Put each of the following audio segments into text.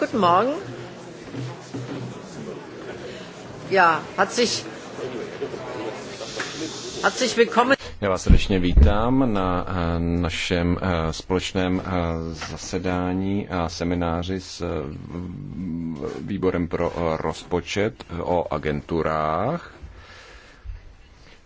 Guten Morgen. Ja, hat sich, hat sich willkommen. Já vás srdečně vítám na eh, našem eh, společném eh, zasedání a semináři s výborem pro rozpočet o agenturách.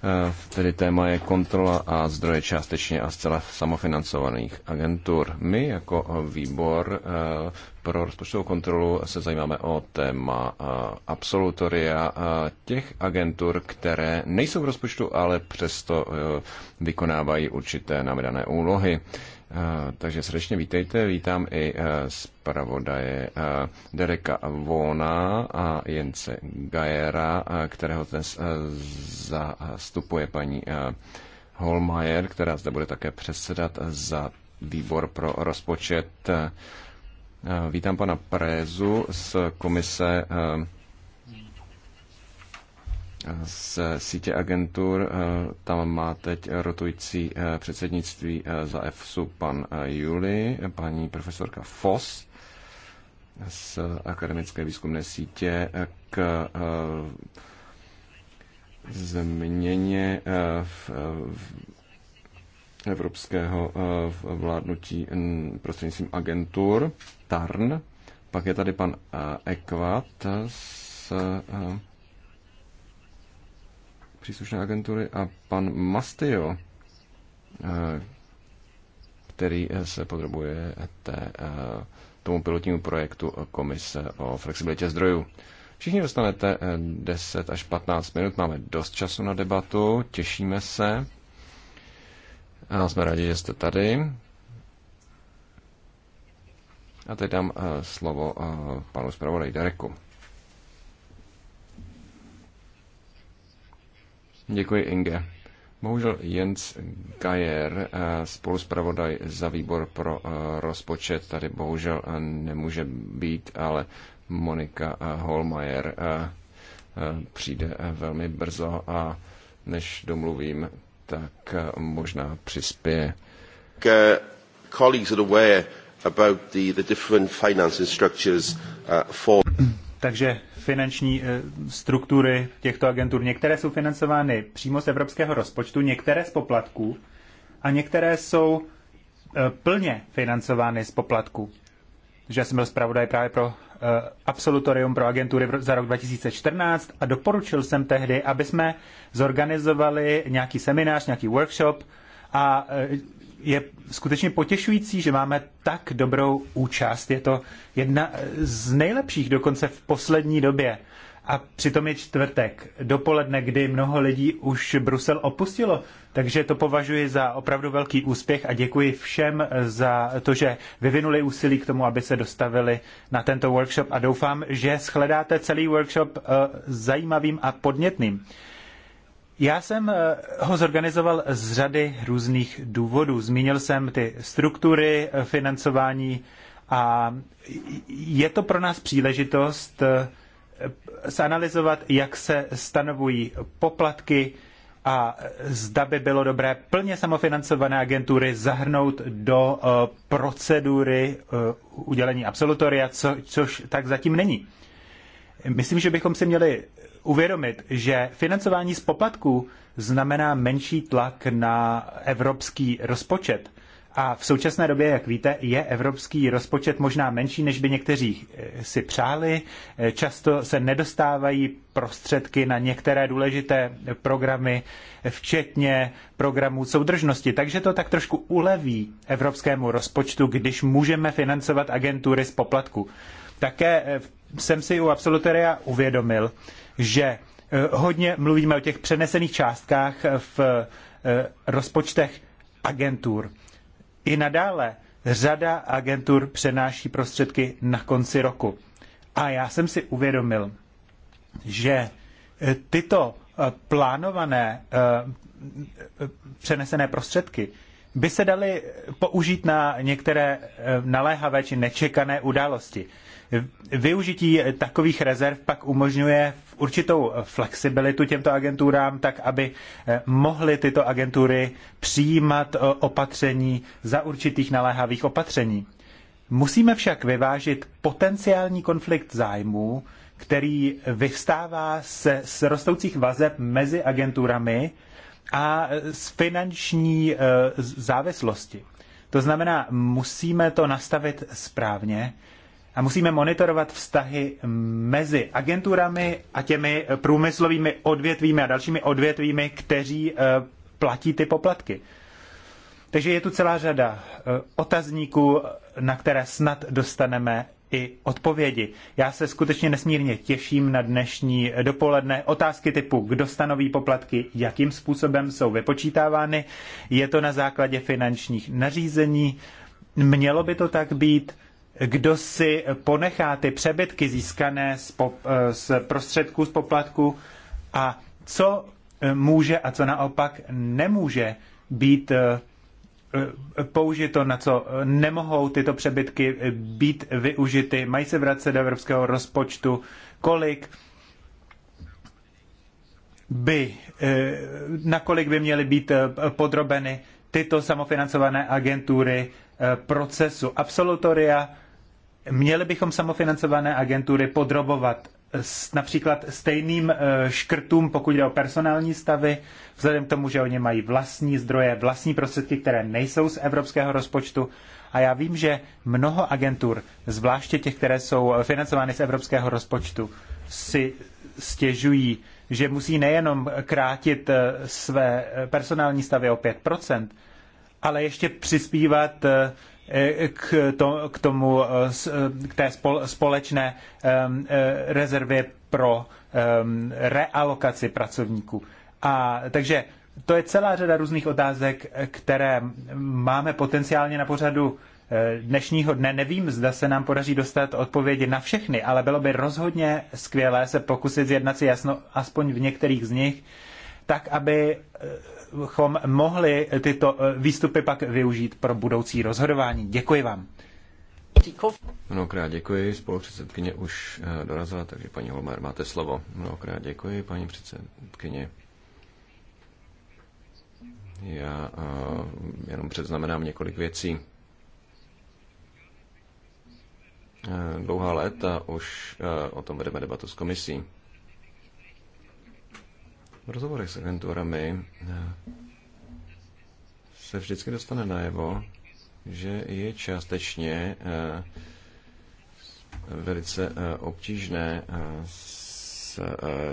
Eh, tedy téma je kontrola a zdroje částečně a zcela samofinancovaných agentur. My jako výbor eh, pro rozpočtovou kontrolu se zajímáme o téma eh, absolutoria těch agentur, které nejsou v rozpočtu, ale přesto vykonávají určité nám dané úlohy. Eh, takže srdečně vítejte, vítám i eh, zpravodaje eh, Dereka Vona a Jence Gajera, kterého dnes zastupuje paní Holmajer, která zde bude také předsedat za výbor pro rozpočet. Vítám pana Prézu z komise z sítě agentur. Eh, tam má teď rotující eh, předsednictví eh, za EFSU pan Juli, paní profesorka Foss z akademické výzkumné sítě k změně v evropského vládnutí prostřednictvím agentur TARN. Pak je tady pan Ekvat z příslušné agentury a pan Mastio, eh, který se podrobuje té, eh, tomu pilotnímu projektu Komise o flexibilitě zdrojů. Všichni dostanete 10 eh, až 15 minut, máme dost času na debatu, těšíme se. A jsme rádi, že jste tady. A teď dám slovo panu zpravodaji Dereku. Děkuji, Inge. Bohužel Jens Gajer, eh, spoluspravodaj za výbor pro eh, rozpočet, tady bohužel eh, nemůže být, ale Monika Holmajer přijde velmi brzo a než domluvím, tak možná přispěje. Takže finanční eh, struktury těchto agentur. Některé jsou financovány přímo z evropského rozpočtu, některé z poplatků a některé jsou eh, plně financovány z poplatků. já jsem byl zpravodaj právě pro eh, absolutorium pro agentury za rok 2014 a doporučil jsem tehdy, aby jsme zorganizovali nějaký seminář, nějaký workshop a je skutečně potěšující, že máme tak dobrou účast. Je to jedna z nejlepších dokonce v poslední době. A přitom je čtvrtek, dopoledne, kdy mnoho lidí už Brusel opustilo. Takže to považuji za opravdu velký úspěch a děkuji všem za to, že vyvinuli úsilí k tomu, aby se dostavili na tento workshop a doufám, že shledáte celý workshop eh, zajímavým a podnětným. Já jsem eh, ho zorganizoval z řady různých důvodů. Zmínil jsem ty struktury eh, financování a je to pro nás příležitost zanalizovat, eh, jak se stanovují poplatky a zda by bylo dobré plně samofinancované agentury zahrnout do procedury udělení absolutoria, co, což tak zatím není. Myslím, že bychom si měli uvědomit, že financování z poplatků znamená menší tlak na evropský rozpočet. A v současné době, jak víte, je evropský rozpočet možná menší, než by někteří eh, si přáli. Eh, často se nedostávají prostředky na některé důležité programy, eh, včetně programů soudržnosti. Takže to tak trošku uleví evropskému rozpočtu, když můžeme financovat agentury z poplatku. Také v jsem si u absolutoria uvědomil, že eh, hodně mluvíme o těch přenesených částkách v eh, rozpočtech agentur. I nadále řada agentur přenáší prostředky na konci roku. A já jsem si uvědomil, že eh, tyto plánované přenesené prostředky by se daly použít na některé naléhavé či nečekané události využití takových rezerv pak umožňuje určitou flexibilitu těmto agenturám, tak aby eh, mohly tyto agentury přijímat eh, opatření za určitých naléhavých opatření. Musíme však vyvážit potenciální konflikt zájmů, který vyvstává se, z rostoucích vazeb mezi agenturami a z finanční eh, závislosti. To znamená, musíme to nastavit správně a musíme monitorovat vztahy mezi agenturami a těmi průmyslovými odvětvími a dalšími odvětvími, kteří eh, platí ty poplatky. Takže je tu celá řada eh, otazníků, na které snad dostaneme i odpovědi. Já se skutečně nesmírně těším na dnešní eh, dopoledne. Otázky typu, kdo stanoví poplatky, jakým způsobem jsou vypočítávány, je to na základě finančních nařízení, mělo by to tak být, kdo si ponechá ty přebytky získané z, po, eh, z prostředků z poplatku a co eh, může a co naopak nemůže být eh, použito, na co nemohou tyto přebytky být využity, mají se vracet do evropského rozpočtu, kolik by, nakolik by měly být podrobeny tyto samofinancované agentury procesu absolutoria Měli bychom samofinancované agentury podrobovat například stejným eh, škrtům, pokud jde o personální stavy, vzhledem k tomu, že oni mají vlastní zdroje, vlastní prostředky, které nejsou z evropského rozpočtu. A já vím, že mnoho agentur, zvláště těch, které jsou financovány z evropského rozpočtu, si stěžují, že musí nejenom krátit eh, své personální stavy o 5%, ale ještě přispívat eh, Eh, k, to, k tomu, eh, eh, k té společné rezervě pro realokaci pracovníků. A takže to je celá řada různých otázek, které máme potenciálně na pořadu dnešního dne. Nevím, zda se nám podaří dostat odpovědi na všechny, ale bylo by rozhodně skvělé se pokusit zjednat si jasno aspoň v některých z nich, tak aby abychom mohli tyto eh, výstupy pak využít pro budoucí rozhodování. Děkuji vám. Mnohokrát děkuji. Spolupředsedkyně už eh, dorazila, takže paní Holmer, máte slovo. Mnohokrát děkuji, paní předsedkyně. Já eh, jenom předznamenám několik věcí. Dlouhá léta už o tom vedeme debatu s komisí rozhovorech s agenturami eh, se vždycky dostane najevo, že je částečně eh, velice eh, obtížné s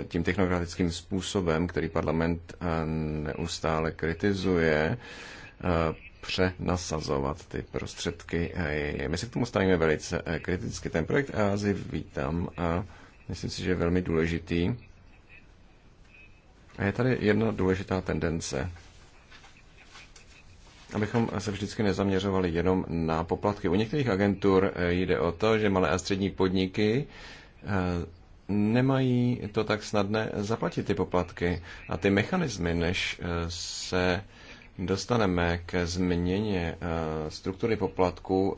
tím technokratickým způsobem, který parlament neustále kritizuje, přenasazovat ty prostředky. My se k tomu stavíme velice kriticky. Ten projekt Azi vítám a myslím si, že je velmi důležitý a je tady jedna důležitá tendence. Abychom se vždycky nezaměřovali jenom na poplatky. U některých agentur eh, jde o to, že malé a střední podniky eh, nemají to tak snadné zaplatit ty poplatky. A ty mechanismy, než eh, se dostaneme ke změně struktury poplatku,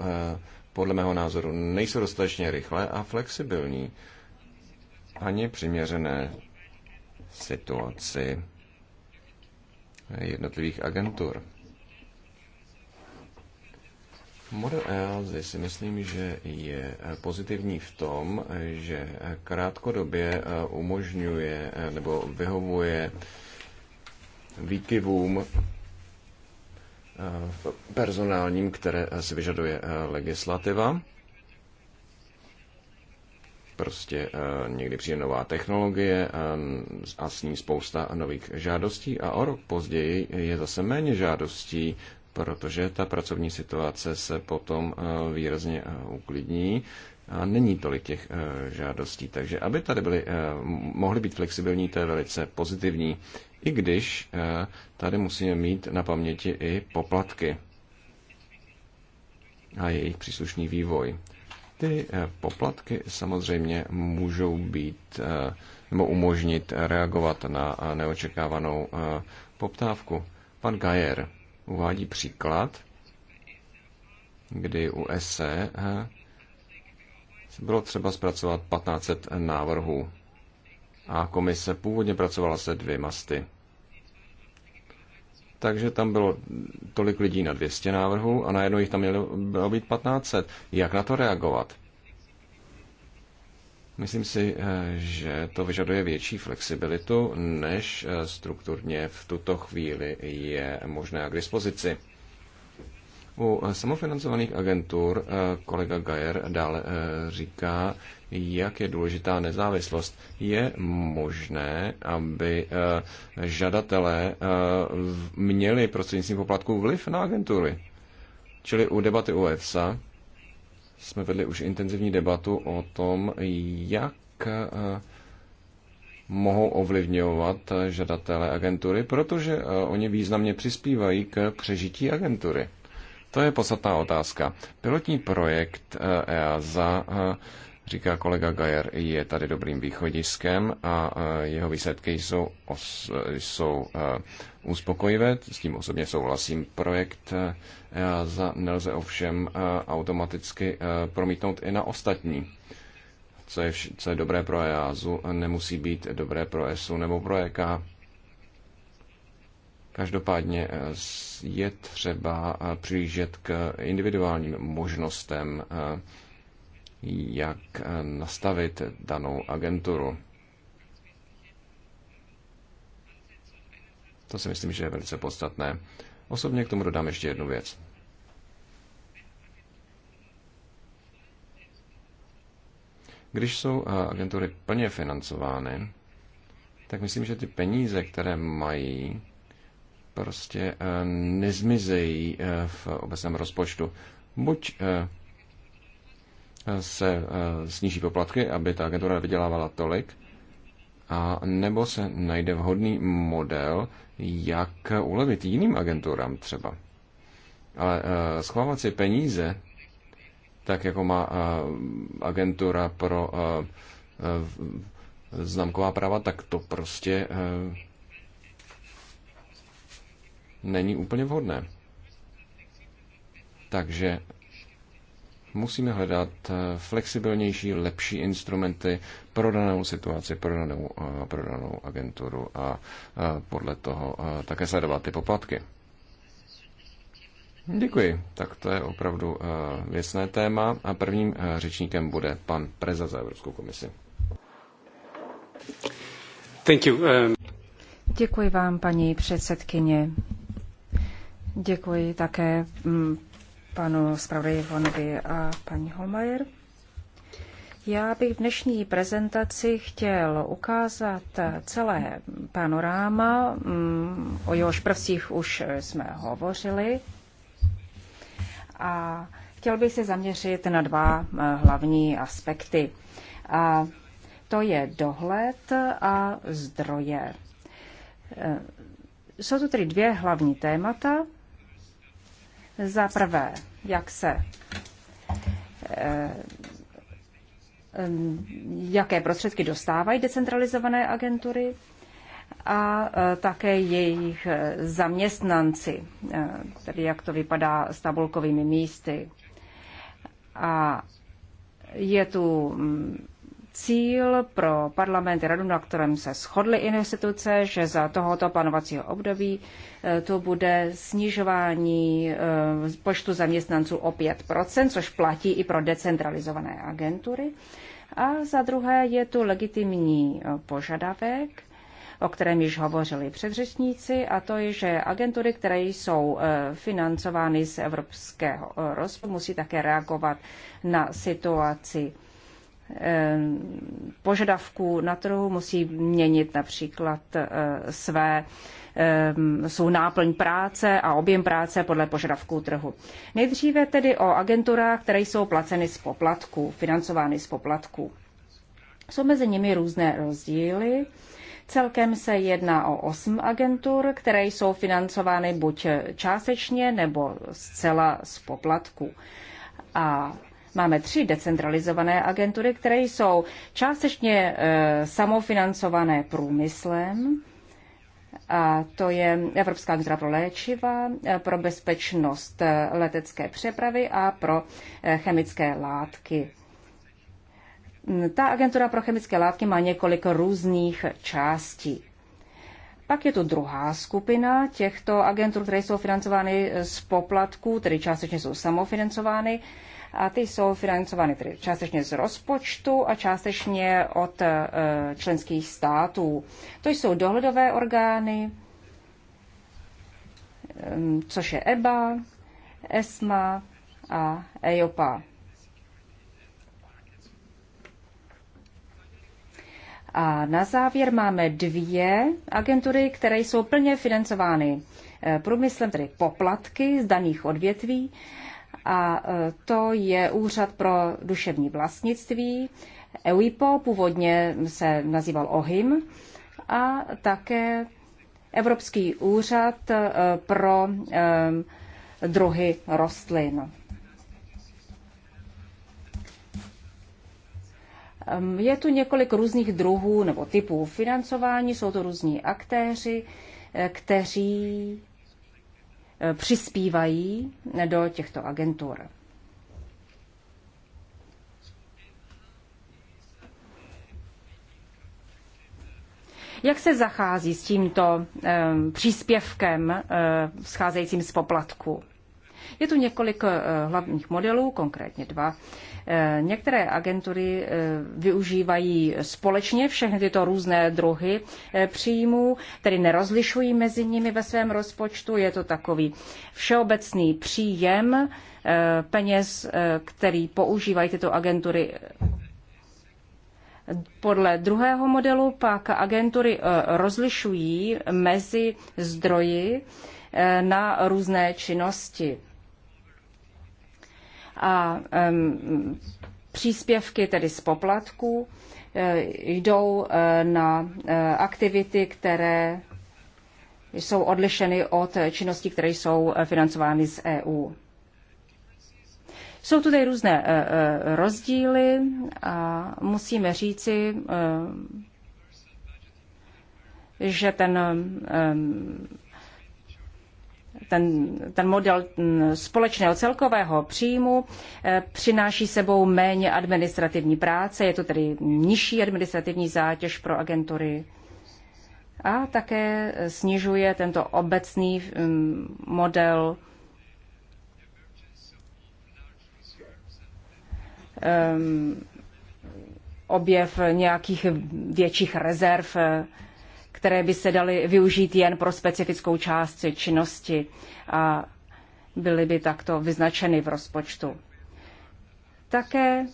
podle mého názoru nejsou dostatečně rychlé a flexibilní, ani přiměřené situaci jednotlivých agentur. Model EASY si myslím, že je pozitivní v tom, že krátkodobě umožňuje nebo vyhovuje výkyvům personálním, které si vyžaduje legislativa prostě eh, někdy přijde nová technologie eh, a s ní spousta nových žádostí a o rok později je zase méně žádostí, protože ta pracovní situace se potom eh, výrazně uklidní a není tolik těch žádostí. Takže aby tady byly, mohly být flexibilní, to je velice pozitivní, i když tady musíme mít na paměti i poplatky a jejich příslušný vývoj. Ty eh, poplatky samozřejmě můžou být eh, nebo umožnit reagovat na eh, neočekávanou poptávku. Pan Gajer uvádí příklad, kdy u SE bylo třeba zpracovat 1500 návrhů a komise původně pracovala se dvěma sty takže tam bylo tolik lidí na 200 návrhů a najednou jich tam mělo bylo být 1500. Jak na to reagovat? Myslím si, eh, že to vyžaduje větší flexibilitu, než eh, strukturně v tuto chvíli je možné a k dispozici. U eh, samofinancovaných agentur kolega Gajer dále říká, jak je důležitá nezávislost. Je možné, aby eh, žadatelé eh, měli prostřednictvím poplatků vliv na agentury. Čili u debaty u EFSA jsme vedli už intenzivní debatu o tom, jak eh, mohou ovlivňovat žadatelé agentury, protože oni významně přispívají k přežití agentury. To je podstatná otázka. Pilotní projekt EASA e říká kolega Gajer, je tady dobrým východiskem a jeho výsledky jsou, os, jsou uspokojivé, s tím osobně souhlasím. Projekt za nelze ovšem automaticky promítnout i na ostatní. Co je, co je dobré pro EASu, nemusí být dobré pro ESu nebo pro EK. Každopádně je třeba přihlížet k individuálním možnostem jak eh, nastavit danou agenturu. To si myslím, že je velice podstatné. Osobně k tomu dodám ještě jednu věc. Když jsou eh, agentury plně financovány, tak myslím, že ty peníze, které mají, prostě eh, nezmizejí v obecném rozpočtu. Buď se eh, sníží poplatky, aby ta agentura vydělávala tolik, a nebo se najde vhodný model, jak ulevit jiným agenturám třeba. Ale eh, schovávat si peníze, tak jako má eh, agentura pro známková práva, tak to prostě není úplně vhodné. Takže Musíme hledat eh, flexibilnější, lepší instrumenty pro danou situaci, pro danou, eh, pro danou agenturu a eh, podle toho také sledovat ty poplatky. Děkuji. Tak to je opravdu věcné téma a prvním řečníkem bude pan Preza za Evropskou komisi. Thank you. Um... Děkuji vám, paní předsedkyně. Děkuji také mm, panu zpravodaji Vonovi a paní Holmajer. Já bych v dnešní prezentaci chtěl ukázat celé panoráma, mm, o jehož prvcích už jsme hovořili. A chtěl bych se zaměřit na dva eh, hlavní aspekty. A to je dohled a zdroje. Eh, jsou to tedy dvě hlavní témata, za prvé, jak se eh, jaké prostředky dostávají decentralizované agentury a eh, také jejich eh, zaměstnanci, tedy jak to vypadá s tabulkovými místy. A je tu mm, cíl pro parlament radu, na kterém se shodly instituce, že za tohoto plánovacího období eh, to bude snižování eh, počtu zaměstnanců o 5%, což platí i pro decentralizované agentury. A za druhé je tu legitimní eh, požadavek, o kterém již hovořili předřečníci, a to je, že agentury, které jsou financovány z evropského rozpočtu, musí také reagovat na situaci Eh, požadavků na trhu, musí měnit například eh, své jsou eh, náplň práce a objem práce podle požadavků trhu. Nejdříve tedy o agenturách, které jsou placeny z poplatků, financovány z poplatků. Jsou mezi nimi různé rozdíly. Celkem se jedná o osm agentur, které jsou financovány buď částečně nebo zcela z poplatků. A Máme tři decentralizované agentury, které jsou částečně eh, samofinancované průmyslem. A to je Evropská agentura pro léčiva, eh, pro bezpečnost eh, letecké přepravy a pro chemické látky. Hm, ta agentura pro chemické látky má několik různých částí. Pak je tu druhá skupina těchto agentur, které jsou financovány z poplatků, tedy částečně jsou samofinancovány a ty jsou financovány tedy částečně z rozpočtu a částečně od e, členských států. To jsou dohledové orgány, což je EBA, ESMA a EIOPA. E a na závěr máme dvě agentury, které jsou plně financovány e, průmyslem, tedy poplatky z daných odvětví a e, to je Úřad pro duševní vlastnictví, EUIPO, původně se nazýval OHIM, a také Evropský úřad e, pro e, druhy rostlin. Je tu několik různých druhů nebo typů financování, jsou to různí aktéři, kteří přispívají do těchto agentur. Jak se zachází s tímto eh, příspěvkem eh, scházejícím z poplatku? Je tu několik eh, hlavních modelů, konkrétně dva. Eh, některé agentury eh, využívají společně všechny tyto různé druhy příjmů, tedy nerozlišují mezi nimi ve svém rozpočtu. Je to takový všeobecný příjem peněz, který používají tyto agentury podle druhého modelu pak agentury rozlišují mezi zdroji na různé činnosti a příspěvky, tedy z poplatků, e, jdou e, na e, aktivity, které jsou odlišeny od činností, které jsou financovány z EU. Jsou tu tady různé rozdíly a musíme říci, že ten ten, ten model mm, společného celkového příjmu eh, přináší sebou méně administrativní práce, je to tedy nižší administrativní zátěž pro agentury a také snižuje tento obecný mm, model ehm, objev nějakých větších rezerv eh, které by se daly využít jen pro specifickou část činnosti a byly by takto vyznačeny v rozpočtu. Také,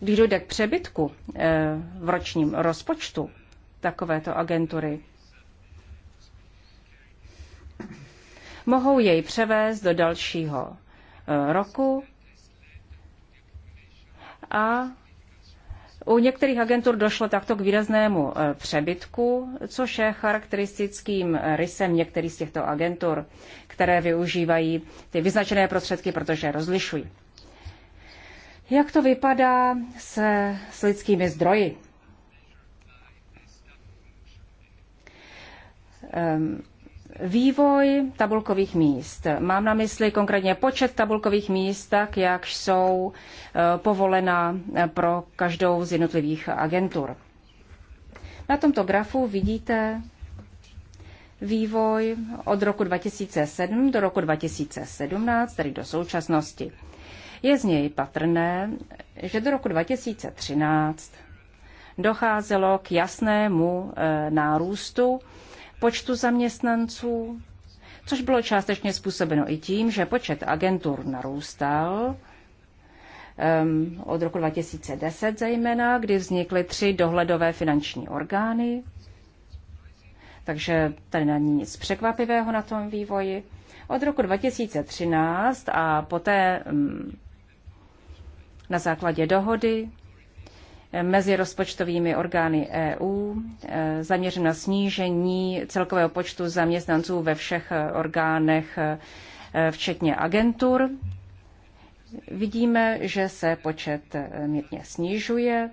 když dojde k přebytku eh, v ročním rozpočtu takovéto agentury, mohou jej převést do dalšího eh, roku a u některých agentur došlo takto k výraznému e, přebytku, což je charakteristickým rysem některých z těchto agentur, které využívají ty vyznačené prostředky, protože je rozlišují. Jak to vypadá se, s lidskými zdroji? Um, Vývoj tabulkových míst. Mám na mysli konkrétně počet tabulkových míst, tak jak jsou eh, povolena eh, pro každou z jednotlivých agentur. Na tomto grafu vidíte vývoj od roku 2007 do roku 2017, tedy do současnosti. Je z něj patrné, že do roku 2013 docházelo k jasnému eh, nárůstu počtu zaměstnanců, což bylo částečně způsobeno i tím, že počet agentur narůstal um, od roku 2010 zejména, kdy vznikly tři dohledové finanční orgány. Takže tady není nic překvapivého na tom vývoji. Od roku 2013 a poté um, na základě dohody mezi rozpočtovými orgány EU, e, zaměřen na snížení celkového počtu zaměstnanců ve všech orgánech, e, včetně agentur. Vidíme, že se počet e, mírně snižuje.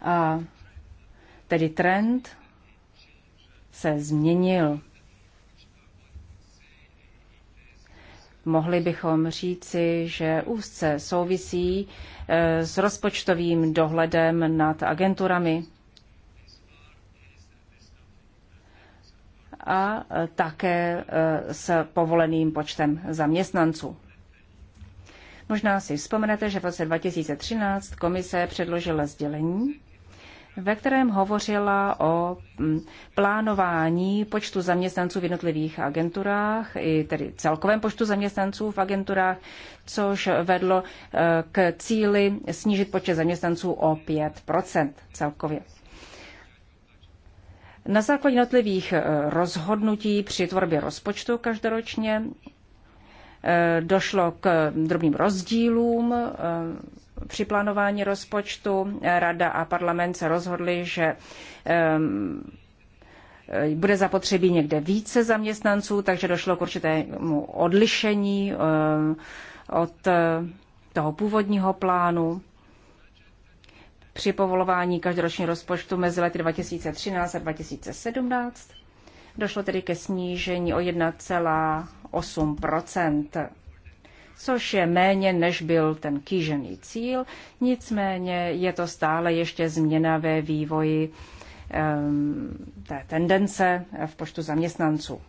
A tedy trend se změnil. mohli bychom říci, že úzce souvisí eh, s rozpočtovým dohledem nad agenturami a eh, také eh, s povoleným počtem zaměstnanců. Možná si vzpomenete, že v roce 2013 komise předložila sdělení, ve kterém hovořila o mm, plánování počtu zaměstnanců v jednotlivých agenturách, i tedy celkovém počtu zaměstnanců v agenturách, což vedlo e, k cíli snížit počet zaměstnanců o 5 celkově. Na základě jednotlivých e, rozhodnutí při tvorbě rozpočtu každoročně e, došlo k drobným rozdílům při plánování rozpočtu Rada a parlament se rozhodli, že ehm, e, bude zapotřebí někde více zaměstnanců, takže došlo k určitému odlišení eh, od eh, toho původního plánu při povolování každoročního rozpočtu mezi lety 2013 a 2017. Došlo tedy ke snížení o 1,8 což je méně, než byl ten kýžený cíl. Nicméně je to stále ještě změna ve vývoji ehm, té tendence v počtu zaměstnanců.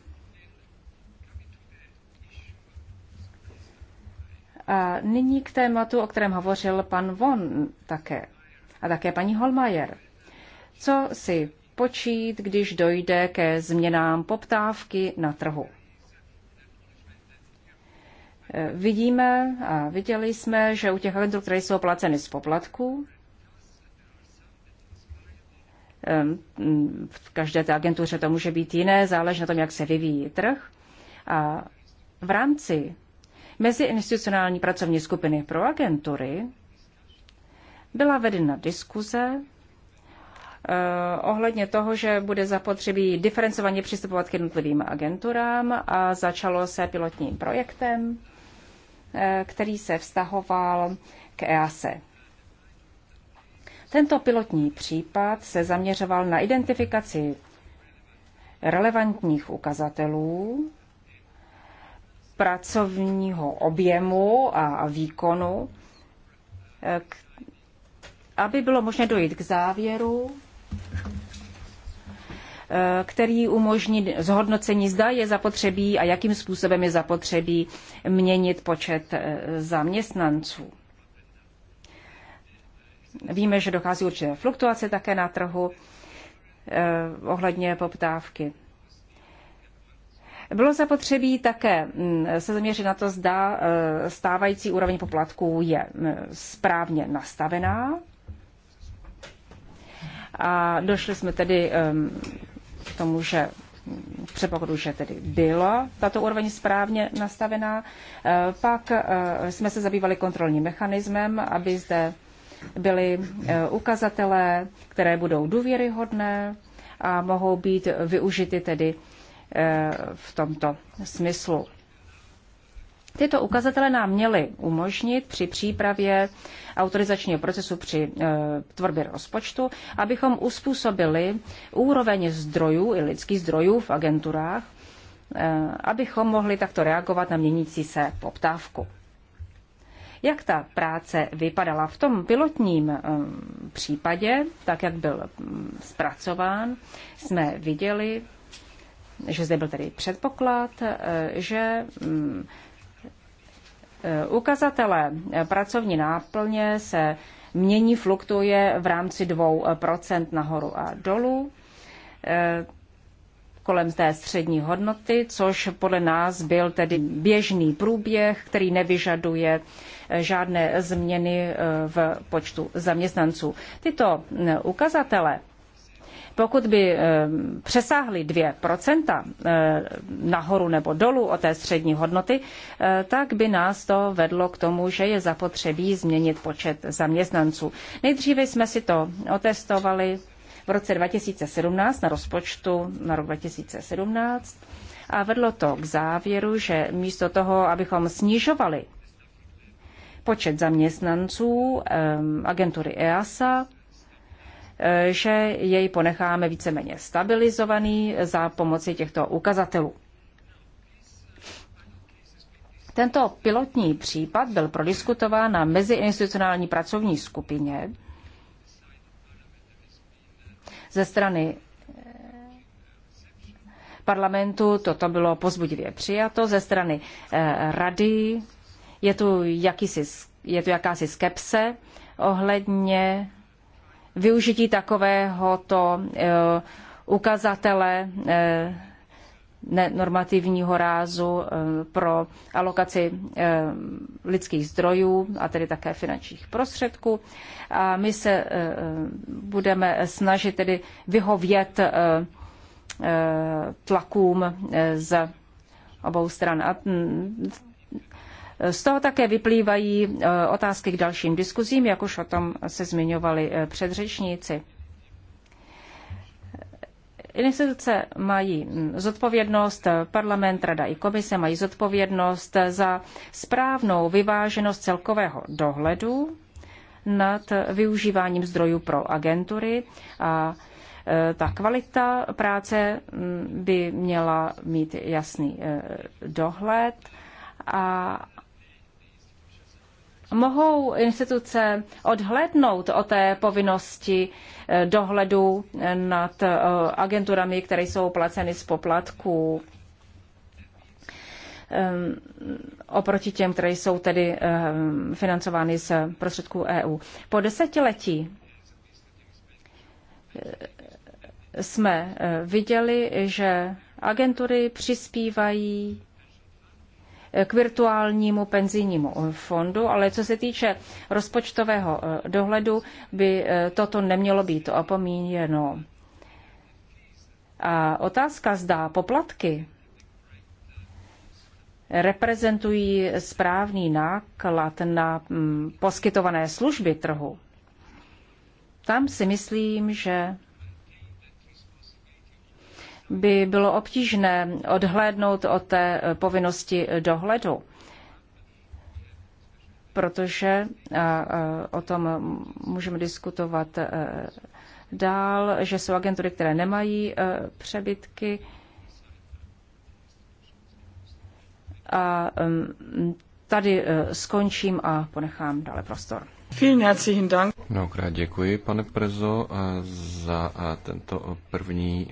A nyní k tématu, o kterém hovořil pan Von také a také paní Holmajer. Co si počít, když dojde ke změnám poptávky na trhu? Vidíme a viděli jsme, že u těch agentů, které jsou placeny z poplatků, v každé té agentuře to může být jiné, záleží na tom, jak se vyvíjí trh. A v rámci meziinstitucionální pracovní skupiny pro agentury byla vedena diskuze eh, ohledně toho, že bude zapotřebí diferencovaně přistupovat k jednotlivým agenturám a začalo se pilotním projektem Eh, který se vztahoval k EASE. E. Tento pilotní případ se zaměřoval na identifikaci relevantních ukazatelů, pracovního objemu a výkonu, eh, aby bylo možné dojít k závěru, Eh, který umožní zhodnocení, zda je zapotřebí a jakým způsobem je zapotřebí měnit počet eh, zaměstnanců. Víme, že dochází určité fluktuace také na trhu eh, ohledně poptávky. Bylo zapotřebí také hm, se zaměřit na to, zda stávající úroveň poplatků je hm, správně nastavená. A došli jsme tedy hm, k tomu, že mm, předpokladu, že tedy byla tato úroveň správně nastavená. E, pak e, jsme se zabývali kontrolním mechanismem, aby zde byly e, ukazatele, které budou důvěryhodné a mohou být využity tedy v tomto smyslu. Tyto ukazatele nám měly umožnit při přípravě autorizačního procesu při e, tvorbě rozpočtu, abychom uspůsobili úroveň zdrojů i lidských zdrojů v agenturách, e, abychom mohli takto reagovat na měnící se poptávku. Jak ta práce vypadala v tom pilotním e, případě, tak jak byl mm, zpracován, jsme viděli, že zde byl tedy předpoklad, že mm, Ukazatele eh, pracovní náplně se mění, fluktuje v rámci 2% eh, nahoru a dolů eh, kolem té střední hodnoty, což podle nás byl tedy běžný průběh, který nevyžaduje žádné změny v počtu zaměstnanců. Tyto ukazatele pokud by eh, přesáhly 2% eh, nahoru nebo dolů o té střední hodnoty, eh, tak by nás to vedlo k tomu, že je zapotřebí změnit počet zaměstnanců. Nejdříve jsme si to otestovali v roce 2017 na rozpočtu na rok 2017 a vedlo to k závěru, že místo toho, abychom snižovali počet zaměstnanců agentury EASA, že jej ponecháme víceméně stabilizovaný za pomoci těchto ukazatelů. Tento pilotní případ byl prodiskutován na meziinstitucionální pracovní skupině ze strany eh, parlamentu toto bylo pozbudivě přijato ze strany eh, rady. Je tu, jakýsi, je tu jakási skepse ohledně využití takovéhoto e, ukazatele e, normativního rázu e, pro alokaci lidských zdrojů a tedy také finančních prostředků. A my se budeme snažit tedy vyhovět tlakům z obou stran. A z toho také vyplývají e, otázky k dalším diskuzím, jak už o tom se zmiňovali e, předřečníci. Instituce mají zodpovědnost, parlament, rada i komise mají zodpovědnost za správnou vyváženost celkového dohledu nad využíváním zdrojů pro agentury a e, ta kvalita práce by měla mít jasný dohled a mohou instituce odhlednout o té povinnosti eh, dohledu eh, nad eh, agenturami, které jsou placeny z poplatků ehm, oproti těm, které jsou tedy ehm, financovány z prostředků EU. Po desetiletí jsme viděli, že agentury přispívají k virtuálnímu penzijnímu eh, fondu, ale co se týče rozpočtového eh, dohledu, by eh, toto nemělo být opomíněno. A otázka zdá poplatky reprezentují správný náklad na mm, poskytované služby trhu. Tam si myslím, že by bylo obtížné odhlédnout od té povinnosti dohledu, protože o tom můžeme diskutovat e, dál, že jsou agentury, které nemají e, přebytky. A tady e, skončím a ponechám dále prostor. Mnohokrát děkuji, pane Prezo, za tento první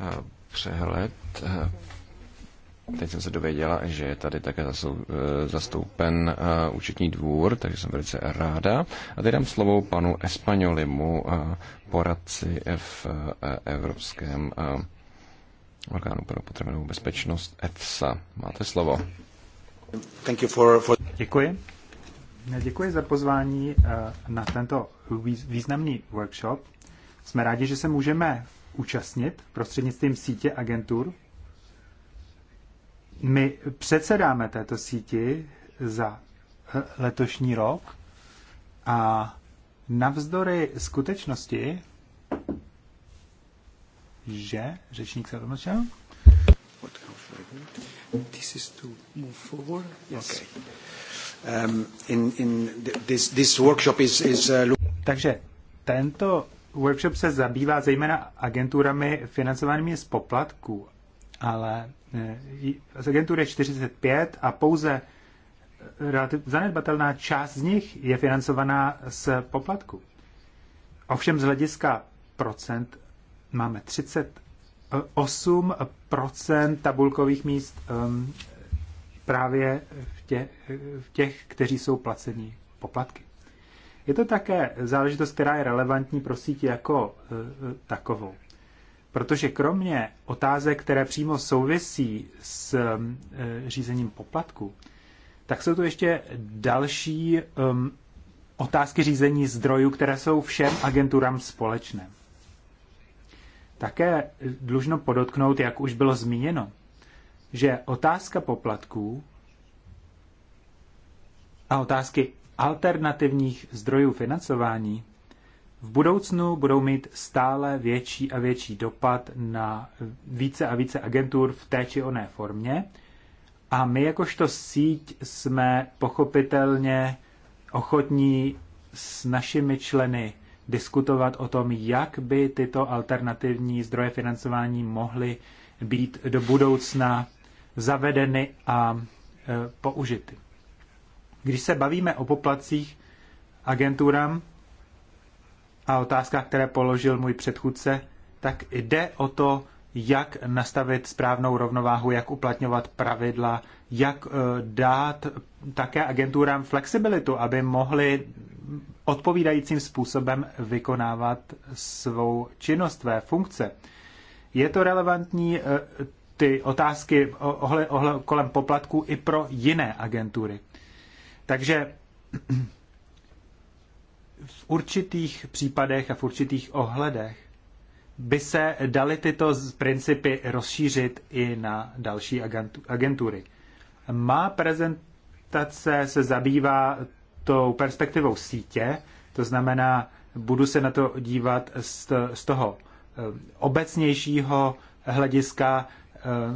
Eh, přehled. Eh, teď jsem se dověděla, že je tady také eh, zastoupen účetní dvůr, takže jsem velice ráda. A teď dám slovo panu Espanolimu, poradci v Evropském orgánu pro potravinovou bezpečnost EFSA. Máte slovo. Thank you for, for... Děkuji. Děkuji za pozvání na tento významný workshop. Jsme rádi, že se můžeme účastnit prostřednictvím sítě agentur. My předsedáme této síti za eh, letošní rok a navzdory skutečnosti, že řečník se odmlčel, This is to move forward. Yes. Okay. Um, in, in this, this workshop is, is, uh... Takže tento workshop se zabývá zejména agenturami financovanými z poplatků, ale eh, z agentury 45 a pouze eh, relativ, zanedbatelná část z nich je financovaná z poplatku. Ovšem z hlediska procent máme 38 tabulkových míst um, právě v těch, v těch, kteří jsou placení poplatky. Je to také záležitost, která je relevantní pro síť jako e, e, takovou. Protože kromě otázek, které přímo souvisí s e, řízením poplatku, tak jsou tu ještě další e, otázky řízení zdrojů, které jsou všem agenturám společné. Také dlužno podotknout, jak už bylo zmíněno, že otázka poplatků a otázky alternativních zdrojů financování v budoucnu budou mít stále větší a větší dopad na více a více agentur v té či oné formě. A my jakožto síť jsme pochopitelně ochotní s našimi členy diskutovat o tom, jak by tyto alternativní zdroje financování mohly být do budoucna zavedeny a e, použity. Když se bavíme o poplacích agenturám a otázkách, které položil můj předchůdce, tak jde o to, jak nastavit správnou rovnováhu, jak uplatňovat pravidla, jak eh, dát také agenturám flexibilitu, aby mohli odpovídajícím způsobem vykonávat svou činnost, své funkce. Je to relevantní eh, ty otázky ohle, ohle, kolem poplatků i pro jiné agentury. Takže v určitých případech a v určitých ohledech by se daly tyto principy rozšířit i na další agentury. Má prezentace se zabývá tou perspektivou sítě, to znamená, budu se na to dívat z, z toho eh, obecnějšího hlediska,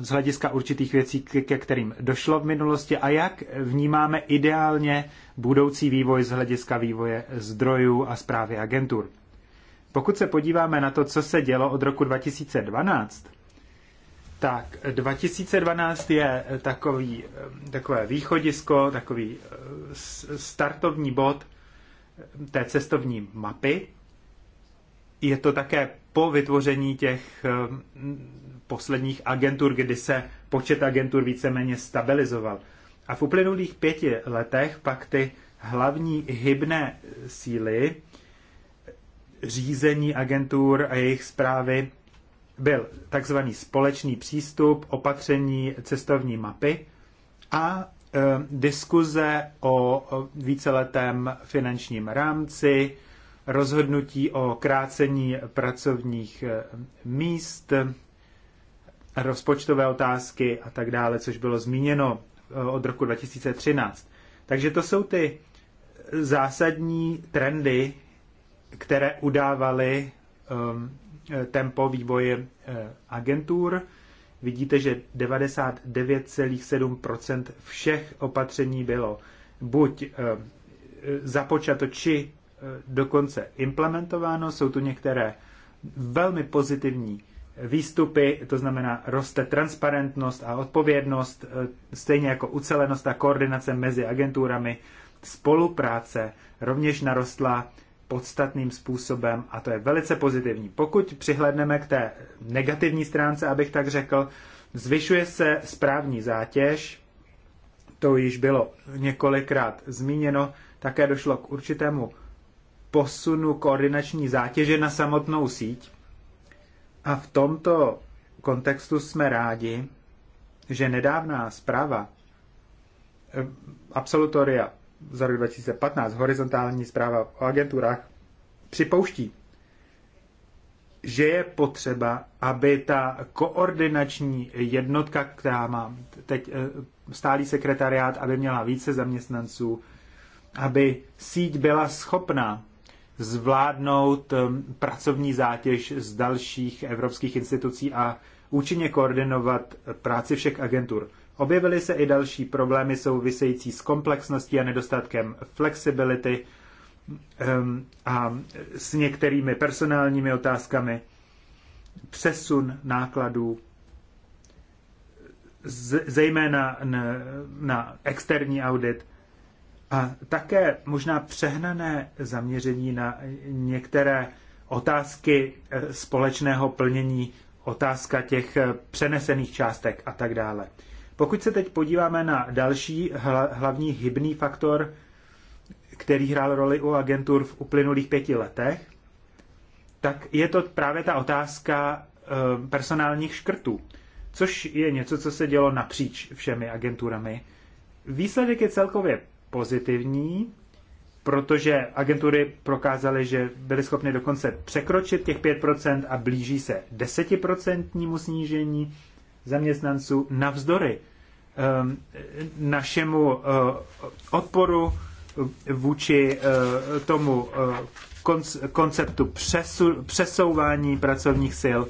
z hlediska určitých věcí, ke kterým došlo v minulosti a jak vnímáme ideálně budoucí vývoj z hlediska vývoje zdrojů a zprávy agentur. Pokud se podíváme na to, co se dělo od roku 2012, tak 2012 je takový, takové východisko, takový eh, startovní bod té cestovní mapy. Je to také po vytvoření těch eh, posledních agentur, kdy se počet agentur víceméně stabilizoval. A v uplynulých pěti letech pak ty hlavní hybné síly řízení agentur a jejich zprávy byl takzvaný společný přístup, opatření cestovní mapy a e, diskuze o víceletém finančním rámci, rozhodnutí o krácení pracovních e, míst, rozpočtové otázky a tak dále, což bylo zmíněno eh, od roku 2013. Takže to jsou ty zásadní trendy, které udávaly um, tempo vývoje eh, agentur. Vidíte, že 99,7 všech opatření bylo buď započato či dokonce implementováno. Jsou tu některé velmi pozitivní výstupy, to znamená roste transparentnost a odpovědnost, e, stejně jako ucelenost a koordinace mezi agenturami, spolupráce rovněž narostla podstatným způsobem a to je velice pozitivní. Pokud přihledneme k té negativní stránce, abych tak řekl, zvyšuje se správní zátěž, to již bylo několikrát zmíněno, také došlo k určitému posunu koordinační zátěže na samotnou síť, a v tomto kontextu jsme rádi, že nedávná zpráva eh, absolutoria za rok 2015, horizontální zpráva o agenturách, připouští, že je potřeba, aby ta koordinační jednotka, která má teď eh, stálý sekretariát, aby měla více zaměstnanců, aby síť byla schopná zvládnout um, pracovní zátěž z dalších evropských institucí a účinně koordinovat práci všech agentur. Objevily se i další problémy související s komplexností a nedostatkem flexibility um, a s některými personálními otázkami, přesun nákladů, zejména na externí audit a také možná přehnané zaměření na některé otázky eh, společného plnění, otázka těch eh, přenesených částek a tak dále. Pokud se teď podíváme na další hlavní hybný faktor, který hrál roli u agentur v uplynulých pěti letech, tak je to právě ta otázka eh, personálních škrtů, což je něco, co se dělo napříč všemi agenturami. Výsledek je celkově pozitivní, protože agentury prokázaly, že byly schopny dokonce překročit těch 5% a blíží se 10% snížení zaměstnanců navzdory ehm, našemu eh, odporu eh, vůči eh, tomu konceptu přesouvání pracovních sil.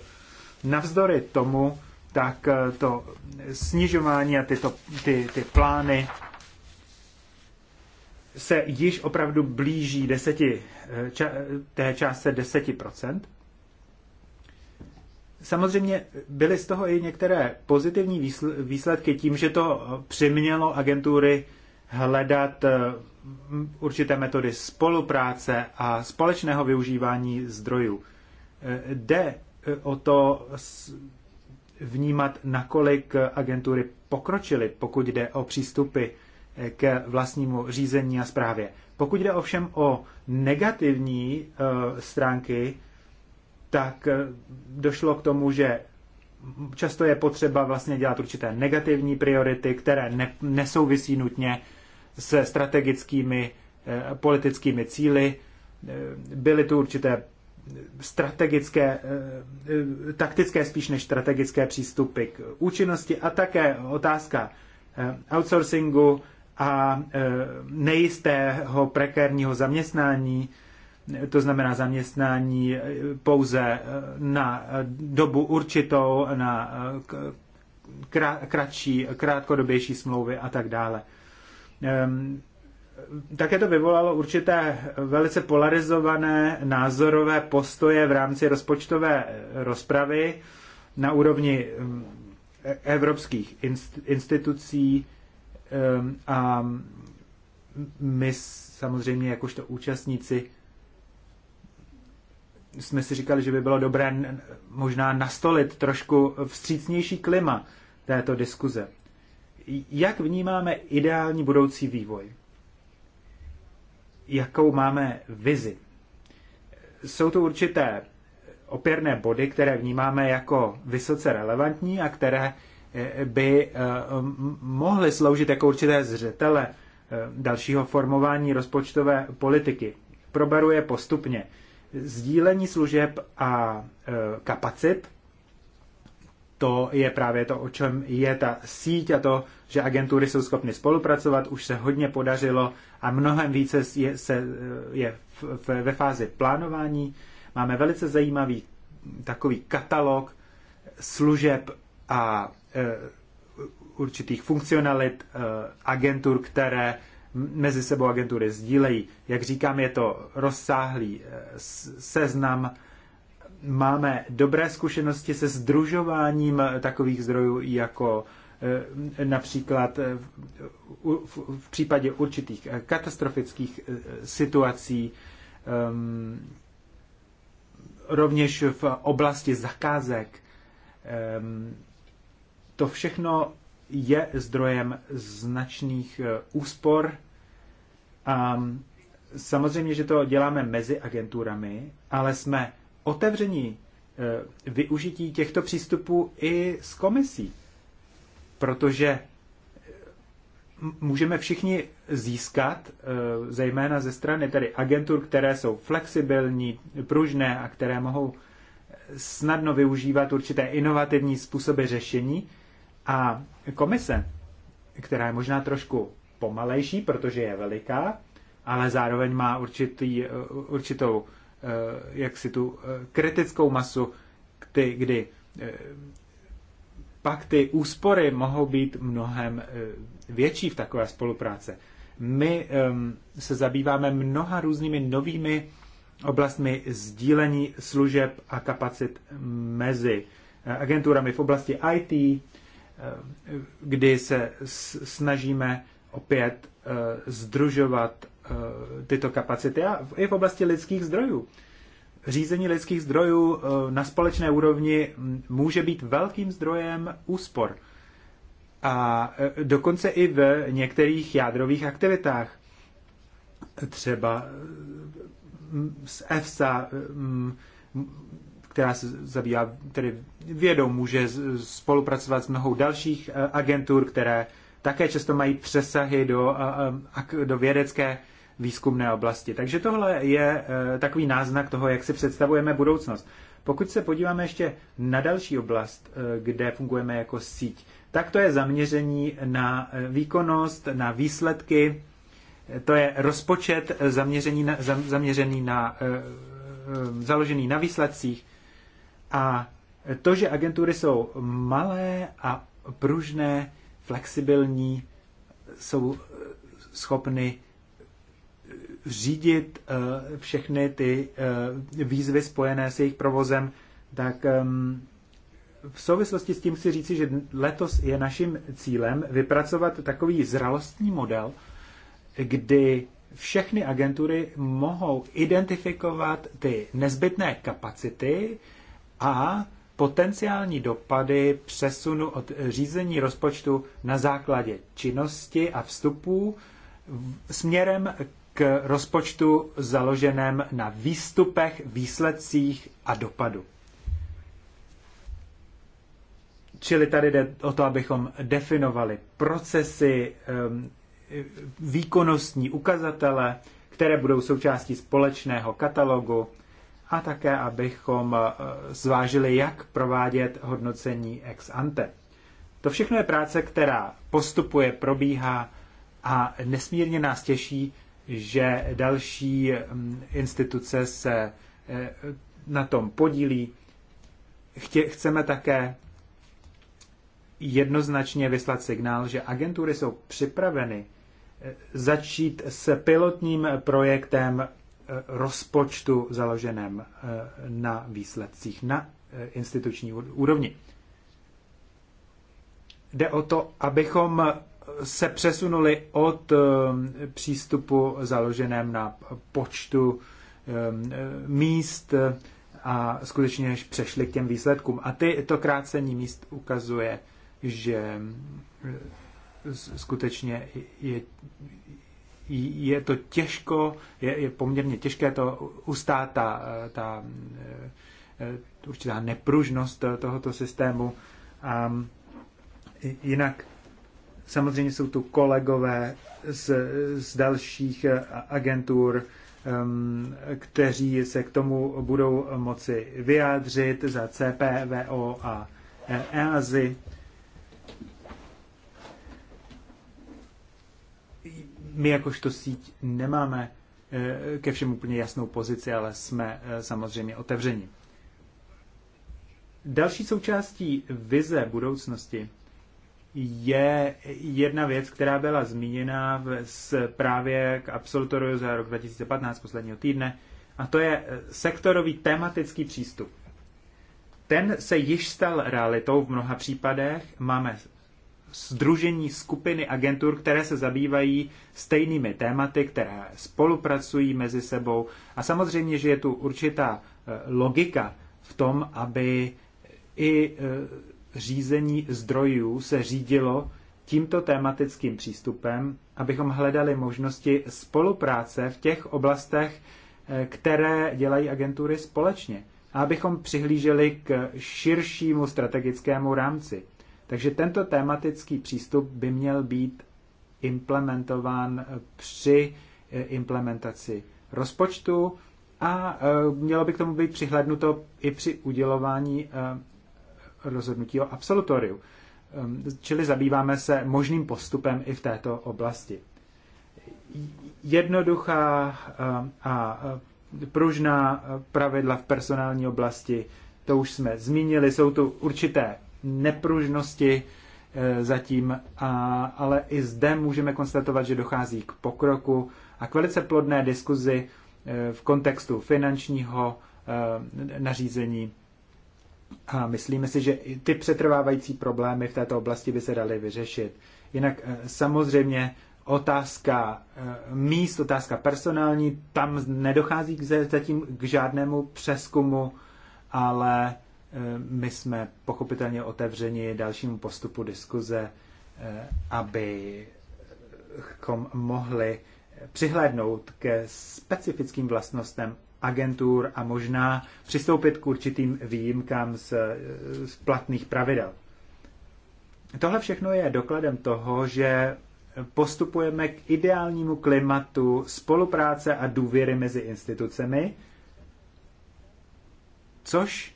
Navzdory tomu, tak to snižování a tyto, ty, ty plány se již opravdu blíží deseti, eh, ča, té částce 10%. Samozřejmě byly z toho i některé pozitivní výsledky tím, že to eh, přimělo agentury hledat eh, určité metody spolupráce a společného využívání zdrojů. Jde o to vnímat, nakolik agentury pokročily, pokud jde o přístupy k vlastnímu řízení a zprávě. Pokud jde ovšem o negativní eh, stránky, tak eh, došlo k tomu, že často je potřeba vlastně dělat určité negativní priority, které ne, nesouvisí nutně se strategickými eh, politickými cíly. Byly tu určité strategické, taktické spíš než strategické přístupy k účinnosti a také otázka outsourcingu a e, nejistého prekérního zaměstnání, to znamená zaměstnání e, pouze e, na dobu určitou, na kratší, krátkodobější smlouvy a tak dále. Ehm, také to vyvolalo určité velice polarizované názorové postoje v rámci rozpočtové rozpravy na úrovni mm, evropských institucí, Ehm, a my samozřejmě jakožto účastníci jsme si říkali, že by bylo dobré možná nastolit trošku vstřícnější klima této diskuze. Jak vnímáme ideální budoucí vývoj? Jakou máme vizi? Jsou to určité opěrné body, které vnímáme jako vysoce relevantní a které by eh, mohly sloužit jako určité zřetele eh, dalšího formování rozpočtové politiky. je postupně sdílení služeb a eh, kapacit. To je právě to, o čem je ta síť a to, že agentury jsou schopny spolupracovat, už se hodně podařilo a mnohem více je, se, je v, v, ve fázi plánování. Máme velice zajímavý takový katalog služeb a Eh, určitých funkcionalit eh, agentur, které mezi sebou agentury sdílejí. Jak říkám, je to rozsáhlý eh, seznam. Máme dobré zkušenosti se združováním takových zdrojů, jako například v případě určitých katastrofických situací, ehm, rovněž v oblasti zakázek ehm, to všechno je zdrojem značných eh, úspor. A ehm, samozřejmě, že to děláme mezi agenturami, ale jsme otevření eh, využití těchto přístupů i s komisí, protože eh, můžeme všichni získat, zejména ze strany tedy agentur, které jsou flexibilní, pružné a které mohou snadno využívat určité inovativní způsoby řešení, a komise, která je možná trošku pomalejší, protože je veliká, ale zároveň má určitý, eh, určitou eh, jak si tu eh, kritickou masu, kdy, kdy pak ty úspory mohou být mnohem větší v takové spolupráce. My ehm, se zabýváme mnoha různými novými oblastmi sdílení služeb a kapacit mezi agenturami v oblasti IT, kdy se snažíme opět eh, združovat eh, tyto kapacity a i v oblasti lidských zdrojů. Řízení lidských zdrojů eh, na společné úrovni může být velkým zdrojem úspor. A dokonce i v některých jádrových aktivitách. Třeba z EFSA která se zabývá tedy vědou, může spolupracovat s mnohou dalších eh, agentur, které také často mají přesahy do, eh, eh, do vědecké výzkumné oblasti. Takže tohle je takový náznak toho, jak si představujeme budoucnost. Pokud se podíváme ještě na další oblast, kde fungujeme jako síť, tak to je zaměření na výkonnost, na výsledky, to je rozpočet zaměřený na, zaměřený na, založený na výsledcích, a to, že agentury jsou malé a pružné, flexibilní, jsou eh, schopny eh, řídit eh, všechny ty výzvy spojené s jejich provozem, tak ehm, v souvislosti s tím chci říci, že letos je naším cílem vypracovat takový zralostní model, kdy všechny agentury mohou identifikovat ty nezbytné kapacity, a potenciální dopady přesunu od řízení rozpočtu na základě činnosti a vstupů směrem k rozpočtu založeném na výstupech, výsledcích a dopadu. Čili tady jde o to, abychom definovali procesy, výkonnostní ukazatele, které budou součástí společného katalogu a také, abychom eh, zvážili, jak provádět hodnocení ex ante. To všechno je práce, která postupuje, probíhá a nesmírně nás těší, že další mm, instituce se eh, na tom podílí. Chtě, chceme také jednoznačně vyslat signál, že agentury jsou připraveny eh, začít s pilotním projektem Eh, rozpočtu založeném eh, na výsledcích na eh, instituční úrovni. Jde o to, abychom se přesunuli od přístupu založeném na počtu míst a skutečně přešli k těm výsledkům. A ty, to krácení míst ukazuje, že skutečně je, je to těžko, je, je poměrně těžké to ustát, ta, ta eh, eh, určitá nepružnost tohoto systému. A ehm, jinak samozřejmě jsou tu kolegové z, z dalších agentur, ehm, kteří se k tomu budou moci vyjádřit za CPVO a EASY. my jakožto síť nemáme eh, ke všem úplně jasnou pozici, ale jsme eh, samozřejmě otevřeni. Další součástí vize budoucnosti je jedna věc, která byla zmíněna v zprávě k absolutoriu za rok 2015 posledního týdne, a to je eh, sektorový tematický přístup. Ten se již stal realitou v mnoha případech. Máme združení skupiny agentur, které se zabývají stejnými tématy, které spolupracují mezi sebou. A samozřejmě, že je tu určitá e, logika v tom, aby i e, řízení zdrojů se řídilo tímto tematickým přístupem, abychom hledali možnosti spolupráce v těch oblastech, e, které dělají agentury společně a abychom přihlíželi k širšímu strategickému rámci. Takže tento tematický přístup by měl být implementován při eh, implementaci rozpočtu a eh, mělo by k tomu být přihlednuto i při udělování eh, rozhodnutí o absolutoriu. Ehm, čili zabýváme se možným postupem i v této oblasti. Jednoduchá a pružná pravidla v personální oblasti, to už jsme zmínili, jsou tu určité nepružnosti eh, zatím, a, ale i zde můžeme konstatovat, že dochází k pokroku a k velice plodné diskuzi eh, v kontextu finančního eh, nařízení. A myslíme si, že i ty přetrvávající problémy v této oblasti by se daly vyřešit. Jinak samozřejmě otázka míst, otázka personální, tam nedochází k zatím k žádnému přeskumu, ale Eh, my jsme pochopitelně otevřeni dalšímu postupu diskuze, eh, abychom mohli přihlédnout ke specifickým vlastnostem agentur a možná přistoupit k určitým výjimkám z, eh, z platných pravidel. Tohle všechno je dokladem toho, že postupujeme k ideálnímu klimatu spolupráce a důvěry mezi institucemi, což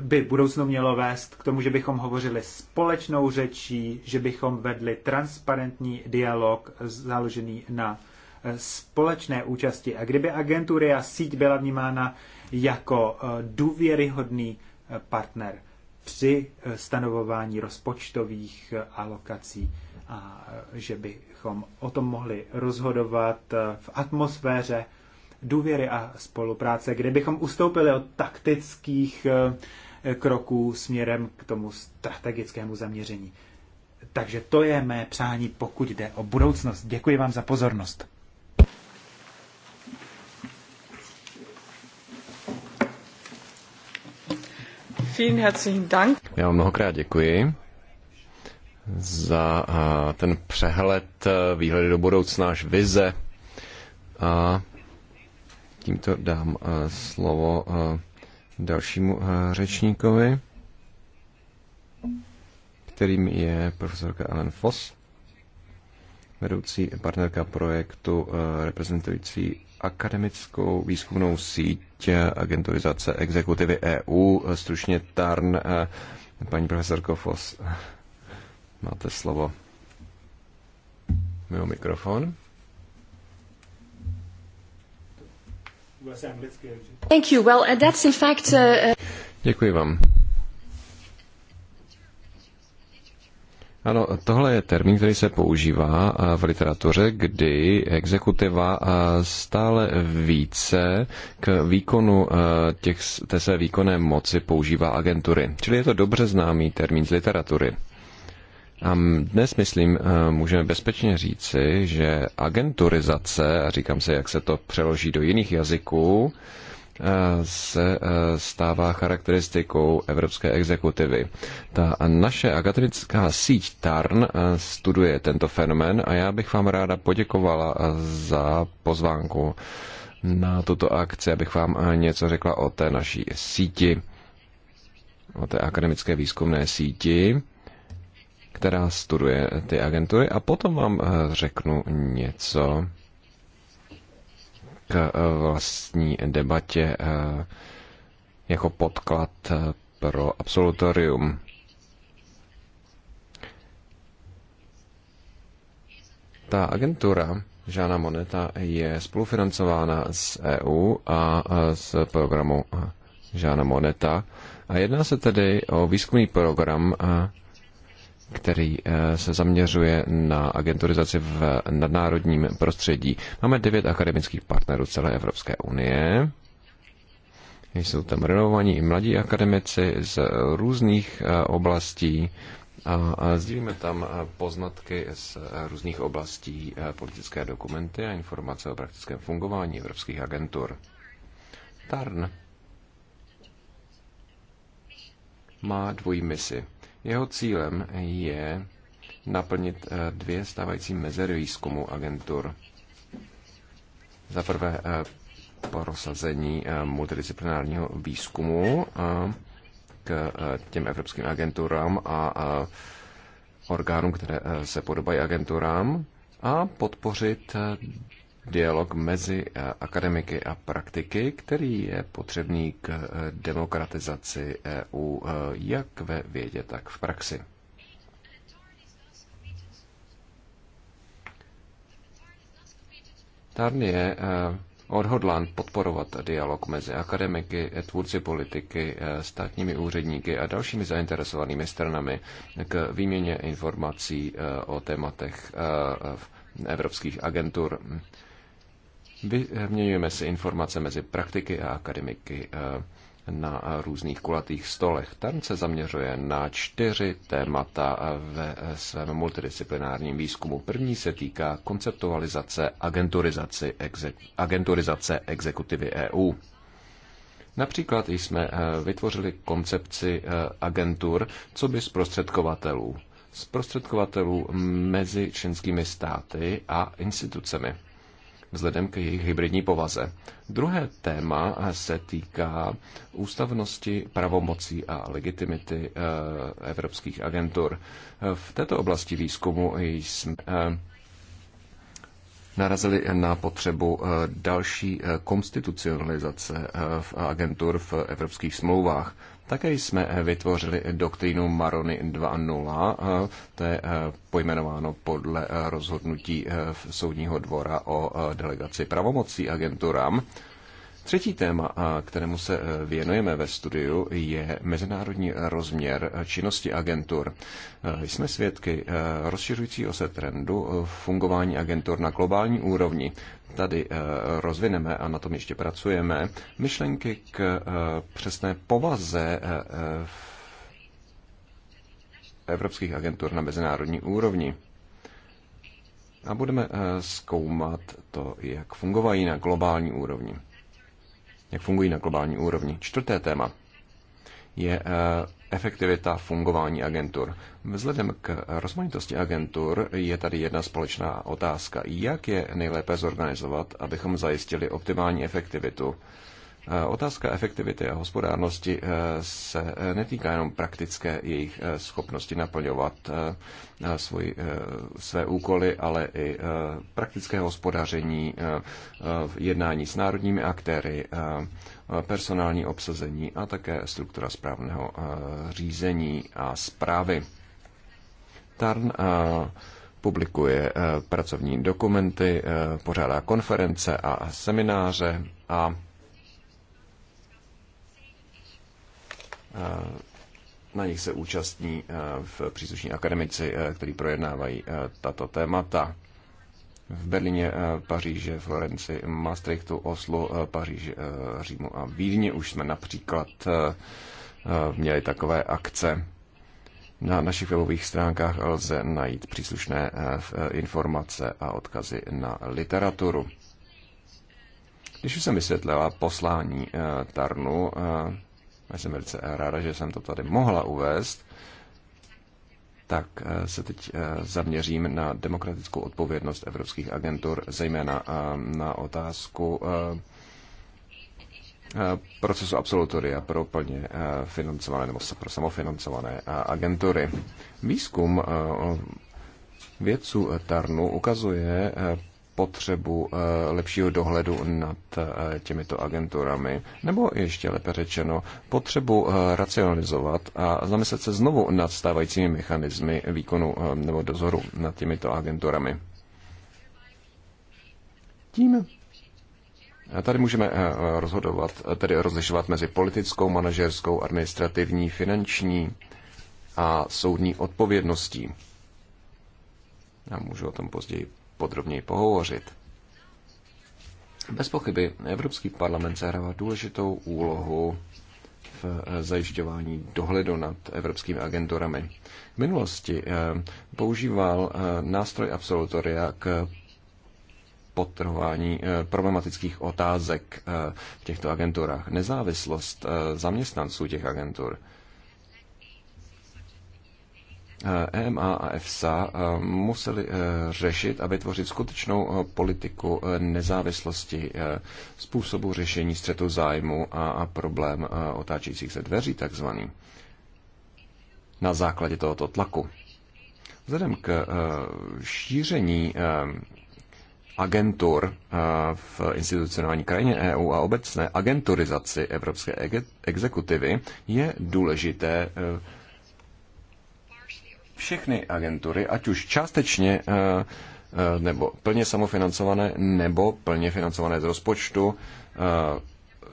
by v budoucnu mělo vést k tomu, že bychom hovořili společnou řečí, že bychom vedli transparentní dialog založený na eh, společné účasti. A kdyby agentury a síť byla vnímána jako eh, důvěryhodný eh, partner při stanovování rozpočtových alokací a že bychom o tom mohli rozhodovat v atmosféře důvěry a spolupráce, kde bychom ustoupili od taktických kroků směrem k tomu strategickému zaměření. Takže to je mé přání, pokud jde o budoucnost. Děkuji vám za pozornost. Vielen herzlichen Dank. Já vám mnohokrát děkuji za ten přehled, výhledy do budoucna, až vize. A tímto dám slovo dalšímu eh, řečníkovi, kterým je profesorka Ellen Foss, vedoucí partnerka projektu eh, reprezentující akademickou výzkumnou síť eh, agenturizace exekutivy EU, stručně TARN. Paní profesorko Foss, máte slovo. Mimo mikrofon. Thank you. Well, uh, that's in fact, uh, uh, Děkuji vám. Ano, tohle je termín, který se používá v literatuře, kdy exekutiva stále více k výkonu těch, té své výkonné moci používá agentury. Čili je to dobře známý termín z literatury. A dnes, myslím, eh, můžeme bezpečně říci, že agenturizace, a říkám se, jak se to přeloží do jiných jazyků, eh, se eh, stává charakteristikou evropské exekutivy. Ta naše akademická síť TARN studuje tento fenomén a já bych vám ráda poděkovala za pozvánku na tuto akci, abych vám něco řekla o té naší síti, o té akademické výzkumné síti která studuje ty agentury a potom vám eh, řeknu něco k eh, vlastní debatě eh, jako podklad pro absolutorium. Ta agentura Žána Moneta je spolufinancována z EU a z programu Žána Moneta. A jedná se tedy o výzkumný program který eh, se zaměřuje na agenturizaci v nadnárodním prostředí. Máme devět akademických partnerů celé Evropské unie. Jsou tam renovovaní i mladí akademici z různých eh, oblastí a sdílíme tam eh, poznatky z různých oblastí politické dokumenty a informace o praktickém fungování evropských agentur. TARN má dvojí misi jeho cílem je naplnit eh, dvě stávající mezery výzkumu agentur. Za prvé eh, prosazení eh, multidisciplinárního výzkumu k těm evropským agenturám a orgánům, které se podobají agenturám a podpořit dialog mezi eh, akademiky a praktiky, který je potřebný k eh, demokratizaci EU eh, jak ve vědě, tak v praxi. Tarn je odhodlán podporovat dialog mezi akademiky, tvůrci politiky, státními úředníky a dalšími zainteresovanými stranami k výměně informací o tématech evropských agentur. Vyměňujeme si informace mezi praktiky a akademiky eh, na různých kulatých stolech. Tam se zaměřuje na čtyři témata eh, ve svém multidisciplinárním výzkumu. První se týká konceptualizace agenturizace, exek, agenturizace exekutivy EU. Například jsme eh, vytvořili koncepci agentur, co by zprostředkovatelů. Zprostředkovatelů mezi členskými státy a institucemi vzhledem k jejich hybridní povaze. Druhé téma se týká ústavnosti, pravomocí a legitimity eh, evropských agentur. V této oblasti výzkumu jsme eh, narazili na potřebu eh, další konstitucionalizace agentur v evropských smlouvách. Také jsme vytvořili doktrínu Marony 2.0, eh, to je eh, pojmenováno podle eh, rozhodnutí Soudního dvora o delegaci pravomocí agenturám Třetí téma, kterému se e, věnujeme ve studiu, je mezinárodní rozměr e, činnosti agentur. E, jsme svědky rozšiřujícího se trendu fungování agentur na globální úrovni. Tady rozvineme a na tom ještě pracujeme myšlenky k přesné povaze evropských agentur na mezinárodní úrovni a budeme zkoumat to, jak fungovají na globální úrovni jak fungují na globální úrovni. Čtvrté téma je eh, efektivita fungování agentur. Vzhledem k rozmanitosti agentur je tady jedna společná otázka. Jak je nejlépe zorganizovat, abychom zajistili optimální efektivitu? Eh, otázka efektivity a hospodárnosti eh, se eh, netýká jenom praktické jejich schopnosti naplňovat svoji, své úkoly, ale i praktické hospodaření, jednání s národními aktéry, personální obsazení a také struktura správného řízení a zprávy. TARN publikuje pracovní dokumenty, pořádá konference a semináře a na nich se účastní eh, v příslušní akademici, eh, který projednávají eh, tato témata. V Berlíně, Paříže, Florenci, Maastrichtu, Oslu, Paříži, Římu a Vídni už jsme například měli takové akce. Na našich webových stránkách lze najít příslušné informace a odkazy na literaturu. Když už jsem vysvětlila poslání Tarnu, já jsem velice ráda, že jsem to tady mohla uvést, tak eh, se teď eh, zaměřím na demokratickou odpovědnost evropských agentur, zejména eh, na otázku procesu absolutoria pro plně financované nebo pro samofinancované agentury. Výzkum vědců Tarnu ukazuje potřebu eh, lepšího dohledu nad eh, těmito agenturami, nebo ještě lépe řečeno, potřebu eh, racionalizovat a zamyslet se znovu nad stávajícími mechanismy výkonu nebo dozoru nad těmito agenturami. Tím tady můžeme rozhodovat, tedy rozlišovat mezi politickou, manažerskou, administrativní, finanční a soudní odpovědností. Já můžu o tom později podrobněji pohovořit. Bez pochyby Evropský parlament zahrává důležitou úlohu v eh, zajišťování dohledu nad evropskými agenturami. V minulosti eh, používal eh, nástroj absolutoria k potrhování problematických otázek v těchto agenturách. Nezávislost zaměstnanců těch agentur EMA eh, e a EFSA eh, museli eh, řešit a vytvořit skutečnou politiku nezávislosti způsobu řešení střetu zájmu a problém otáčejících se dveří takzvaný na základě tohoto tlaku. Vzhledem k šíření agentur v institucionální krajině EU a obecné agenturizaci evropské exekutivy je důležité všechny agentury, ať už částečně eh, eh, nebo plně samofinancované, nebo plně financované z rozpočtu, eh,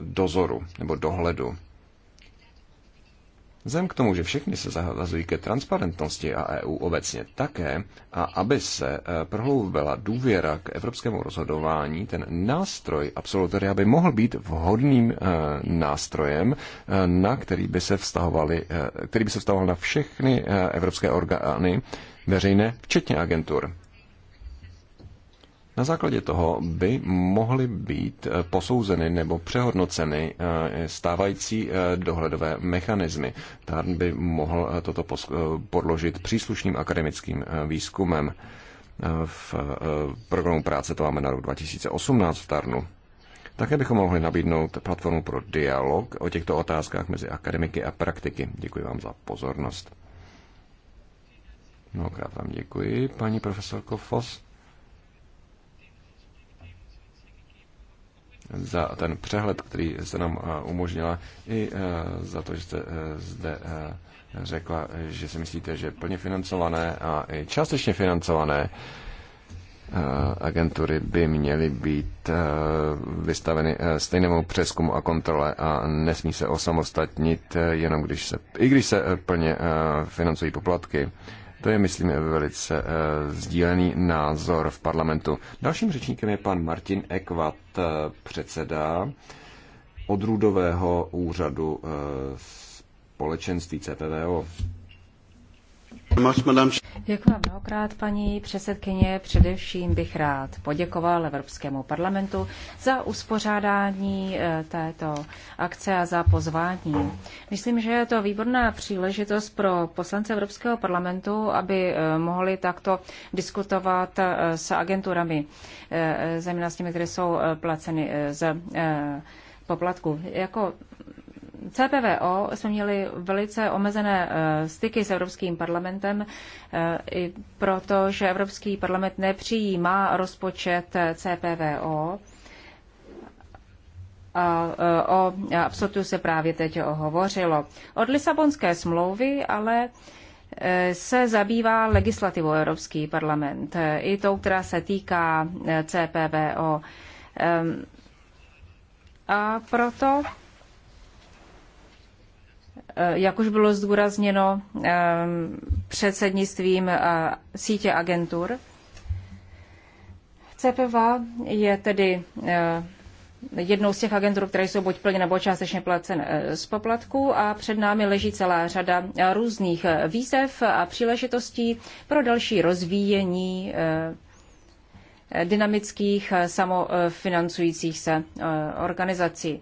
dozoru nebo dohledu. Vzhledem k tomu, že všechny se zahazují ke transparentnosti a EU obecně také, a aby se eh, prohloubila důvěra k evropskému rozhodování, ten nástroj absolutoria by mohl být vhodným eh, nástrojem, eh, na který by se vztahovali, který by se vztahoval na všechny evropské orgány veřejné, včetně agentur. Na základě toho by mohly být eh, posouzeny nebo přehodnoceny eh, stávající eh, dohledové mechanismy. TARN by mohl toto podložit příslušným akademickým výzkumem. V programu práce to máme na rok 2018 v TARNu. Také bychom mohli nabídnout platformu pro dialog o těchto otázkách mezi akademiky a praktiky. Děkuji vám za pozornost. Mnohokrát vám děkuji, paní profesorko Foss. za ten přehled, který se nám eh, umožnila, i eh, za to, že jste eh, zde řekla, že si myslíte, že plně financované a i částečně financované agentury by měly být vystaveny stejnému přeskumu a kontrole a nesmí se osamostatnit, jenom když se, i když se plně financují poplatky. To je, myslím, velice uh, sdílený názor v parlamentu. Dalším řečníkem je pan Martin Ekvat, uh, předseda odrůdového úřadu uh, společenství CPVO. Děkuji mnohokrát, paní předsedkyně. Především bych rád poděkoval Evropskému parlamentu za uspořádání eh, této akce a za pozvání. Myslím, že je to výborná příležitost pro poslance Evropského parlamentu, aby eh, mohli takto diskutovat eh, s agenturami, zejména s těmi, které jsou placeny z poplatku. Jako CPVO jsme měli velice omezené eh, styky s Evropským parlamentem, eh, i proto, že Evropský parlament nepřijímá rozpočet eh, CPVO. A o absolutu se právě teď hovořilo. Od Lisabonské smlouvy ale se zabývá legislativou Evropský parlament, i tou, která se týká CPVO. Ehm, a proto Eh, jak už bylo zdůrazněno eh, předsednictvím eh, sítě agentur, CPVA je tedy jednou z těch agentur, které jsou buď plně nebo částečně placen z poplatku a před námi leží celá řada různých výzev a příležitostí pro další rozvíjení dynamických samofinancujících se organizací.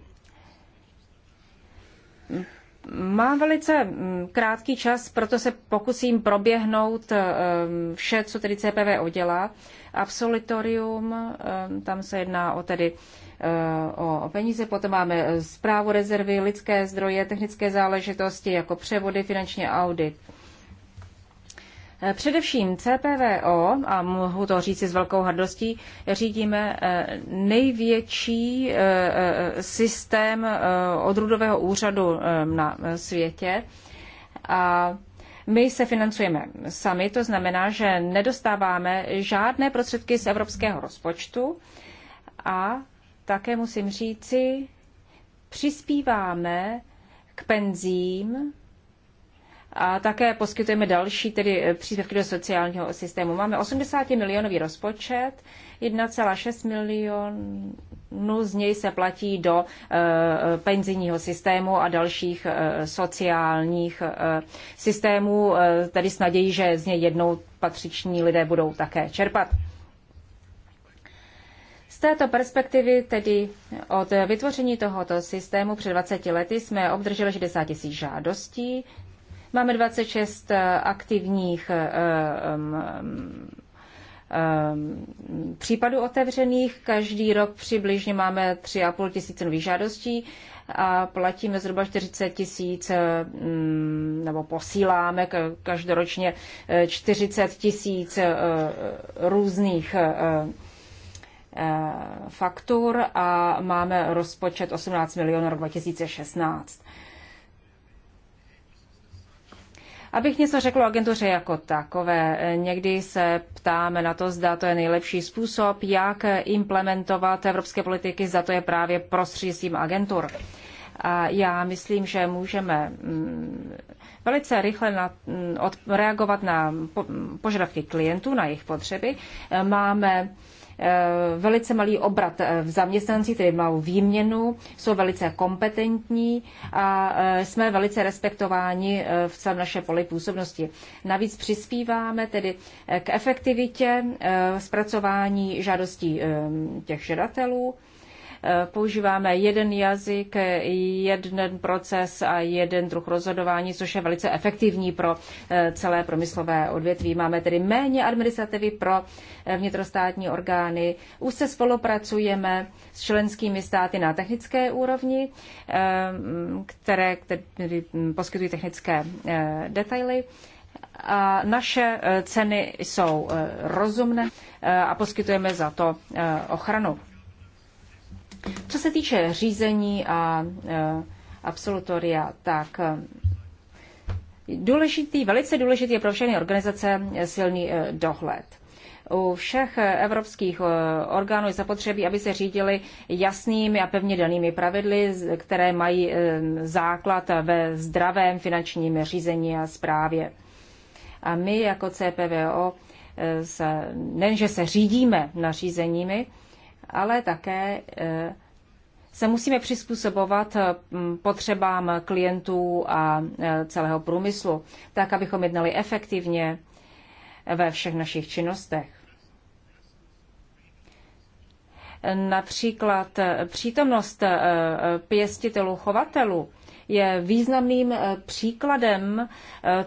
Mám velice mm, krátký čas, proto se pokusím proběhnout eh, vše, co tedy CPV udělá. Absolutorium, eh, tam se jedná o tedy eh, o peníze, potom máme zprávu rezervy, lidské zdroje, technické záležitosti jako převody, finanční audit. Především CPVO, a mohu to říci s velkou hrdostí, řídíme eh, největší eh, eh, systém odrudového úřadu na světě. A my se financujeme sami, to znamená, že nedostáváme žádné prostředky z evropského rozpočtu a také musím říci, přispíváme k penzím a také poskytujeme další tedy eh, příspěvky do sociálního systému. Máme 80 milionový rozpočet, 1,6 milionů z něj se platí do eh, penzijního systému a dalších eh, sociálních systémů, tedy s nadějí, že z něj jednou patřiční lidé budou také čerpat. Z této perspektivy, tedy od vytvoření tohoto systému před 20 lety, jsme obdrželi 60 tisíc žádostí, Máme 26 eh, aktivních eh, případů otevřených. Každý rok přibližně máme 3,5 tisíce nových žádostí a platíme zhruba 40 tisíc, eh, mm, nebo posíláme každoročně 40 tisíc různých faktur a máme rozpočet 18 milionů rok 2016. Abych něco řekl o agentuře jako takové, někdy se ptáme na to, zda to je nejlepší způsob, jak implementovat evropské politiky, zda to je právě prostřednictvím agentur. A já myslím, že můžeme mm, velice rychle na, mm, od, reagovat na po, požadavky klientů, na jejich potřeby. Máme Eh, velice malý obrat eh, v zaměstnanci, tedy malou výměnu, jsou velice kompetentní a eh, jsme velice respektováni v celé naše poli působnosti. Navíc přispíváme tedy k efektivitě zpracování žádostí těch žadatelů používáme jeden jazyk, jeden proces a jeden druh rozhodování, což je velice efektivní pro eh, celé promyslové odvětví. Máme tedy méně administrativy pro eh, vnitrostátní orgány. Už se spolupracujeme s členskými státy na technické úrovni, eh, které, které poskytují technické detaily. A naše ceny jsou rozumné a poskytujeme za to ochranu. Co se týče řízení a e, absolutoria, tak e, důležitý, velice důležitý je pro všechny organizace silný e, dohled. U všech evropských orgánů je zapotřebí, aby se řídili jasnými a pevně danými pravidly, které mají základ ve zdravém finančním řízení a správě. A my jako CPVO se, nejenže se řídíme nařízeními, ale také eh, se musíme přizpůsobovat eh, potřebám klientů a eh, celého průmyslu, tak abychom jednali efektivně ve všech našich činnostech. Například přítomnost pěstitelů, chovatelů je významným příkladem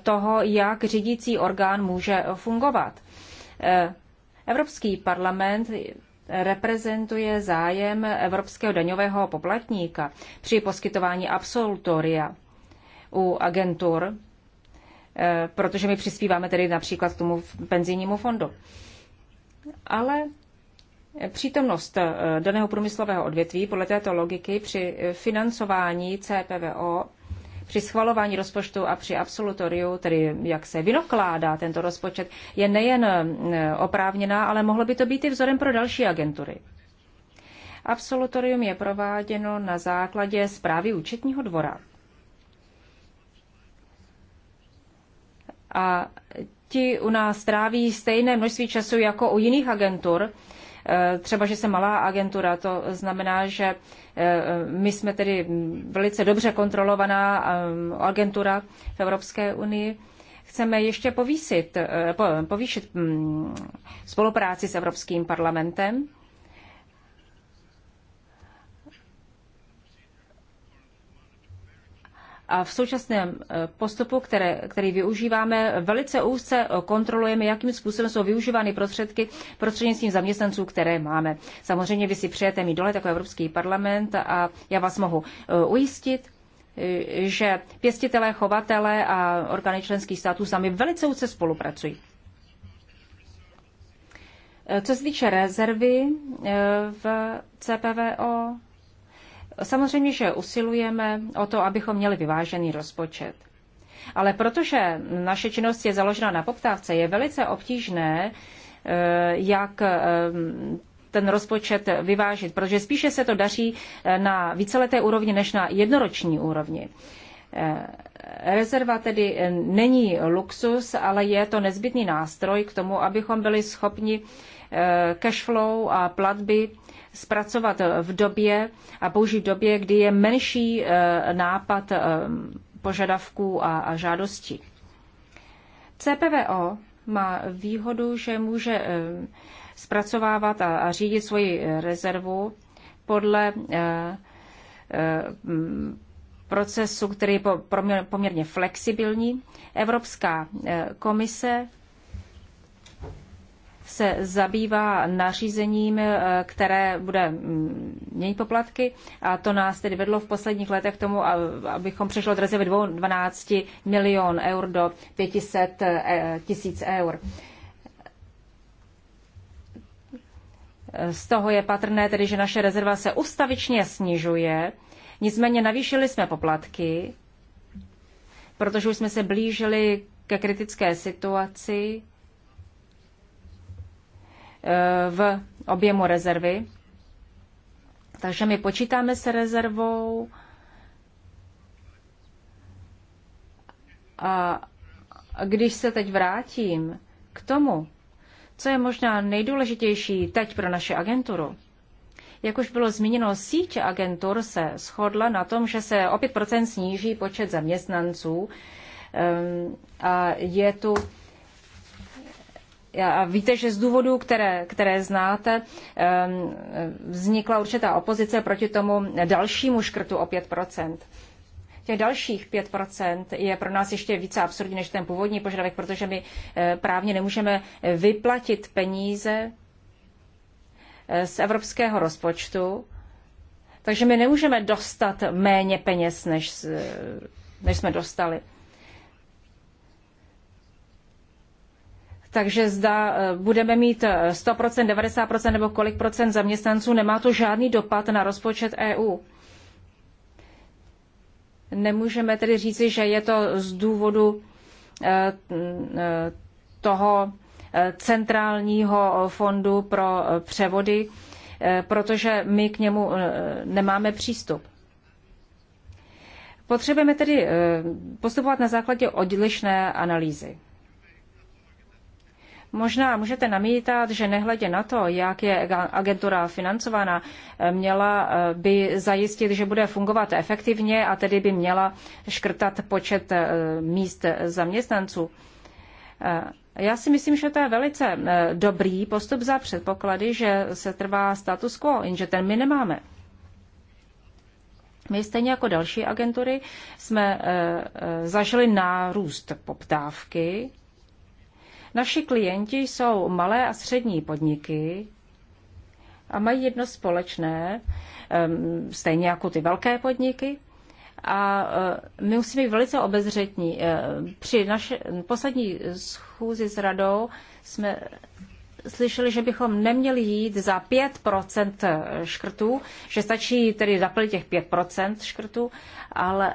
toho, jak řídící orgán může fungovat. Evropský parlament reprezentuje zájem evropského daňového poplatníka při poskytování absolutoria u agentur, eh, protože my přispíváme tedy například k tomu penzijnímu fondu. Ale přítomnost eh, daného průmyslového odvětví podle této logiky při financování CPVO při schvalování rozpočtu a při absolutoriu, tedy jak se vynokládá tento rozpočet, je nejen e, oprávněná, ale mohlo by to být i vzorem pro další agentury. Absolutorium je prováděno na základě zprávy účetního dvora. A ti u nás tráví stejné množství času jako u jiných agentur, Eh, třeba, že jsem malá agentura, to znamená, že eh, my jsme tedy velice dobře kontrolovaná eh, agentura v Evropské unii. Chceme ještě povýsit, povýšit hm, spolupráci s Evropským parlamentem A v současném eh, postupu, které, který využíváme, velice úzce eh, kontrolujeme, jakým způsobem jsou využívány prostředky prostřednictvím zaměstnanců, které máme. Samozřejmě vy si přejete mít dole jako Evropský parlament a já vás mohu eh, ujistit, že pěstitelé, chovatele a orgány členských států sami velice úzce spolupracují. Co se týče rezervy v CPVO, Samozřejmě, že usilujeme o to, abychom měli vyvážený rozpočet. Ale protože naše činnost je založena na poptávce, je velice obtížné, eh, jak eh, ten rozpočet vyvážit, protože spíše se to daří eh, na víceleté úrovni než na jednoroční úrovni. Rezerva tedy není luxus, ale je to nezbytný nástroj k tomu, abychom byli schopni cash flow a platby zpracovat v době a použít v době, kdy je menší eh, nápad eh, požadavků a žádostí. CPVO má výhodu, že může eh, zpracovávat a řídit svoji rezervu podle procesu, který je poměrně flexibilní. Evropská komise se zabývá nařízením, eh, které bude mm, měnit poplatky a to nás tedy vedlo v posledních letech k tomu, abychom přešli od rezervy 12 milion eur do 500 eh, tisíc eur. Z toho je patrné tedy, že naše rezerva se ustavičně snižuje, nicméně navýšili jsme poplatky, protože už jsme se blížili ke kritické situaci v objemu rezervy. Takže my počítáme se rezervou a když se teď vrátím k tomu, co je možná nejdůležitější teď pro naši agenturu, jak už bylo zmíněno, síť agentur se shodla na tom, že se o 5 sníží počet zaměstnanců ehm, a je tu a víte, že z důvodů, které, které znáte, vznikla určitá opozice proti tomu dalšímu škrtu o 5 Těch dalších 5 je pro nás ještě více absurdní než ten původní požadavek, protože my eh, právně nemůžeme vyplatit peníze eh, z evropského rozpočtu, takže my nemůžeme dostat méně peněz, než, než jsme dostali. takže zda eh, budeme mít 100%, eh, 90% nebo kolik procent zaměstnanců, nemá to žádný dopad na rozpočet EU. Nemůžeme tedy říci, že je to z důvodu eh, mm, toho centrálního fondu pro převody, protože my k němu nemáme přístup. Potřebujeme tedy postupovat na základě odlišné analýzy. Možná můžete namítat, že nehledě na to, jak je agentura financována, eh, měla eh, by zajistit, že bude fungovat efektivně a tedy by měla škrtat počet eh, míst zaměstnanců. Já si myslím, že to je velice dobrý postup za předpoklady, že se trvá status quo, jenže ten my nemáme. My stejně jako další agentury jsme zažili nárůst poptávky Naši klienti jsou malé a střední podniky a mají jedno společné, stejně jako ty velké podniky, a eh, my musíme být velice obezřetní. Eh, při naše poslední schůzi s radou jsme slyšeli, že bychom neměli jít za 5% škrtů, že stačí tedy zaplnit těch 5% škrtů, ale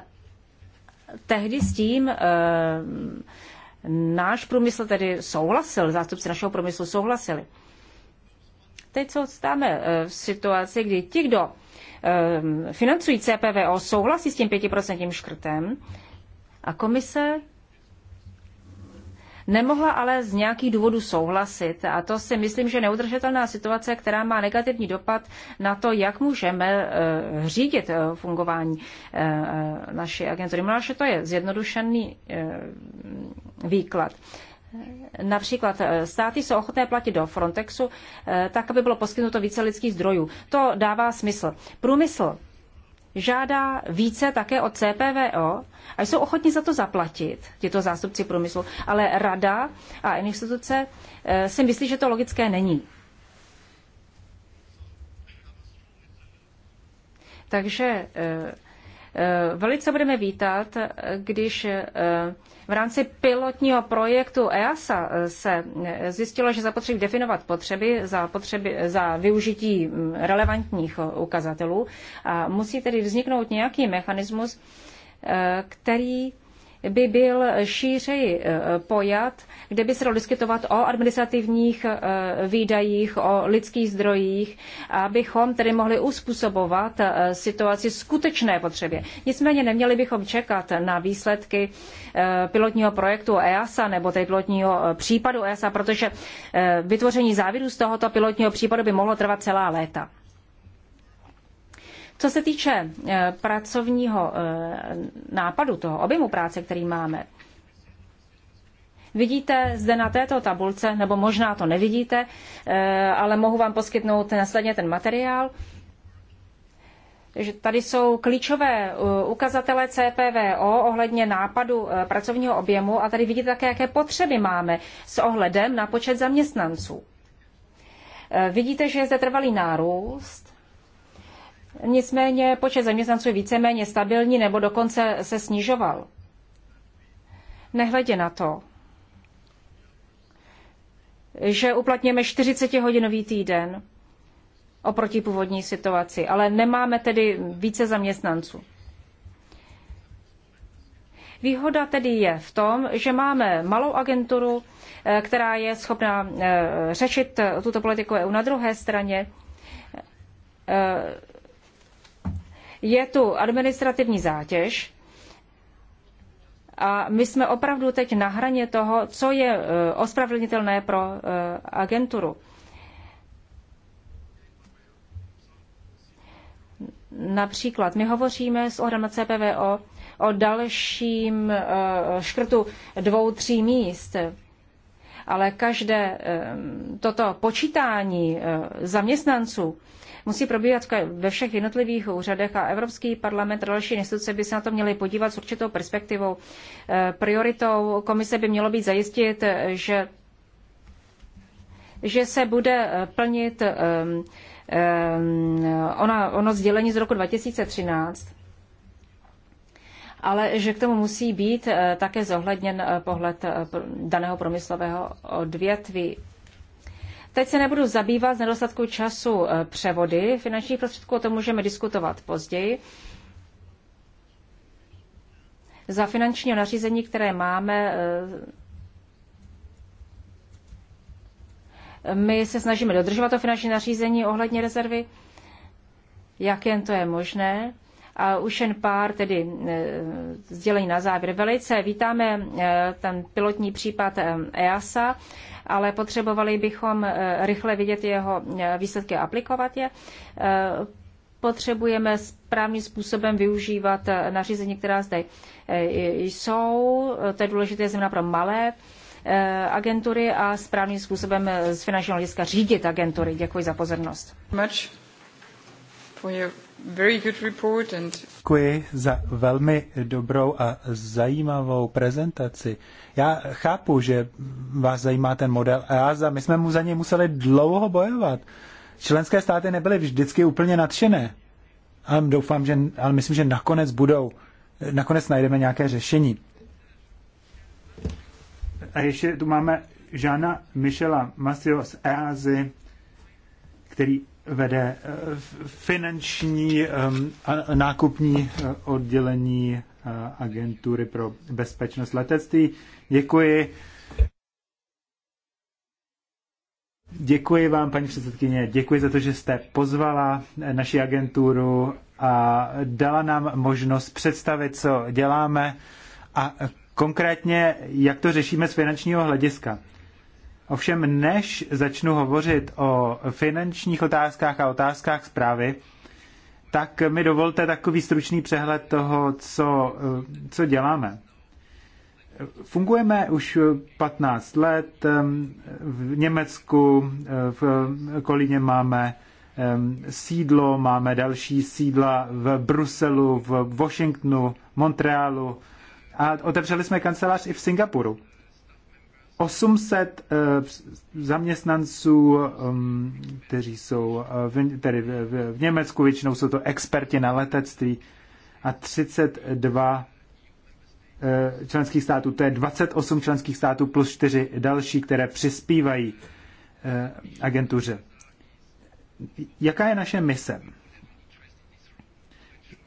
tehdy s tím eh, náš průmysl tedy souhlasil, zástupci našeho průmyslu souhlasili. Teď se stáme eh, v situaci, kdy ti, kdo eh, financují CPVO, souhlasí s tím pětiprocentním škrtem a komise Nemohla ale z nějakých důvodů souhlasit a to si myslím, že neudržitelná situace, která má negativní dopad na to, jak můžeme eh, řídit eh, fungování eh, naší agentury. Možná, že to je zjednodušený výklad. Například státy jsou ochotné platit do Frontexu tak, aby bylo poskytnuto více lidských zdrojů. To dává smysl. Průmysl žádá více také od CPVO a jsou ochotni za to zaplatit, tyto zástupci průmyslu, ale rada a instituce eh, si myslí, že to logické není. Takže eh, Eh, velice budeme vítat, eh, když eh, v rámci pilotního projektu EASA se zjistilo, že zapotřebí definovat potřeby za, potřeby za využití mm, relevantních ukazatelů a musí tedy vzniknout nějaký mechanismus, který by byl šířeji eh, pojat, kde by se dalo diskutovat o administrativních eh, výdajích, o lidských zdrojích, abychom tedy mohli uspůsobovat eh, situaci skutečné potřebě. Nicméně neměli bychom čekat na výsledky pilotního projektu EASA nebo tedy pilotního případu EASA, protože vytvoření závěrů z tohoto pilotního případu by mohlo trvat celá léta. Co se týče eh, pracovního eh, nápadu, toho objemu práce, který máme, Vidíte zde na této tabulce, nebo možná to nevidíte, eh, ale mohu vám poskytnout následně ten materiál. Že tady jsou klíčové ukazatele CPVO ohledně nápadu pracovního objemu a tady vidíte také, jaké potřeby máme s ohledem na počet zaměstnanců. Vidíte, že je zde trvalý nárůst Nicméně počet zaměstnanců je víceméně stabilní nebo dokonce se snižoval. Nehledě na to, že uplatněme 40-hodinový týden oproti původní situaci, ale nemáme tedy více zaměstnanců. Výhoda tedy je v tom, že máme malou agenturu, eh, která je schopná eh, řešit eh, tuto politiku EU. Na druhé straně je tu administrativní zátěž a my jsme opravdu teď na hraně toho, co je e, ospravedlnitelné pro e, agenturu. Například my hovoříme s ohledem na CPVO o dalším e, škrtu dvou, tří míst ale každé toto počítání zaměstnanců musí probíhat ve všech jednotlivých úřadech a Evropský parlament a další instituce by se na to měly podívat s určitou perspektivou. Eh, prioritou komise by mělo být zajistit, eh, že že se bude eh, plnit um, um, ona, ono sdělení z roku 2013, ale že k tomu musí být také zohledněn pohled daného promyslového odvětví. Teď se nebudu zabývat z nedostatku času eh, převody finančních prostředků, o tom můžeme diskutovat později. Za finanční nařízení, které máme, eh, my se snažíme dodržovat to finanční nařízení ohledně rezervy, jak jen to je možné. A už jen pár tedy eh, sdělení na závěr. Velice vítáme eh, ten pilotní případ EASA, eh, e ale potřebovali bychom rychle vidět jeho výsledky a aplikovat je. Potřebujeme správným způsobem využívat nařízení, která zde jsou. To je důležité zejména pro malé agentury a správným způsobem z finančního hlediska řídit agentury. Děkuji za pozornost. Much for your very good report and... Děkuji za velmi dobrou a zajímavou prezentaci. Já chápu, že vás zajímá ten model EASA. My jsme mu za něj museli dlouho bojovat. Členské státy nebyly vždycky úplně nadšené. Ale doufám, že, ale myslím, že nakonec budou. Nakonec najdeme nějaké řešení. A ještě tu máme Žána Michela Masio z EASY, který vede eh, finanční ehm, nákupní eh, oddělení eh, agentury pro bezpečnost letectví. Děkuji. Děkuji vám, paní předsedkyně, děkuji za to, že jste pozvala naši agenturu a dala nám možnost představit, co děláme a konkrétně, jak to řešíme z finančního hlediska. Ovšem, než začnu hovořit o finančních otázkách a otázkách zprávy, tak mi dovolte takový stručný přehled toho, co, co děláme. Fungujeme už 15 let. V Německu v Kolíně máme sídlo, máme další sídla v Bruselu, v Washingtonu, Montrealu a otevřeli jsme kancelář i v Singapuru. 800 eh, zaměstnanců, um, kteří jsou eh, v, tedy v, v Německu, většinou jsou to experti na letectví, a 32 eh, členských států, to je 28 členských států plus 4 další, které přispívají agentuře. Jaká je naše mise?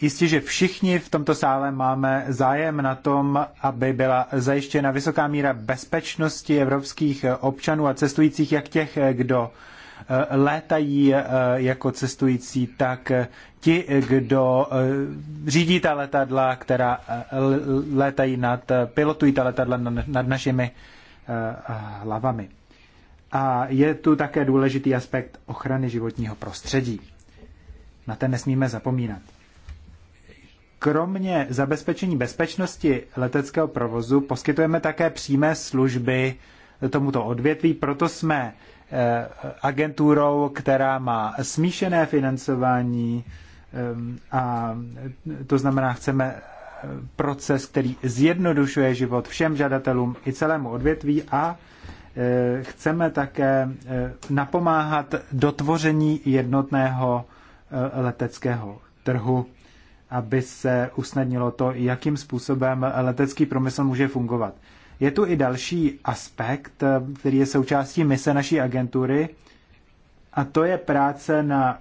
Jistě, že všichni v tomto sále máme zájem na tom, aby byla zajištěna vysoká míra bezpečnosti evropských občanů a cestujících, jak těch, kdo eh, létají eh, jako cestující, tak eh, ti, kdo řídí ta letadla, která létají nad, pilotují ta letadla nad našimi hlavami. A je tu také důležitý aspekt ochrany životního prostředí. Na ten nesmíme zapomínat kromě zabezpečení bezpečnosti leteckého provozu poskytujeme také přímé služby tomuto odvětví, proto jsme eh, agenturou, která má smíšené financování eh, a to znamená, chceme eh, proces, který zjednodušuje život všem žadatelům i celému odvětví a chceme také napomáhat dotvoření jednotného leteckého trhu aby se usnadnilo to, jakým způsobem letecký promysl může fungovat. Je tu i další aspekt, který je součástí mise naší agentury, a to je práce na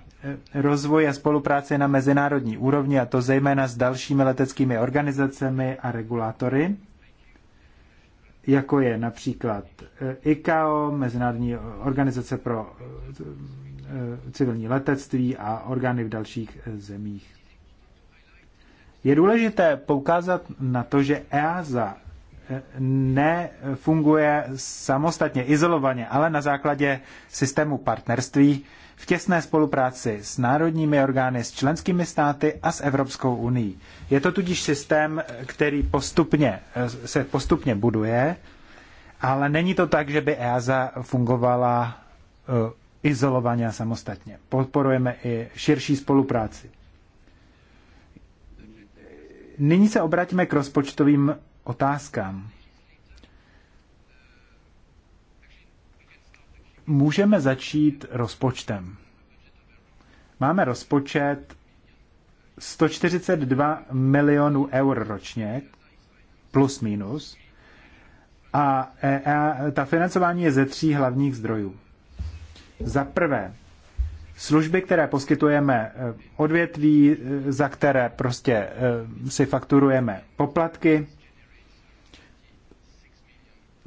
eh, rozvoji a spolupráci na mezinárodní úrovni, a to zejména s dalšími leteckými organizacemi a regulátory, jako je například eh, ICAO, Mezinárodní organizace pro eh, civilní letectví a orgány v dalších zemích. Je důležité poukázat na to, že EASA eh, nefunguje samostatně, izolovaně, ale na základě systému partnerství v těsné spolupráci s národními orgány, s členskými státy a s Evropskou unii. Je to tudíž systém, který postupně, eh, se postupně buduje, ale není to tak, že by EASA fungovala eh, izolovaně a samostatně. Podporujeme i širší spolupráci. Nyní se obraťme k rozpočtovým otázkám. Můžeme začít rozpočtem. Máme rozpočet 142 milionů eur ročně, plus minus, a, e, a ta financování je ze tří hlavních zdrojů. Za prvé, služby, které poskytujeme eh, odvětví, eh, za které prostě eh, si fakturujeme poplatky,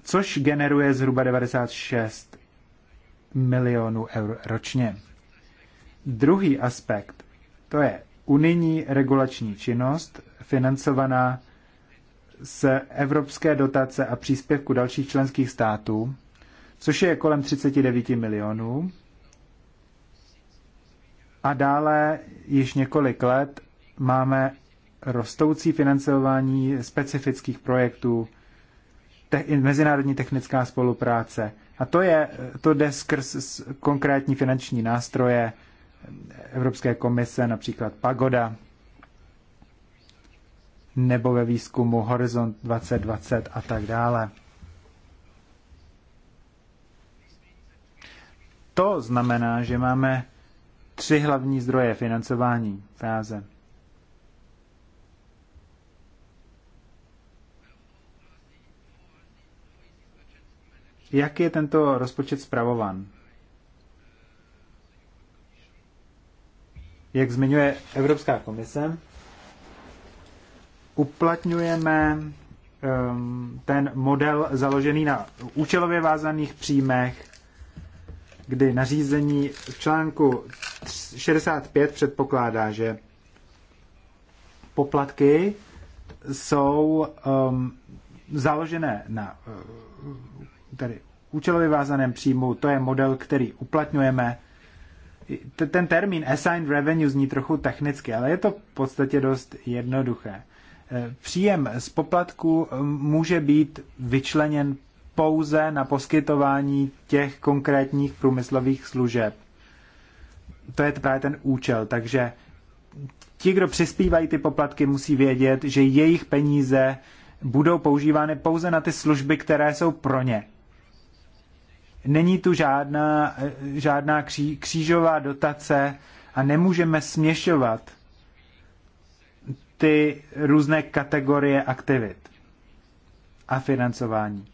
což generuje zhruba 96 milionů eur ročně. Druhý aspekt, to je unijní regulační činnost financovaná z evropské dotace a příspěvku dalších členských států, což je kolem 39 milionů a dále již několik let máme rostoucí financování specifických projektů, te- mezinárodní technická spolupráce. A to, je, to jde skrz konkrétní finanční nástroje Evropské komise, například Pagoda, nebo ve výzkumu Horizont 2020 a tak dále. To znamená, že máme tři hlavní zdroje financování fáze. Jak je tento rozpočet zpravovan? Jak zmiňuje Evropská komise, uplatňujeme um, ten model založený na účelově vázaných příjmech kdy nařízení v článku 65 předpokládá, že poplatky jsou um, založené na uh, tady účelově vázaném příjmu. To je model, který uplatňujeme. Ten termín assigned revenue zní trochu technicky, ale je to v podstatě dost jednoduché. E, příjem z poplatku může být vyčleněn pouze na poskytování těch konkrétních průmyslových služeb. To je právě ten účel. Takže ti, kdo přispívají ty poplatky, musí vědět, že jejich peníze budou používány pouze na ty služby, které jsou pro ně. Není tu žádná, žádná kří, křížová dotace a nemůžeme směšovat ty různé kategorie aktivit a financování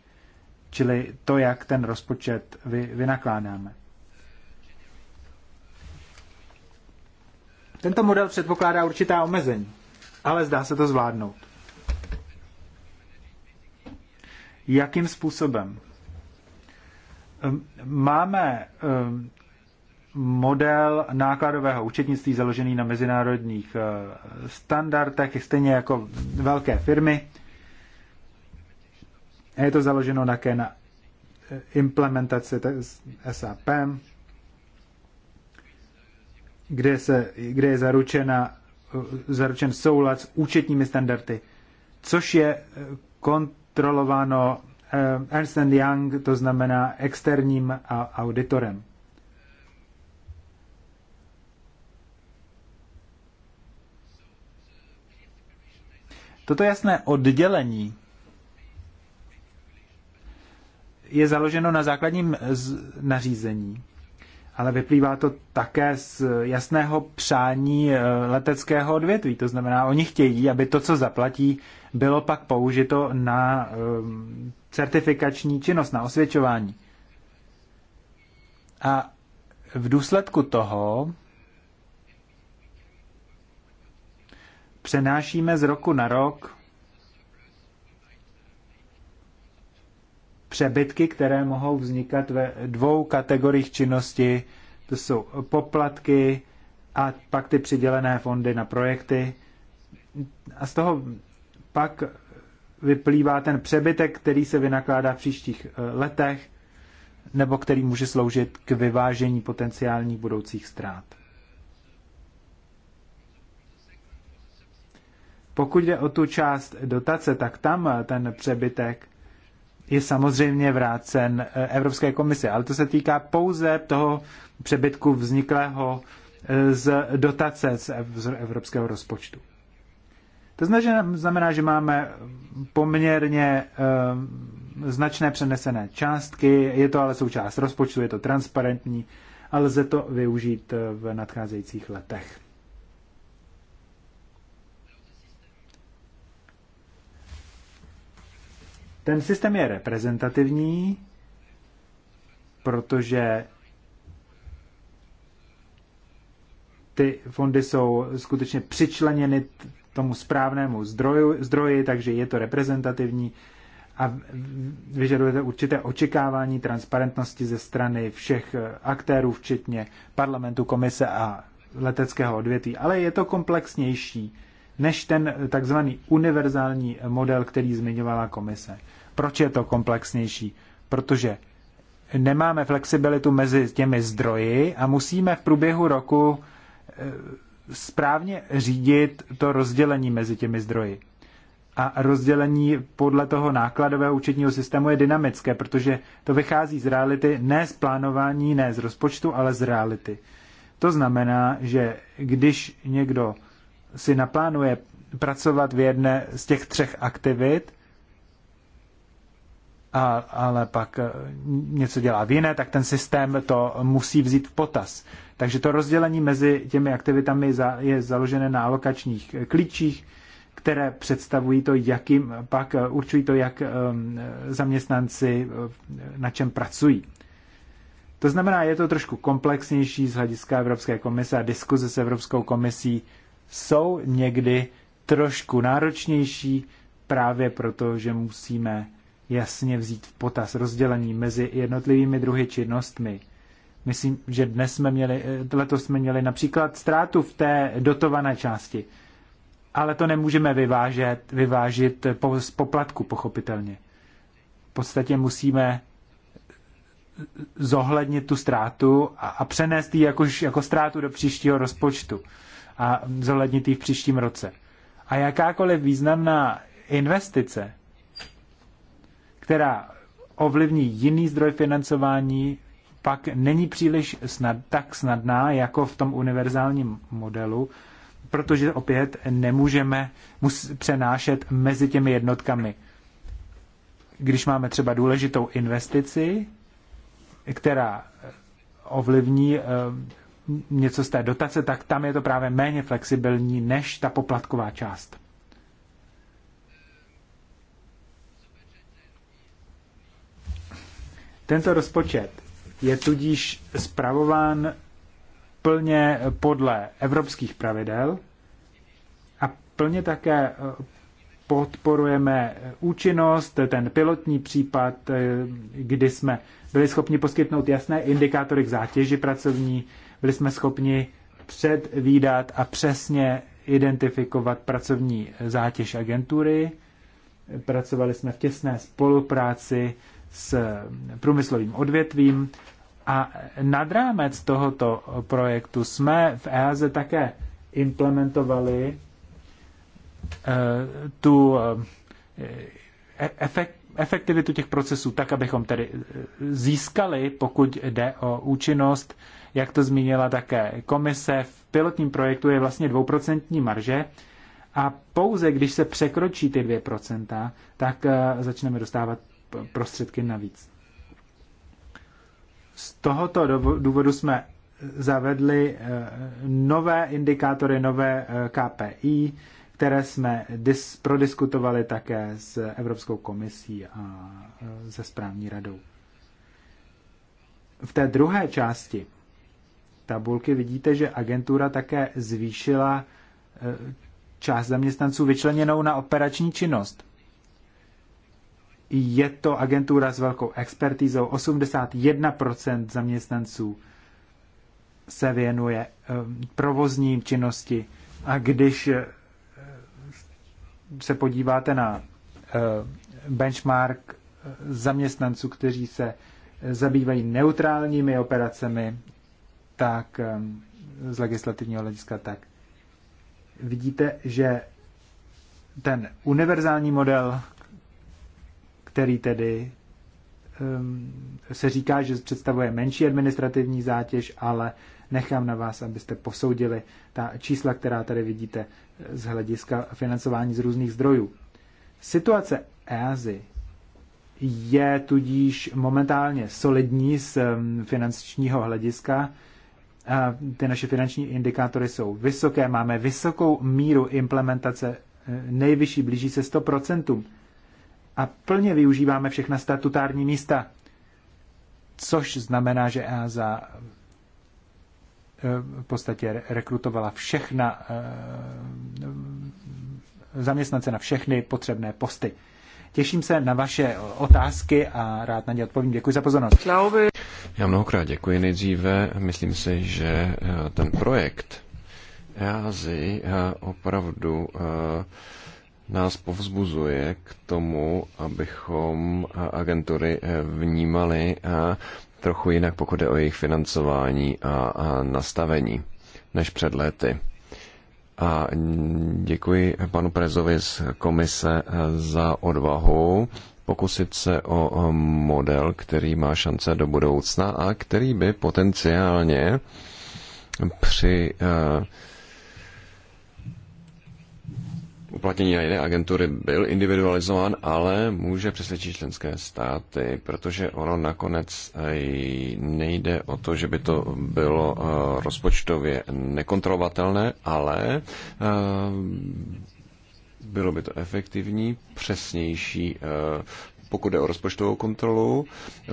čili to, jak ten rozpočet vy, vynakládáme. Tento model předpokládá určitá omezení, ale zdá se to zvládnout. Jakým způsobem? Ehm, máme ehm, model nákladového účetnictví založený na mezinárodních eh, standardech, stejně jako velké firmy, je to založeno také na eh, implementaci SAP, kde, se, kde je zaručena, eh, zaručen soulad s účetními standardy, což je eh, kontrolováno Ernst Young, to znamená externím auditorem. Toto jasné oddělení je založeno na základním nařízení, ale vyplývá to také z jasného přání eh, leteckého odvětví. To znamená, oni chtějí, aby to, co zaplatí, bylo pak použito na eh, certifikační činnost, na osvědčování. A v důsledku toho přenášíme z roku na rok přebytky, které mohou vznikat ve dvou kategoriích činnosti. To jsou poplatky a pak ty přidělené fondy na projekty. A z toho pak vyplývá ten přebytek, který se vynakládá v příštích eh, letech, nebo který může sloužit k vyvážení potenciálních budoucích ztrát. Pokud jde o tu část dotace, tak tam ten přebytek je samozřejmě vrácen eh, Evropské komisi, ale to se týká pouze toho přebytku vzniklého eh, z dotace z evropského rozpočtu. To znamená, že máme poměrně eh, značné přenesené částky, je to ale součást rozpočtu, je to transparentní a lze to využít v nadcházejících letech. Ten systém je reprezentativní, protože ty fondy jsou skutečně přičleněny tomu správnému zdroju, zdroji, takže je to reprezentativní a vyžadujete určité očekávání transparentnosti ze strany všech eh, aktérů, včetně parlamentu, komise a leteckého odvětví. Ale je to komplexnější než ten takzvaný univerzální model, který zmiňovala komise. Proč je to komplexnější? Protože nemáme flexibilitu mezi těmi zdroji a musíme v průběhu roku e, správně řídit to rozdělení mezi těmi zdroji. A rozdělení podle toho nákladového účetního systému je dynamické, protože to vychází z reality, ne z plánování, ne z rozpočtu, ale z reality. To znamená, že když někdo si naplánuje pracovat v jedné z těch třech aktivit, a, ale pak e, něco dělá v jiné, tak ten systém to musí vzít v potaz. Takže to rozdělení mezi těmi aktivitami je založené na alokačních klíčích, které představují to, jakým, pak e, určují to, jak zaměstnanci e, na čem pracují. To znamená, je to trošku komplexnější z hlediska Evropské komise a diskuze s Evropskou komisí jsou někdy trošku náročnější právě proto, že musíme jasně vzít v potaz rozdělení mezi jednotlivými druhy činnostmi. Myslím, že dnes jsme měli, eh, letos jsme měli například ztrátu v té dotované části, ale to nemůžeme vyvážet, vyvážit po, z poplatku, pochopitelně. V podstatě musíme zohlednit tu ztrátu a, a přenést ji jako, ztrátu do příštího rozpočtu a ji v příštím roce. A jakákoliv významná investice, která ovlivní jiný zdroj financování, pak není příliš snad, tak snadná jako v tom univerzálním modelu, protože opět nemůžeme mus, přenášet mezi těmi jednotkami. Když máme třeba důležitou investici, která ovlivní eh, něco z té dotace, tak tam je to právě méně flexibilní než ta poplatková část. Tento rozpočet je tudíž spravován plně podle evropských pravidel a plně také eh, podporujeme účinnost, ten pilotní případ, eh, kdy jsme byli schopni poskytnout jasné indikátory k zátěži pracovní byli jsme schopni předvídat a přesně identifikovat pracovní zátěž agentury. Pracovali jsme v těsné spolupráci s průmyslovým odvětvím a nad rámec tohoto projektu jsme v EAZ také implementovali eh, tu eh, e, efektivitu těch procesů tak, abychom tedy eh, získali, pokud jde o účinnost, jak to zmínila také komise, v pilotním projektu je vlastně dvouprocentní marže a pouze když se překročí ty 2%, tak eh, začneme dostávat prostředky navíc. Z tohoto důvodu jsme zavedli eh, nové indikátory, nové eh, KPI, které jsme dis- prodiskutovali také s Evropskou komisí a se správní radou. V té druhé části tabulky vidíte, že agentura také zvýšila e, část zaměstnanců vyčleněnou na operační činnost. Je to agentura s velkou expertízou, 81% zaměstnanců se věnuje e, provozní činnosti a když e, se podíváte na benchmark zaměstnanců, kteří se zabývají neutrálními operacemi tak z legislativního hlediska, tak vidíte, že ten univerzální model, který tedy se říká, že představuje menší administrativní zátěž, ale nechám na vás, abyste posoudili ta čísla, která tady vidíte eh, z hlediska financování z různých zdrojů. Situace EASY je tudíž momentálně solidní z finančního hlediska ty naše finanční indikátory jsou vysoké, máme vysokou míru implementace, e, nejvyšší, blíží se 100%. A plně využíváme všechna statutární místa, což znamená, že EASA e, v podstatě rekrutovala všechna e, zaměstnance na všechny potřebné posty. Těším se na vaše otázky a rád na ně odpovím. Děkuji za pozornost. Já mnohokrát děkuji nejdříve. Myslím si, že eh, ten projekt EASY eh, opravdu eh, nás povzbuzuje k tomu, abychom agentury vnímali trochu jinak, pokud je o jejich financování a nastavení než před lety. A děkuji panu Prezovi z komise za odvahu pokusit se o model, který má šance do budoucna a který by potenciálně při eh, uplatnění na jiné agentury byl individualizován, ale může přesvědčit členské státy, protože ono nakonec eh, nejde o to, že by to bylo eh, rozpočtově nekontrolovatelné, ale bylo by to efektivní, přesnější, eh, pokud jde o rozpočtovou kontrolu,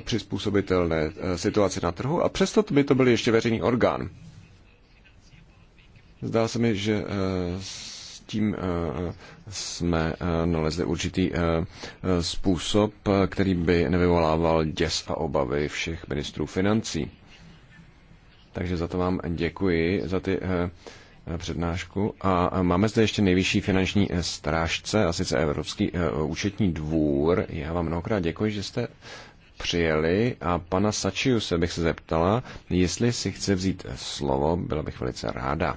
přizpůsobitelné eh, situaci na trhu a přesto by to byl ještě veřejný orgán. Zdá se mi, že eh, s tím jsme nalezli určitý způsob, který by nevyvolával děs a obavy všech ministrů financí. Takže za to vám děkuji, za ty Eh, přednášku a máme zde ještě nejvyšší finanční eh, strážce, a sice Evropský eh, účetní dvůr. Já vám mnohokrát děkuji, že jste přijeli a pana se bych se zeptala, jestli si chce vzít slovo, byla bych velice ráda.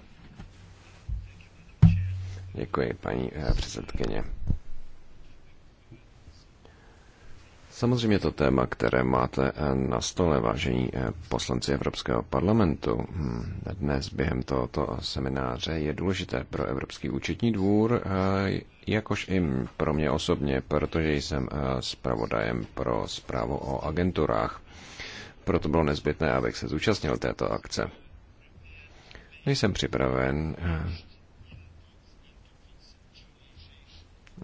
Děkuji, paní předsedkyně. Samozřejmě to téma, které máte eh, na stole, vážení eh, poslanci Evropského parlamentu, hm, dnes během tohoto semináře je důležité pro Evropský účetní dvůr, eh, jakož i pro mě osobně, protože jsem zpravodajem pro zprávu o agenturách. Proto bylo nezbytné, abych se zúčastnil této akce. Nejsem připraven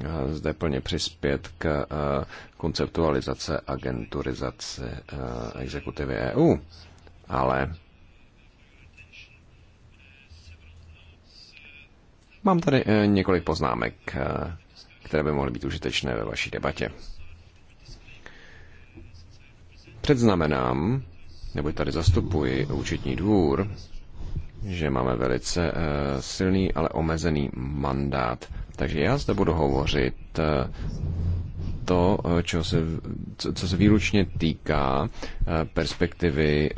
Eh, zde plně přispět k eh, konceptualizace agenturizace eh, exekutivy EU. Ale mám tady několik poznámek, které by mohly být užitečné ve vaší debatě. Předznamenám, nebo tady zastupuji účetní dvůr, že máme velice eh, silný, ale omezený mandát. Takže já zde budu hovořit eh, to, eh, co se, co se výlučně týká perspektivy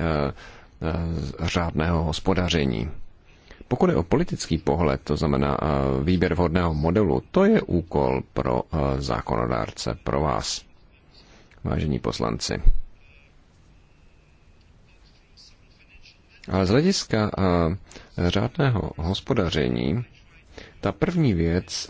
řádného hospodaření. Pokud je o politický pohled, to znamená výběr vhodného modelu, to je úkol pro zákonodárce, pro vás, vážení poslanci. Ale z hlediska řádného hospodaření, ta první věc,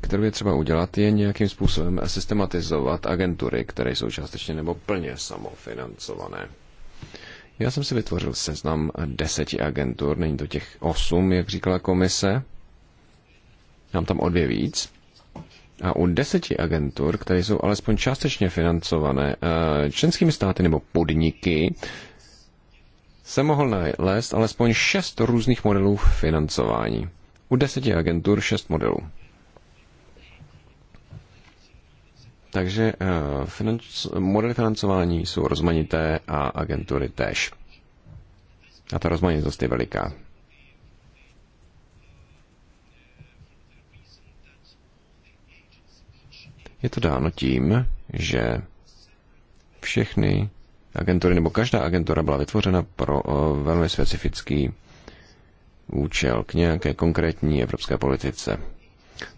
kterou je třeba udělat, je nějakým způsobem systematizovat agentury, které jsou částečně nebo plně samofinancované. Já jsem si vytvořil seznam deseti agentur, není to těch osm, jak říkala komise. Mám tam o dvě víc. A u deseti agentur, které jsou alespoň částečně financované eh, členskými státy nebo podniky, se mohl nalézt alespoň šest různých modelů financování. U deseti agentur šest modelů. Takže eh, financ- modely financování jsou rozmanité a agentury též. A ta rozmanitost je veliká. Je to dáno tím, že všechny agentury, nebo každá agentura byla vytvořena pro eh, velmi specifický účel k nějaké konkrétní evropské politice.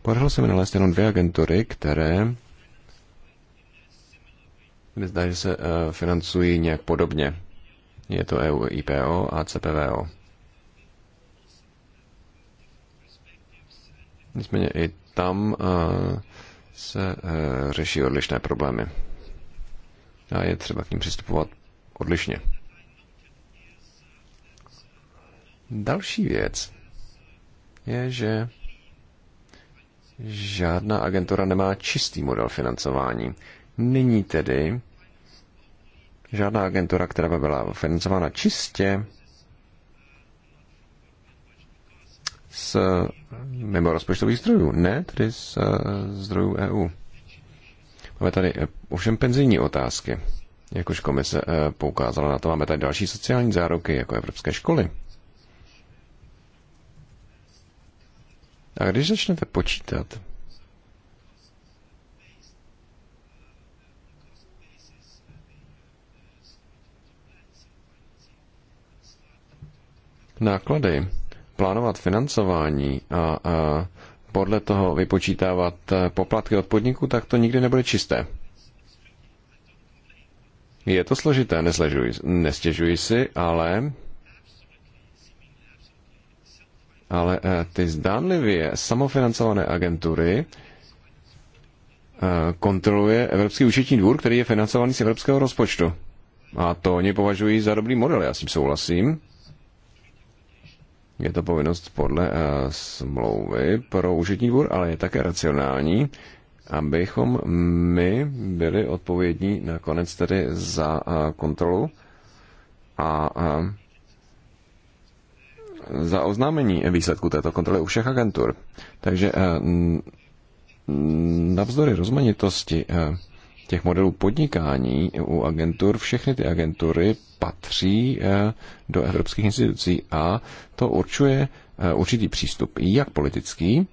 Podařilo se mi nalézt jenom dvě agentury, které mi zdá, že se eh, financují nějak podobně. Je to EU IPO a CPVO. Nicméně i tam uh, se eh, řeší odlišné problémy. A je třeba k ním přistupovat odlišně. Další věc je, že žádná agentura nemá čistý model financování. Není tedy žádná agentura, která by byla financována čistě, z mimo rozpočtových zdrojů, ne tedy z eh, zdrojů EU. Máme tady eh, ovšem penzijní otázky. Jak už komise eh, poukázala na to, máme tady další sociální záruky, jako evropské školy. A když začnete počítat, náklady plánovat financování a, a podle toho vypočítávat eh, poplatky od podniku, tak to nikdy nebude čisté. Je to složité, nesležuji, nestěžuji si, ale ale eh, ty zdánlivě samofinancované agentury eh, kontroluje Evropský účetní dvůr, který je financovaný z evropského rozpočtu. A to oni považují za dobrý model, já s tím souhlasím. Je to povinnost podle eh, smlouvy pro účetní dvůr, ale je také racionální, abychom my byli odpovědní nakonec tedy za eh, kontrolu a eh, za oznámení výsledku této kontroly u všech agentur. Takže navzdory rozmanitosti těch modelů podnikání u agentur, všechny ty agentury patří eh, do evropských institucí a to určuje eh, určitý přístup, jak politický,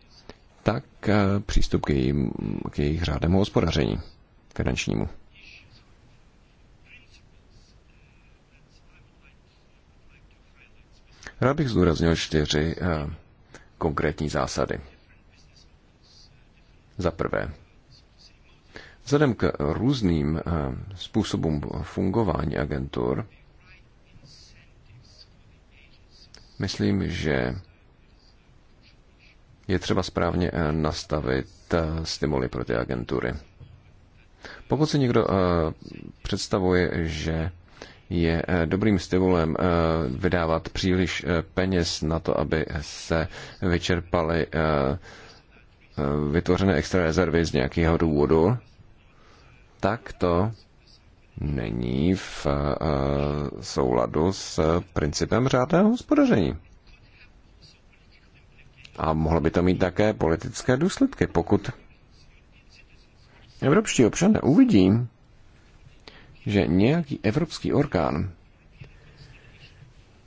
tak eh, přístup k, jejím, k jejich řádnému hospodaření finančnímu. Rád bych zdůraznil čtyři konkrétní zásady. Za prvé, Vzhledem k různým eh, způsobům fungování agentur, myslím, že je třeba správně eh, nastavit eh, stimuly pro ty agentury. Pokud si někdo představuje, že je dobrým stimulem vydávat příliš peněz na to, aby se vyčerpaly vytvořené extra rezervy z nějakého důvodu, tak to není v eh, souladu s principem řádného hospodaření. A mohlo by to mít také politické důsledky, pokud evropští občané uvidí, že nějaký evropský orgán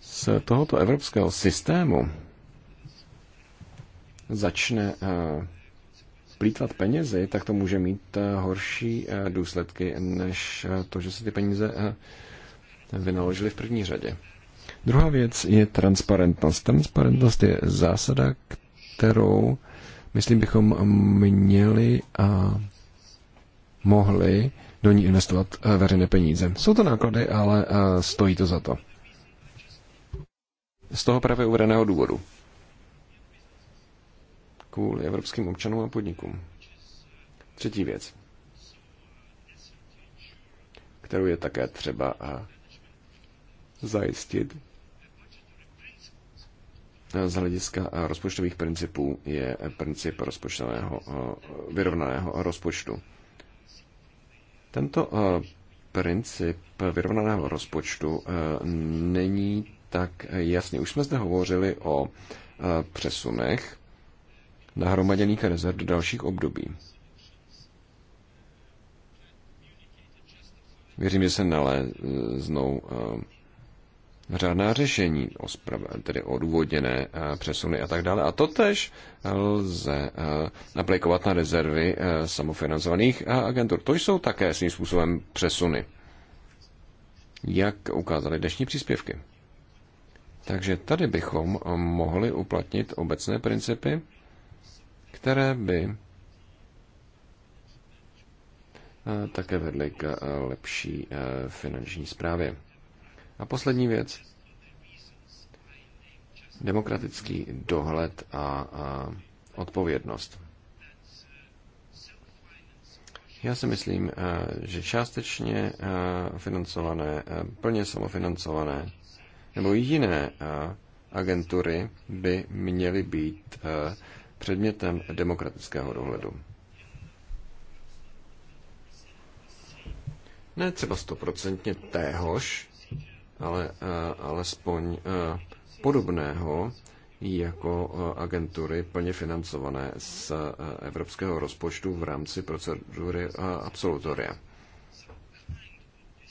z tohoto evropského systému začne eh, plítvat penězi, tak to může mít eh, horší eh, důsledky, než eh, to, že se ty peníze vynaložili v první řadě. Druhá věc je transparentnost. Transparentnost je zásada, kterou, myslím, bychom měli a mohli do ní investovat veřejné peníze. Jsou to náklady, ale stojí to za to. Z toho právě uvedeného důvodu kvůli evropským občanům a podnikům. Třetí věc, kterou je také třeba a zajistit z hlediska rozpočtových principů, je princip rozpočtového, vyrovnaného rozpočtu. Tento princip vyrovnaného rozpočtu není tak jasný. Už jsme zde hovořili o přesunech nahromaděných rezerv do dalších období. Věřím, že se naleznou eh, řádná řešení, tedy odůvodněné eh, přesuny a tak dále. A to tež lze eh, aplikovat na rezervy samofinancovaných agentur. To jsou také svým způsobem přesuny, jak ukázaly dnešní příspěvky. Takže tady bychom mohli uplatnit obecné principy které by eh, také vedly k eh, lepší eh, finanční zprávě. A poslední věc. Demokratický dohled a odpovědnost. Já si myslím, že částečně financované, plně samofinancované nebo jiné agentury by měly být předmětem demokratického dohledu. Ne třeba stoprocentně téhož, ale eh, alespoň eh, podobného jako eh, agentury plně financované z evropského rozpočtu v rámci procedury absolutoria.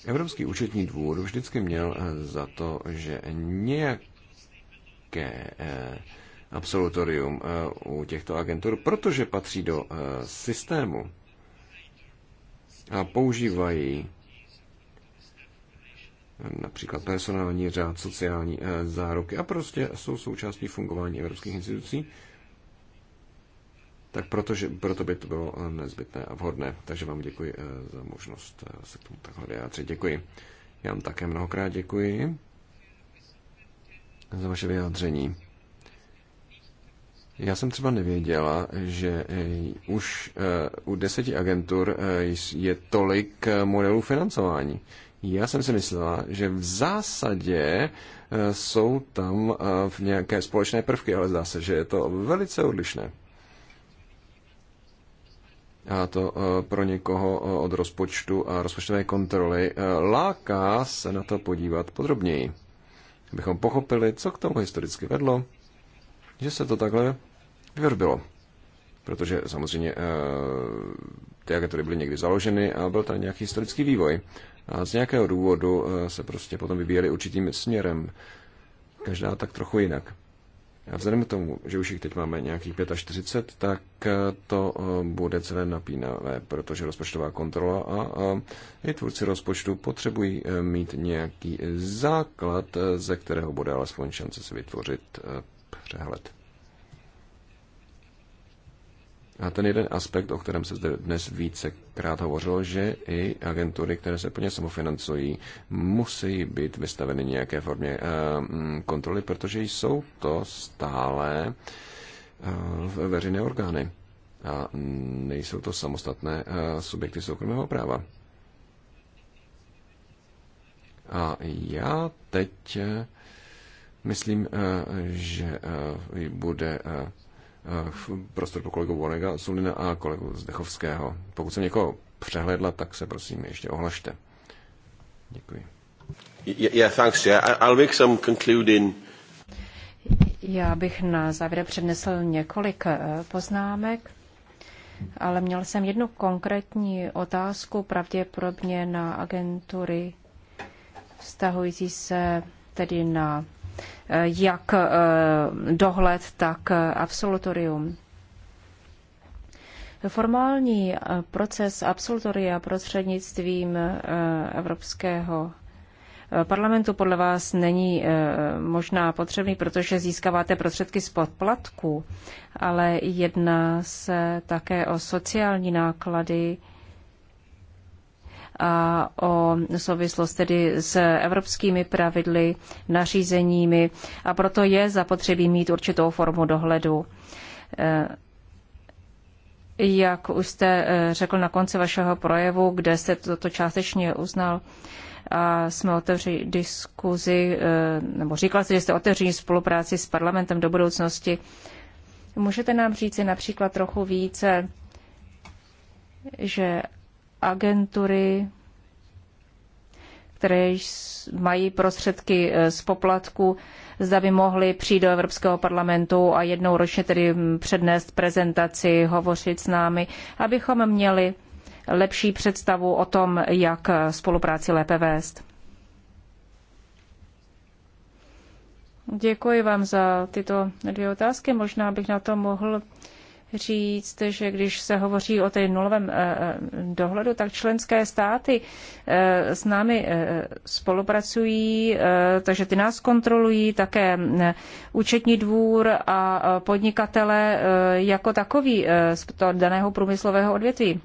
Evropský účetní dvůr vždycky měl za to, že nějaké absolutorium eh, u těchto agentur, protože patří do eh, systému a používají eh, například personální řád, sociální záruky a prostě jsou součástí fungování evropských institucí, tak protože, proto by to bylo nezbytné a vhodné. Takže vám děkuji za možnost se k tomu takhle vyjádřit. Děkuji. Já vám také mnohokrát děkuji za vaše vyjádření. Já jsem třeba nevěděla, že eh, už eh, u deseti agentur eh, je tolik modelů financování. Já jsem si myslela, že v zásadě jsou tam v nějaké společné prvky, ale zdá se, že je to velice odlišné. A to pro někoho od rozpočtu a rozpočtové kontroly láká se na to podívat podrobněji. Abychom pochopili, co k tomu historicky vedlo, že se to takhle vyvrbilo. Jako protože samozřejmě eh, ty agentury byly někdy založeny a byl tam nějaký historický vývoj. A z nějakého důvodu eh, se prostě potom vyvíjely určitým směrem. Každá tak trochu jinak. A vzhledem k tomu, že už jich teď máme nějakých 45, tak eh, to bude celé napínavé, protože rozpočtová kontrola a, a i tvůrci rozpočtu potřebují mít nějaký základ, ze kterého bude alespoň šance si vytvořit přehled. A ten jeden aspekt, o kterém se zde dnes vícekrát hovořilo, že i agentury, které se plně samofinancují, musí být vystaveny nějaké formě eh, mm, kontroly, protože jsou to stále eh, veřejné orgány a nejsou to samostatné eh, subjekty soukromého práva. A já teď myslím, že bude Eh, prostor pro kolegu Vorega, Sulina a kolegu Zdechovského. Pokud jsem někoho přehledla, tak se prosím ještě ohlašte. Děkuji. Yeah, thanks, yeah. I'll make some concluding... Já bych na závěr přednesl několik eh, poznámek, ale měl jsem jednu konkrétní otázku, pravděpodobně na agentury vztahující se tedy na Eh, jak eh, dohled, tak eh, absolutorium. Formální proces absolutoria prostřednictvím Evropského parlamentu podle vás není možná potřebný, protože získáváte prostředky z podplatku, ale jedná se také o sociální náklady, a o souvislost tedy s evropskými pravidly, nařízeními a proto je zapotřebí mít určitou formu dohledu. Eh, jak už jste eh, řekl na konci vašeho projevu, kde jste toto částečně uznal, a jsme otevřeli diskuzi, eh, nebo říkal jste, že jste otevřeli spolupráci s parlamentem do budoucnosti. Můžete nám říci například trochu více, že agentury, které mají prostředky eh, z poplatku, zda by mohli přijít do Evropského parlamentu a jednou ročně tedy hm, přednést prezentaci, hovořit s námi, abychom měli lepší představu o tom, jak eh, spolupráci lépe vést. Děkuji vám za tyto dvě otázky. Možná bych na to mohl říct, že když se hovoří o té nulovém eh, eh, dohledu, tak členské státy eh, s námi spolupracují, takže ty nás kontrolují, také účetní dvůr a podnikatele jako takový z toho daného průmyslového odvětví.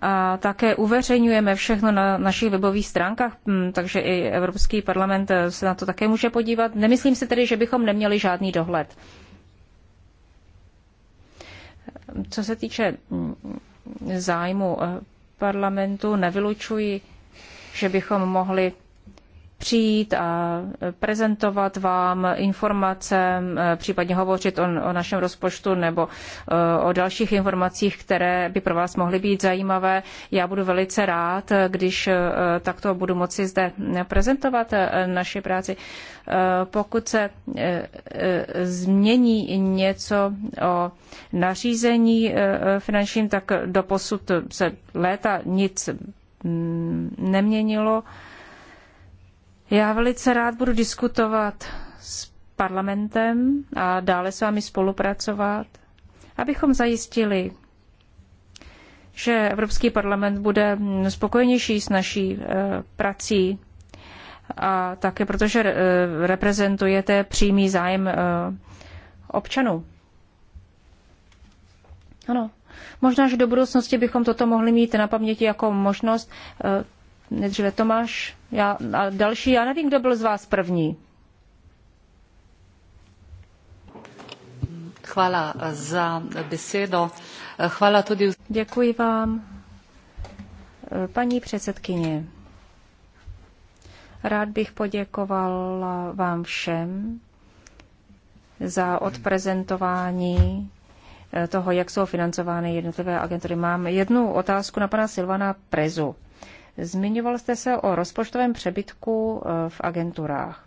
A také uveřejňujeme všechno na našich webových stránkách, hm, takže i Evropský parlament se na to také může podívat. Nemyslím si tedy, že bychom neměli žádný dohled. Co se týče mm, zájmu eh, parlamentu, nevylučuji, že bychom mohli přijít a prezentovat vám informace, eh, případně hovořit o, o našem rozpočtu nebo eh, o dalších informacích, které by pro vás mohly být zajímavé. Já budu velice rád, když eh, takto budu moci zde prezentovat naši práci. Pokud se změní něco o nařízení finančním, tak doposud se léta nic mm, neměnilo. Já velice rád budu diskutovat s parlamentem a dále s vámi spolupracovat, abychom zajistili, že Evropský parlament bude spokojenější s naší e, prací a také protože e, reprezentujete přímý zájem e, občanů. Ano. Možná, že do budoucnosti bychom toto mohli mít na paměti jako možnost Nejdříve Tomáš já, a další. Já nevím, kdo byl z vás první. Hvala za besedo. Hvala tudi... Děkuji vám. Paní předsedkyně, rád bych poděkoval vám všem za odprezentování eh, toho, jak jsou financovány jednotlivé agentury. Mám jednu otázku na pana Silvana Prezu. Zmiňoval jste se o rozpočtovém přebytku eh, v agenturách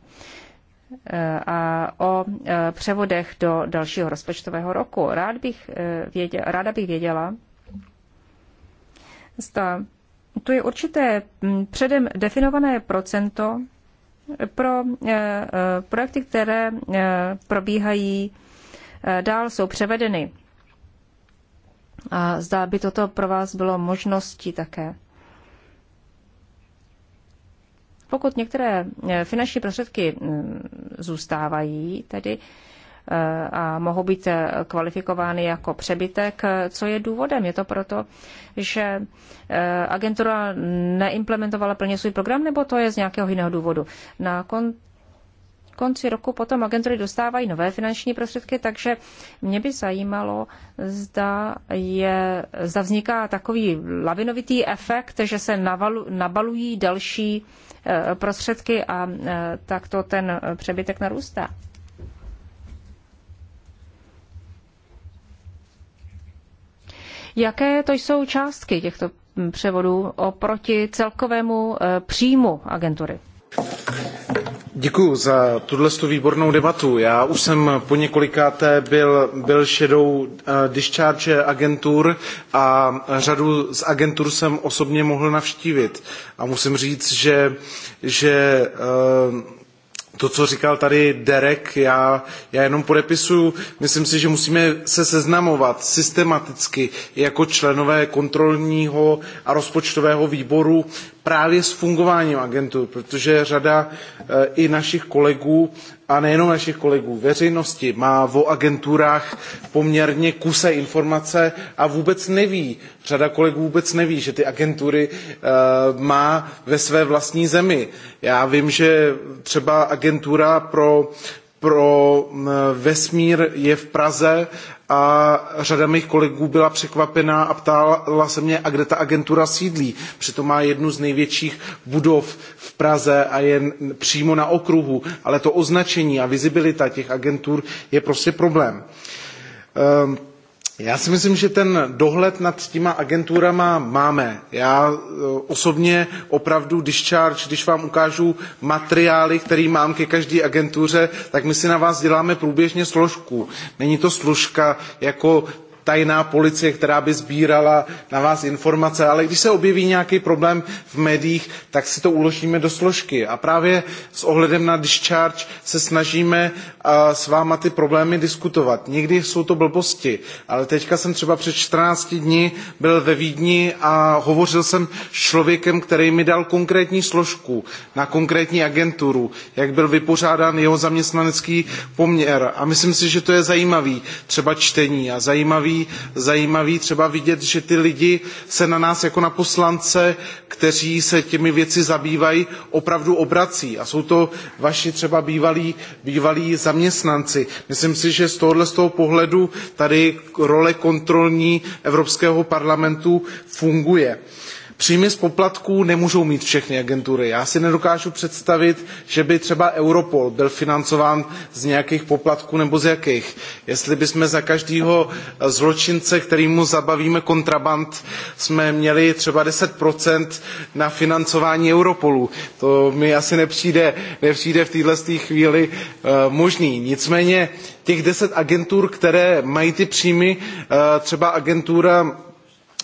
eh, a o eh, převodech do dalšího rozpočtového roku. Rád bych věděla, ráda bych věděla, zda tu je určité hm, předem definované procento pro projekty, které probíhají dál, jsou převedeny. A zdá by toto pro vás bylo možností také. Pokud některé eh, finanční prostředky mm, zůstávají tedy eh, a mohou být eh, kvalifikovány jako přebytek, co je důvodem? Je to proto, že agentura neimplementovala plně svůj program, nebo to je z nějakého jiného důvodu? Na kon- konci roku potom agentury dostávají nové finanční prostředky, takže mě by zajímalo, zda, je, zda vzniká takový lavinovitý efekt, že se navalu, nabalují další eh, prostředky a eh, takto ten přebytek narůstá. Jaké to jsou částky těchto převodů oproti celkovému eh, příjmu agentury? Děkuji za tuhle výbornou debatu. Já už jsem po několikáté byl, byl šedou eh, discharge agentur a řadu z agentur jsem osobně mohl navštívit. A musím říct, že, že eh, to, co říkal tady Derek, já, já jenom podepisuju. Myslím si, že musíme se seznamovat systematicky jako členové kontrolního a rozpočtového výboru právě s fungováním agentur, protože řada e, i našich kolegů a nejenom našich kolegů, veřejnosti má o agenturách poměrně kuse informace a vůbec neví, řada kolegů vůbec neví, že ty agentury eh, má ve své vlastní zemi. Já vím, že třeba agentura pro pro vesmír je v Praze a řada mých kolegů byla překvapená a ptala se mě, a kde ta agentura sídlí. Přitom má jednu z největších budov v Praze a je přímo na okruhu, ale to označení a vizibilita těch agentur je prostě problém. Um, já si myslím, že ten dohled nad těma agenturama máme. Já e, osobně opravdu discharge, když vám ukážu materiály, které mám ke každé agentuře, tak my si na vás děláme průběžně složku. Není to složka jako tajná policie, která by sbírala na vás informace, ale když se objeví nějaký problém v médiích, tak si to uložíme do složky. A právě s ohledem na discharge se snažíme s váma ty problémy diskutovat. Někdy jsou to blbosti, ale teďka jsem třeba před 14 dny byl ve Vídni a hovořil jsem s člověkem, který mi dal konkrétní složku na konkrétní agenturu, jak byl vypořádán jeho zaměstnanecký poměr. A myslím si, že to je zajímavý třeba čtení a zajímavý zajímavý, třeba vidět, že ty lidi se na nás jako na poslance, kteří se těmi věci zabývají, opravdu obrací. A jsou to vaši třeba bývalí, bývalí zaměstnanci. Myslím si, že z tohohle z toho pohledu tady role kontrolní Evropského parlamentu funguje. Uh, Příjmy z poplatků nemůžou mít všechny agentury. Já si nedokážu představit, že by třeba Europol byl financován z nějakých poplatků nebo z jakých. Jestli bychom za každého zločince, kterýmu zabavíme kontraband, jsme měli třeba 10% na financování Europolu. To mi asi nepřijde, nepřijde v této chvíli možné. Eh, možný. Nicméně těch 10 agentur, které mají ty příjmy, eh, třeba agentura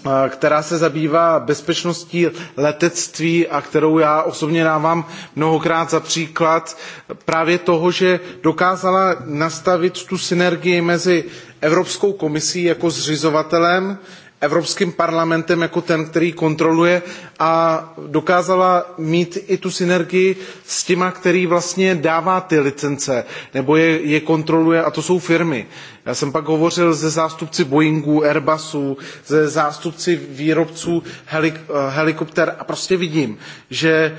Eh, která se zabývá bezpečností letectví a kterou já osobně dávám mnohokrát za příklad právě toho, že dokázala nastavit tu synergii mezi Evropskou komisí jako zřizovatelem, Evropským parlamentem jako ten, který kontroluje a dokázala mít i tu synergii s těma, který vlastně dává ty licence nebo je, je kontroluje a to jsou firmy. Já jsem pak hovořil se zástupci Boeingu, Airbusu, se zástupci výrobců helik, eh, helikopter a prostě vidím, že eh,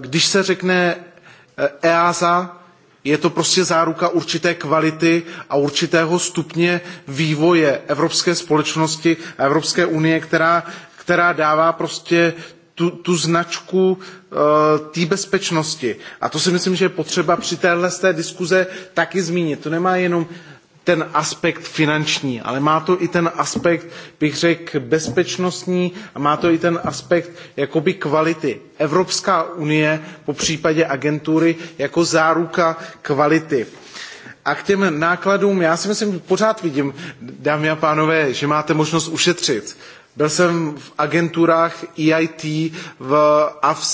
když se řekne EASA, eh, e je to prostě záruka určité kvality a určitého stupně vývoje evropské společnosti a Evropské unie, která, která dává prostě tu, tu značku uh, té bezpečnosti. A to si myslím, že je potřeba při téhle té diskuze taky zmínit. To nemá jenom ten aspekt finanční, ale má to i ten aspekt, bych řekl, bezpečnostní a má to i ten aspekt jakoby kvality. Evropská unie, po případě agentury, jako záruka kvality. A k těm nákladům, já si myslím, pořád vidím, dámy a pánové, že máte možnost ušetřit. Byl jsem v agenturách EIT, v, a v,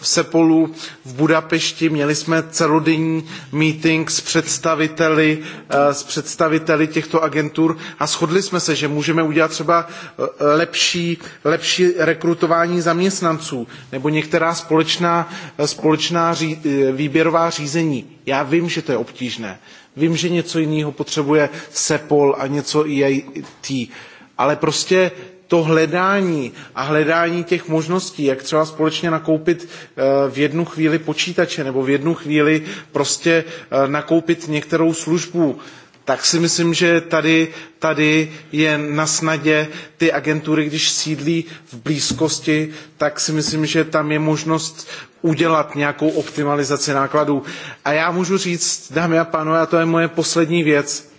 v Sepolu v Budapešti. Měli jsme celodenní meeting s představiteli, eh, s představiteli těchto agentur a shodli jsme se, že můžeme udělat třeba eh, lepší, lepší rekrutování zaměstnanců nebo některá společná, eh, společná ří, výběrová řízení. Já vím, že to je obtížné. Vím, že něco jiného potřebuje Sepol a něco EIT ale prostě to hledání a hledání těch možností, jak třeba společně nakoupit eh, v jednu chvíli počítače nebo v jednu chvíli prostě eh, nakoupit některou službu, tak si myslím, že tady, tady je na snadě ty agentury, když sídlí v blízkosti, tak si myslím, že tam je možnost udělat nějakou optimalizaci nákladů. A já můžu říct, dámy a pánové, a to je moje poslední věc,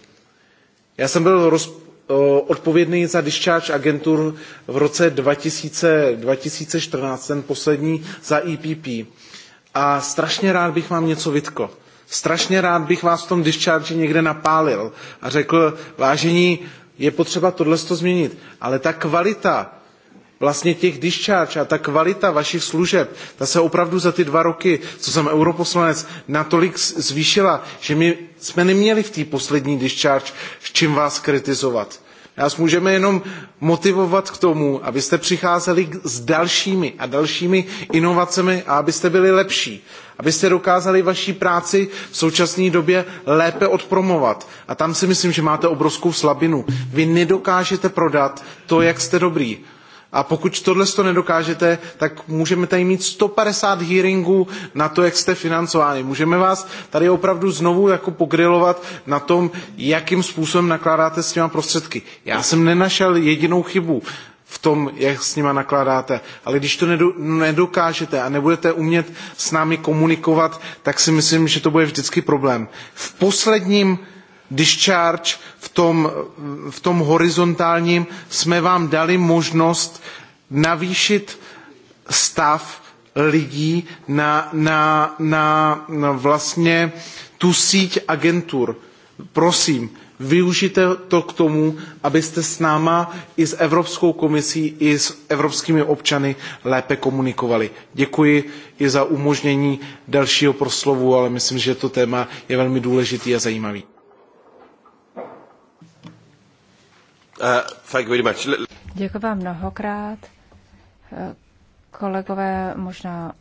já jsem byl roz, odpovědný za discharge agentur v roce 2000, 2014, ten poslední za EPP. A strašně rád bych vám něco vytkl. Strašně rád bych vás v tom discharge někde napálil a řekl, vážení, je potřeba tohle změnit. Ale ta kvalita vlastně těch discharge a ta kvalita vašich služeb, ta se opravdu za ty dva roky, co jsem europoslanec, natolik zvýšila, že my jsme neměli v té poslední discharge s čím vás kritizovat. Nás můžeme jenom motivovat k tomu, abyste přicházeli s dalšími a dalšími inovacemi a abyste byli lepší. Abyste dokázali vaší práci v současné době lépe odpromovat. A tam si myslím, že máte obrovskou slabinu. Vy nedokážete prodat to, jak jste dobrý. A pokud tohle to nedokážete, tak můžeme tady mít 150 hearingů na to, jak jste financováni. Můžeme vás tady opravdu znovu jako pogrilovat na tom, jakým způsobem nakládáte s těma prostředky. Já jsem nenašel jedinou chybu v tom, jak s nima nakládáte. Ale když to nedokážete a nebudete umět s námi komunikovat, tak si myslím, že to bude vždycky problém. V posledním discharge v tom, v tom horizontálním jsme vám dali možnost navýšit stav lidí na, na, na, na vlastně tu síť agentur. Prosím, využijte to k tomu, abyste s náma i s Evropskou komisí, i s evropskými občany lépe komunikovali. Děkuji i za umožnění dalšího proslovu, ale myslím, že to téma je velmi důležitý a zajímavý. Uh, thank you very much. Děkuji vám mnohokrát. Eh, kolegové možná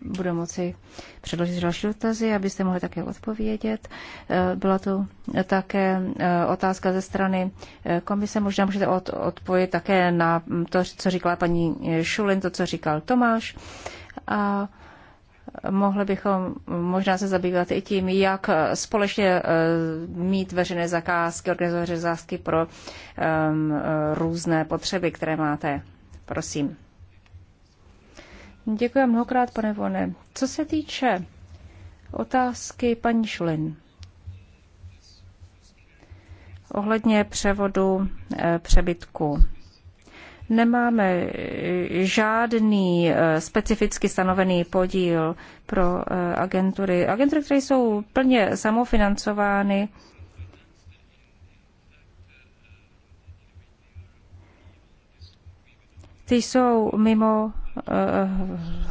budu moci předložit další dotazy, abyste mohli také odpovědět. Eh, byla tu také eh, otázka ze strany komise. Možná můžete od, odpovědět také na to, co říkala paní Šulin, to, co říkal Tomáš. A Mohli bychom možná se zabývat i tím, jak společně eh, mít veřejné zakázky, organizovat veřejné zakázky pro um, různé potřeby, které máte. Prosím. Děkuji mnohokrát, pane Vone. Co se týče otázky paní Šulin ohledně převodu e, přebytku nemáme eh, žádný eh, specificky stanovený podíl pro eh, agentury. Agentury, které jsou plně samofinancovány, ty jsou mimo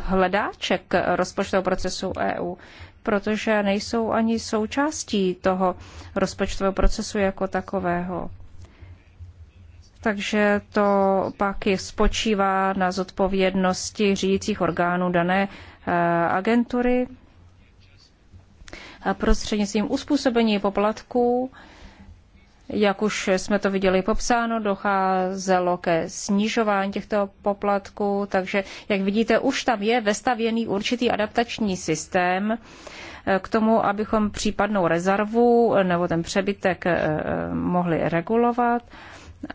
hledáček rozpočtového procesu EU, protože nejsou ani součástí toho rozpočtového procesu jako takového takže to pak i spočívá na zodpovědnosti řídících orgánů dané eh, agentury. A prostřednictvím uspůsobení poplatků, jak už jsme to viděli popsáno, docházelo ke snižování těchto poplatků, takže jak vidíte, už tam je vestavěný určitý adaptační systém eh, k tomu, abychom případnou rezervu nebo ten přebytek eh, mohli regulovat.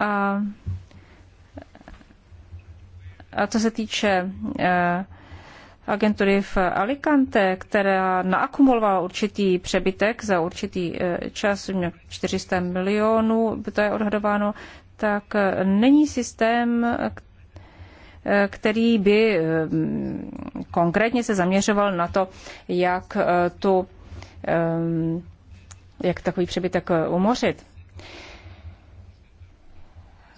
A, a co se týče e, agentury v Alicante, která naakumulovala určitý přebytek za určitý e, čas, 400 no, milionů, to je odhadováno, tak e, není systém, který by konkrétně se zaměřoval na to, jak tu jak takový přebytek umořit.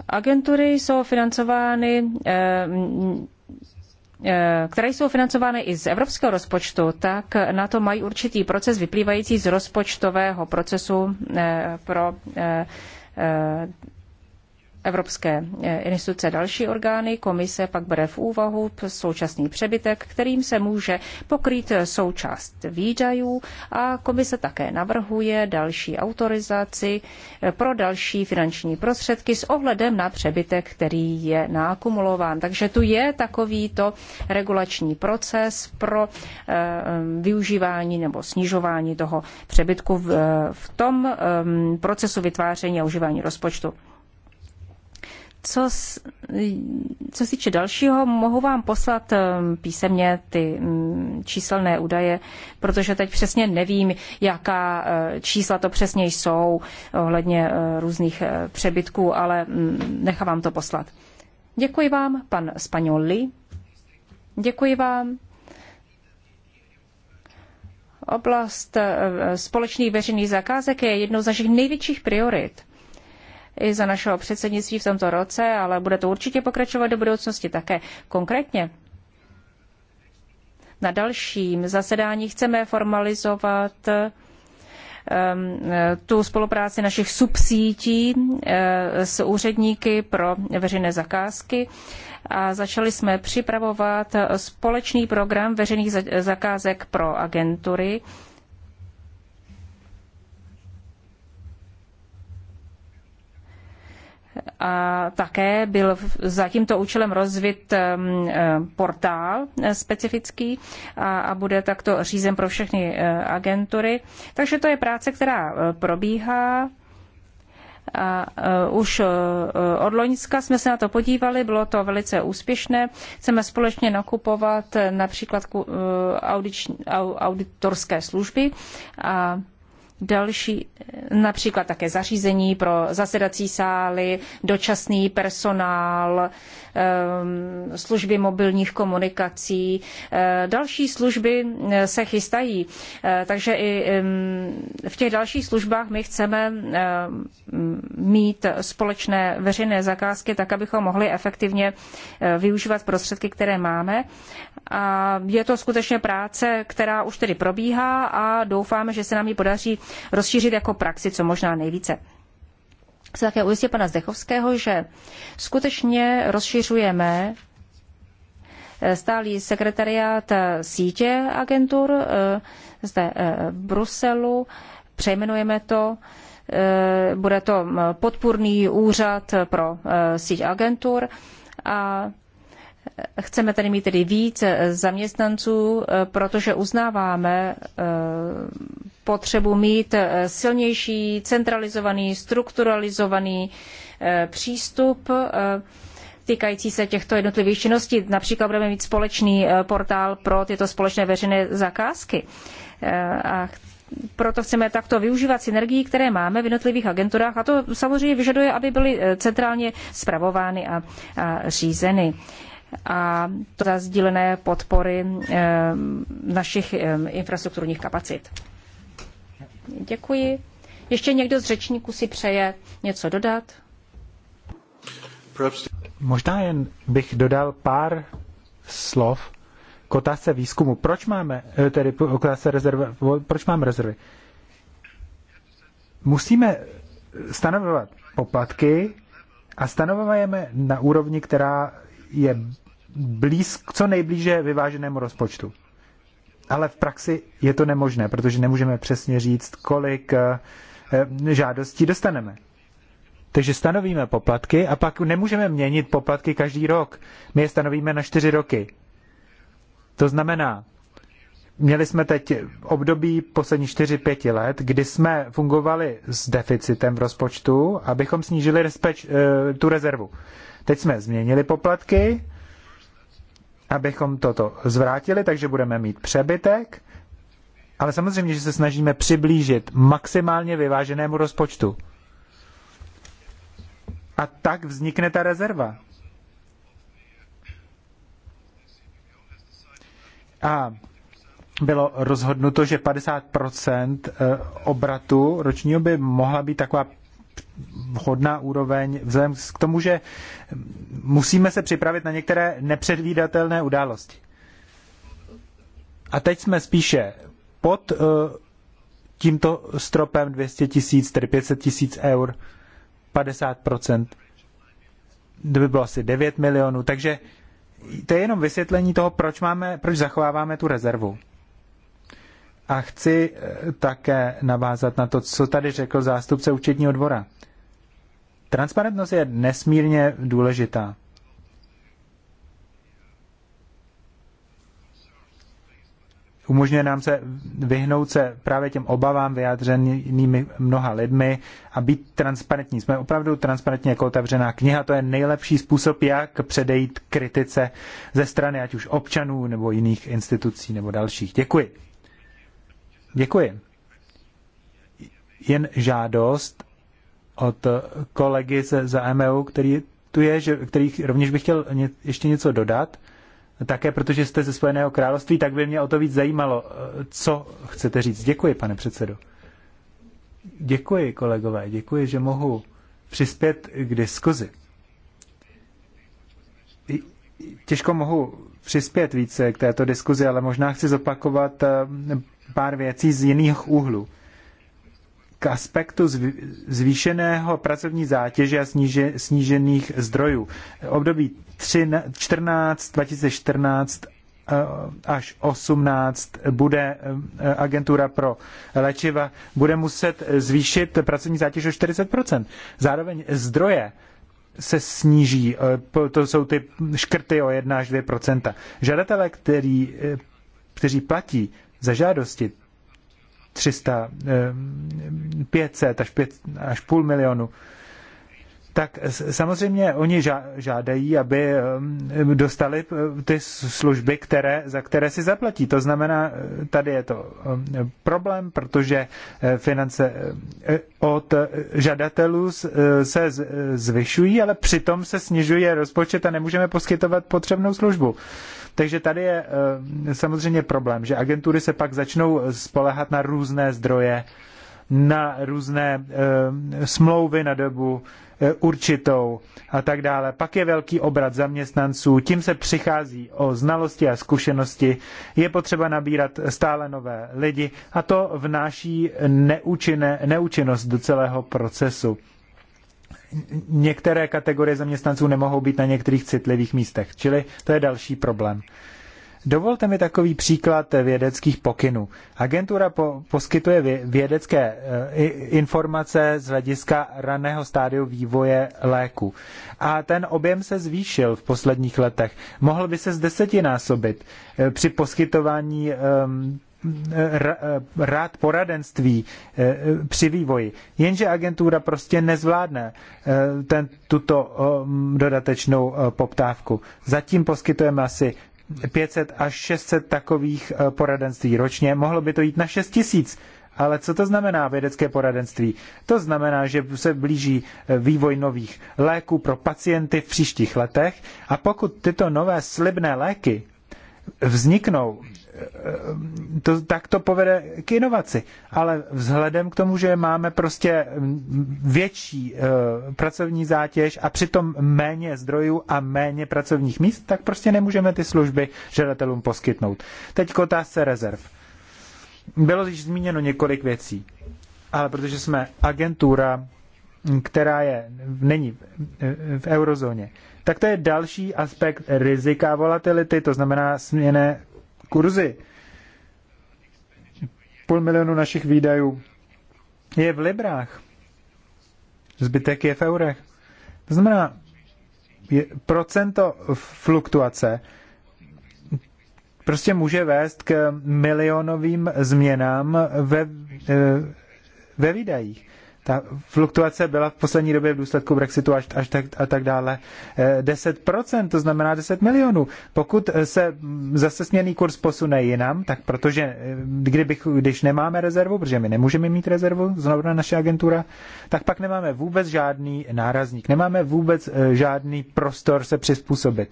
Agentury jsou financovány eh, eh, které jsou financovány i z evropského rozpočtu, tak na to mají určitý proces vyplývající z rozpočtového procesu eh, pro evropské eh, instituce další orgány, komise pak bere v úvahu současný přebytek, kterým se může pokrýt eh, součást výdajů a komise také navrhuje další autorizaci eh, pro další finanční prostředky s ohledem na přebytek, který je nakumulován. Takže tu je takovýto regulační proces pro využívání nebo snižování toho přebytku v, tom procesu vytváření a užívání rozpočtu. Co, co se týče dalšího, mohu vám poslat eh, písemně ty mm, číselné údaje, protože teď přesně nevím, jaká eh, čísla to přesně jsou ohledně eh, různých přebytků, ale mm, nechám vám to poslat. Děkuji vám, pan Spanioli. Děkuji vám. Oblast společných veřejných zakázek je jednou z našich největších priorit i za našeho předsednictví v tomto roce, ale bude to určitě pokračovat do budoucnosti také. Konkrétně na dalším zasedání chceme formalizovat ehm, tu spolupráci našich subsítí eh, s úředníky pro veřejné zakázky a začali jsme připravovat společný program veřejných zakázek pro agentury a také byl za tímto účelem rozvit portál eh, specifický a, bude takto řízen pro všechny eh, agentury. Takže to je práce, která eh, probíhá. A už od Loňska jsme se na to podívali, bylo to velice úspěšné. Chceme společně nakupovat například auditorské služby a další, eh, například také zařízení pro zasedací sály, dočasný personál, Ehm, služby mobilních komunikací. Eh, další služby eh, se chystají, eh, takže i ehm, v těch dalších službách my chceme ehm, mít společné veřejné zakázky, tak abychom mohli efektivně využívat prostředky, které máme. A je to skutečně práce, která už tedy probíhá a doufáme, že se nám ji podaří rozšířit jako praxi co možná nejvíce se také ujistit pana Zdechovského, že skutečně rozšiřujeme eh, stálý sekretariát eh, sítě agentur eh, zde v Bruselu, přejmenujeme to, bude to hm, podpůrný úřad pro síť agentur a chceme tady mít tedy víc zaměstnanců, protože uznáváme potřebu mít eh, silnější, centralizovaný, strukturalizovaný eh, přístup eh, týkající se těchto jednotlivých činností. Například budeme mít společný portál pro tyto společné veřejné zakázky. A proto chceme takto využívat synergii, které máme v jednotlivých agenturách a to samozřejmě vyžaduje, aby byly centrálně spravovány a, a řízeny a to za sdílené podpory našich infrastrukturních kapacit. Děkuji. Ještě někdo z řečníků si přeje něco dodat? Možná jen bych dodal pár slov k otázce výzkumu. Proč máme eh, tedy k rezervy, proč máme rezervy? Musíme stanovovat poplatky a stanovujeme na úrovni, která je blíz, co nejblíže vyváženému rozpočtu ale v praxi je to nemožné, protože nemůžeme přesně říct, kolik eh, eh, žádostí dostaneme. Takže stanovíme poplatky a pak nemůžeme měnit poplatky každý rok. My je stanovíme na čtyři roky. To znamená, měli jsme teď období poslední 4-5 let, kdy jsme fungovali s deficitem v rozpočtu, abychom snížili respeč, eh, tu rezervu. Teď jsme změnili poplatky abychom toto zvrátili, takže budeme mít přebytek, ale samozřejmě, že se snažíme přiblížit maximálně vyváženému rozpočtu. A tak vznikne ta rezerva. A bylo rozhodnuto, že 50% eh, obratu ročního by mohla být taková vhodná úroveň, vzhledem k tomu, že musíme se připravit na některé nepředvídatelné události. A teď jsme spíše pod eh, tímto stropem 200 tisíc, tedy 500 tisíc eur, 50%, to by bylo asi 9 milionů, takže to je jenom vysvětlení toho, proč, máme, proč zachováváme tu rezervu. A chci eh, také navázat na to, co tady řekl zástupce účetního dvora. Transparentnost je nesmírně důležitá. Umožňuje nám se vyhnout se právě těm obavám vyjádřenými mnoha lidmi a být transparentní. Jsme opravdu transparentně jako otevřená kniha. To je nejlepší způsob, jak předejít kritice ze strany ať už občanů nebo jiných institucí nebo dalších. Děkuji. Děkuji. Jen žádost od kolegy ze, za e který tu je, že, který rovněž bych chtěl ně, ještě něco dodat. Také protože jste ze Spojeného království, tak by mě o to víc zajímalo, co chcete říct. Děkuji, pane předsedo. Děkuji, kolegové, děkuji, že mohu přispět k diskuzi. Těžko mohu přispět více k této diskuzi, ale možná chci zopakovat eh, pár věcí z jiných úhlů. K aspektu zvýšeného pracovní zátěže a sníže, snížených zdrojů. Období 14, 2014 eh, až 18 bude eh, agentura pro léčiva, bude muset zvýšit pracovní zátěž o 40%. Zároveň zdroje se sníží, eh, to jsou ty škrty o 1 až 2 Žadatelé, který, kteří platí za žádosti 300, 500 eh, až, 5, až půl milionu, tak samozřejmě oni žádají, aby eh, dostali eh, ty služby, které, za které si zaplatí. To znamená, tady je to problém, protože finance od žadatelů se zvyšují, ale přitom se snižuje rozpočet a nemůžeme poskytovat potřebnou službu. Takže tady je eh, samozřejmě problém, že agentury se pak začnou spolehat na různé zdroje, na různé eh, smlouvy na dobu eh, určitou a tak dále. Pak je velký obrat zaměstnanců, tím se přichází o znalosti a zkušenosti. Je potřeba nabírat stále nové lidi a to vnáší neúčinné, neúčinnost do celého procesu některé kategorie zaměstnanců nemohou být na některých citlivých místech. Čili to je další problém. Dovolte mi takový příklad vědeckých pokynů. Agentura po, poskytuje vědecké e, informace z hlediska raného stádiu vývoje léku. A ten objem se zvýšil v posledních letech. Mohl by se z desetinásobit e, při poskytování e, rád poradenství eh, při vývoji. Jenže agentura prostě nezvládne eh, ten, tuto eh, dodatečnou poptávku. Zatím poskytujeme asi 500 až 600 takových poradenství ročně. Mohlo by to jít na 6 tisíc. Ale co to znamená vědecké poradenství? To znamená, že se blíží vývoj nových léků pro pacienty v příštích letech a pokud tyto nové slibné léky vzniknou to, tak to povede k inovaci. Ale vzhledem k tomu, že máme prostě větší eh, pracovní zátěž a přitom méně zdrojů a méně pracovních míst, tak prostě nemůžeme ty služby žadatelům poskytnout. Teď k otázce rezerv. Bylo již zmíněno několik věcí, ale protože jsme agentura, která je, není v eurozóně, tak to je další aspekt rizika volatility, to znamená směné kurzy. Půl milionu našich výdajů je v librách, zbytek je v eurech. To znamená, je procento fluktuace prostě může vést k milionovým změnám ve, eh, ve výdajích ta fluktuace byla v poslední době v důsledku Brexitu až, až tak, a tak dále 10%, eh, to znamená 10 milionů. Pokud eh, se zase směrný kurz posune jinam, tak protože eh, kdybych, když nemáme rezervu, protože my nemůžeme mít rezervu, znovu na naše agentura, tak pak nemáme vůbec žádný nárazník, nemáme vůbec žádný prostor se přizpůsobit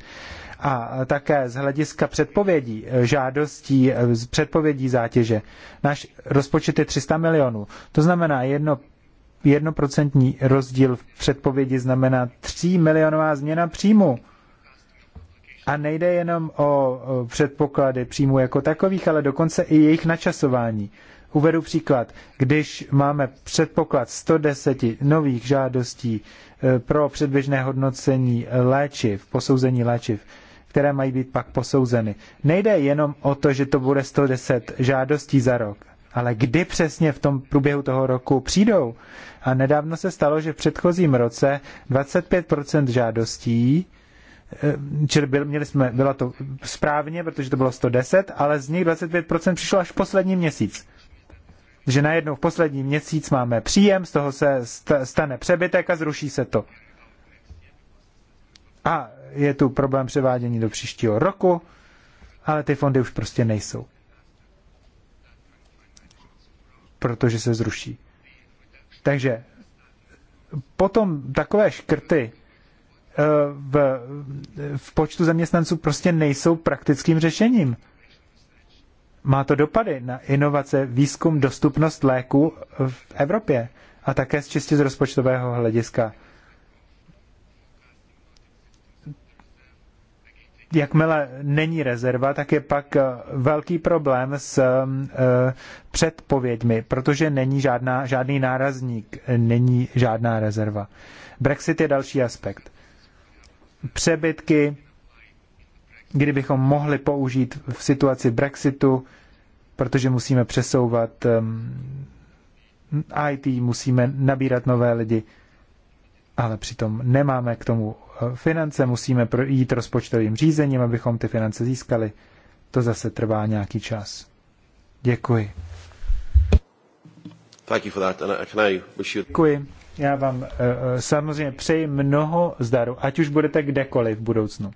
a také z hlediska předpovědí, žádostí, předpovědí zátěže. Náš rozpočet je 300 milionů. To znamená jedno jednoprocentní rozdíl v předpovědi znamená 3 milionová změna příjmu. A nejde jenom o předpoklady příjmu jako takových, ale dokonce i jejich načasování. Uvedu příklad. Když máme předpoklad 110 nových žádostí e, pro předběžné hodnocení léčiv, posouzení léčiv, které mají být pak posouzeny. Nejde jenom o to, že to bude 110 žádostí za rok, ale kdy přesně v tom průběhu toho roku přijdou. A nedávno se stalo, že v předchozím roce 25% žádostí eh, čili byl, měli jsme, byla to správně, protože to bylo 110, ale z nich 25% přišlo až v poslední měsíc. Že najednou v poslední měsíc máme příjem, z toho se stane přebytek a zruší se to. A je tu problém převádění do příštího roku, ale ty fondy už prostě nejsou. Protože se zruší. Takže potom takové škrty eh, v, v počtu zaměstnanců prostě nejsou praktickým řešením. Má to dopady na inovace, výzkum, dostupnost léků v Evropě a také z čistě z rozpočtového hlediska. jakmile není rezerva, tak je pak eh, velký problém s mm, eh, předpověďmi, protože není žádná, žádný nárazník, není žádná rezerva. Brexit je další aspekt. Přebytky, kdybychom mohli použít v situaci Brexitu, protože musíme přesouvat mm, IT, musíme nabírat nové lidi ale přitom nemáme k tomu eh, finance, musíme jít rozpočtovým řízením, abychom ty finance získali. To zase trvá nějaký čas. Děkuji. Děkuji. Já vám uh, samozřejmě přeji mnoho zdaru, ať už budete kdekoliv v budoucnu.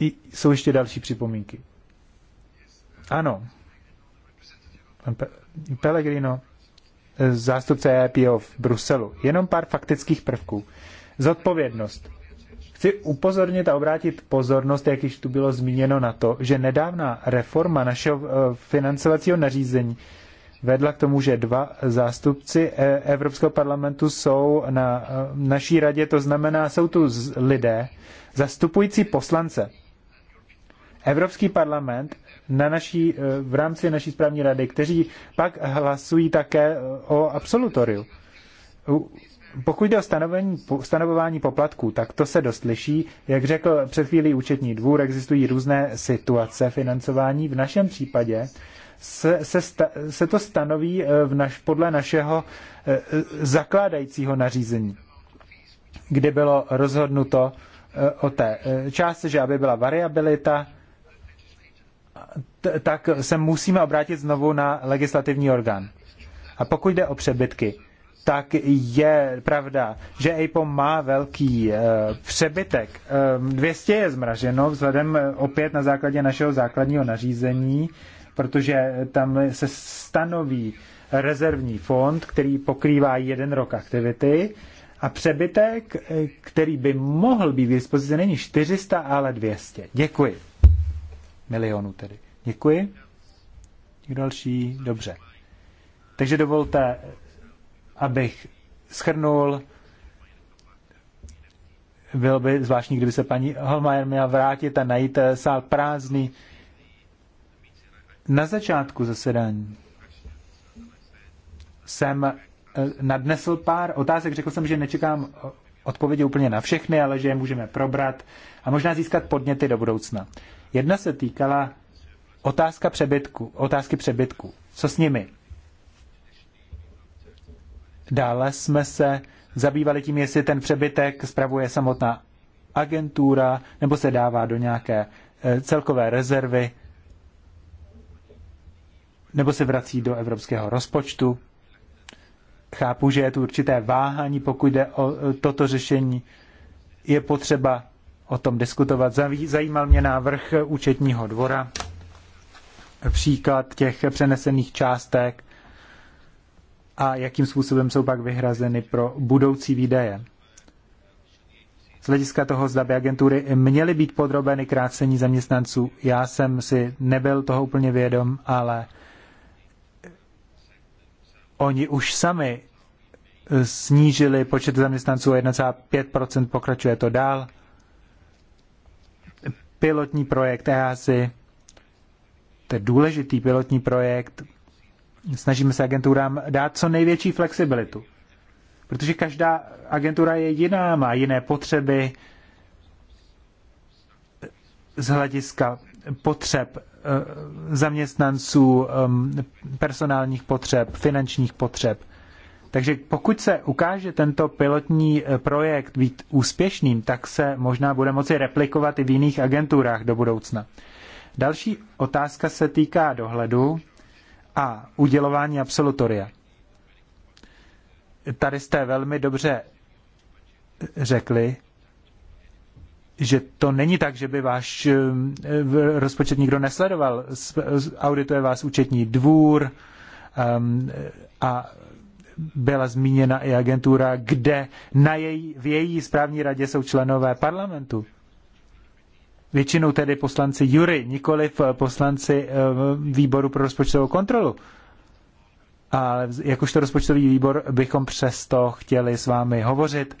I jsou ještě další připomínky. Ano. Pe Pellegrino zástupce IPO e v Bruselu. Jenom pár faktických prvků. Zodpovědnost. Chci upozornit a obrátit pozornost, jak již tu bylo zmíněno na to, že nedávná reforma našeho eh, financovacího nařízení vedla k tomu, že dva zástupci eh, Evropského parlamentu jsou na eh, naší radě, to znamená, jsou tu lidé zastupující poslance. Evropský parlament na naší, eh, v rámci naší správní rady, kteří pak hlasují také eh, o absolutoriu. Pokud jde o stanovení, stanovování poplatků, tak to se dost liší. Jak řekl před chvílí účetní dvůr, existují různé situace financování. V našem případě se, se, sta, se to stanoví eh, v naš, podle našeho zakládajícího nařízení, kdy bylo rozhodnuto o té částce, že aby byla variabilita, tak se musíme obrátit znovu na legislativní orgán. A pokud jde o přebytky, tak je pravda, že Apple má velký eh, přebytek. 200 ehm, je zmraženo vzhledem eh, opět na základě našeho základního nařízení, protože tam se stanoví rezervní fond, který pokrývá jeden rok aktivity a přebytek, eh, který by mohl být v dispozici, není 400, ale 200. Děkuji milionů tedy. Děkuji. Někdo další? Dobře. Takže dovolte, abych schrnul. Bylo by zvláštní, kdyby se paní Holmajer měla vrátit a najít eh, sál prázdný. Na začátku zasedání jsem eh, nadnesl pár otázek. Řekl jsem, že nečekám odpovědi úplně na všechny, ale že je můžeme probrat a možná získat podněty do budoucna. Jedna se týkala otázka přebytku, otázky přebytku. Co s nimi? Dále jsme se zabývali tím, jestli ten přebytek spravuje samotná agentura nebo se dává do nějaké eh, celkové rezervy nebo se vrací do evropského rozpočtu. Chápu, že je tu určité váhání, pokud jde o eh, toto řešení. Je potřeba o tom diskutovat. Zajímal mě návrh účetního dvora, příklad těch přenesených částek a jakým způsobem jsou pak vyhrazeny pro budoucí výdaje. Z hlediska toho, zda by agentury měly být podrobeny krácení zaměstnanců, já jsem si nebyl toho úplně vědom, ale oni už sami snížili počet zaměstnanců o 1,5%, pokračuje to dál pilotní projekt EASY, to je důležitý pilotní projekt, snažíme se agenturám dát co největší flexibilitu. Protože každá agentura je jiná, má jiné potřeby z hlediska potřeb eh, zaměstnanců, eh, personálních potřeb, finančních potřeb. Takže pokud se ukáže tento pilotní eh, projekt být úspěšným, tak se možná bude moci replikovat i v jiných agenturách do budoucna. Další otázka se týká dohledu a udělování absolutoria. Tady jste velmi dobře řekli, že to není tak, že by váš eh, rozpočet nikdo nesledoval. Audituje vás účetní dvůr ehm, a byla zmíněna i agentura, kde na její, v její správní radě jsou členové parlamentu. Většinou tedy poslanci Jury, nikoli poslanci eh, výboru pro rozpočtovou kontrolu. Ale jakožto rozpočtový výbor bychom přesto chtěli s vámi hovořit,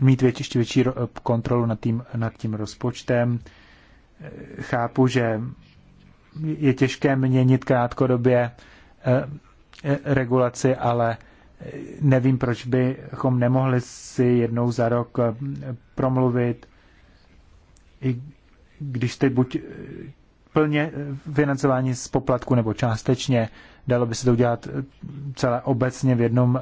mít ještě větší eh, kontrolu nad tím, nad tím rozpočtem. Eh, chápu, že je těžké měnit krátkodobě E, regulaci, ale e, nevím, proč bychom nemohli si jednou za rok e, promluvit, i když teď buď plně financování z poplatku nebo částečně, dalo by se to udělat celé obecně v jednom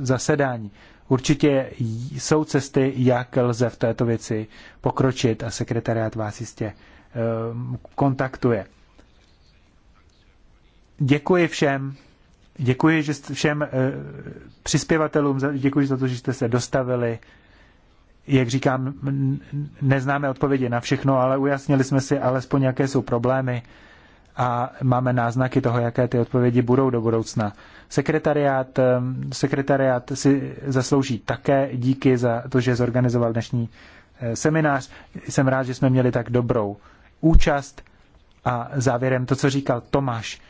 zasedání. Určitě jsou cesty, jak lze v této věci pokročit a sekretariat vás jistě kontaktuje. Děkuji všem Děkuji že všem eh, přispěvatelům, děkuji za to, že jste se dostavili. Jak říkám, neznáme odpovědi na všechno, ale ujasnili jsme si alespoň, jaké jsou problémy a máme náznaky toho, jaké ty odpovědi budou do budoucna. Sekretariát, eh, sekretariát si zaslouží také díky za to, že zorganizoval dnešní eh, seminář. Jsem rád, že jsme měli tak dobrou účast. A závěrem to, co říkal Tomáš,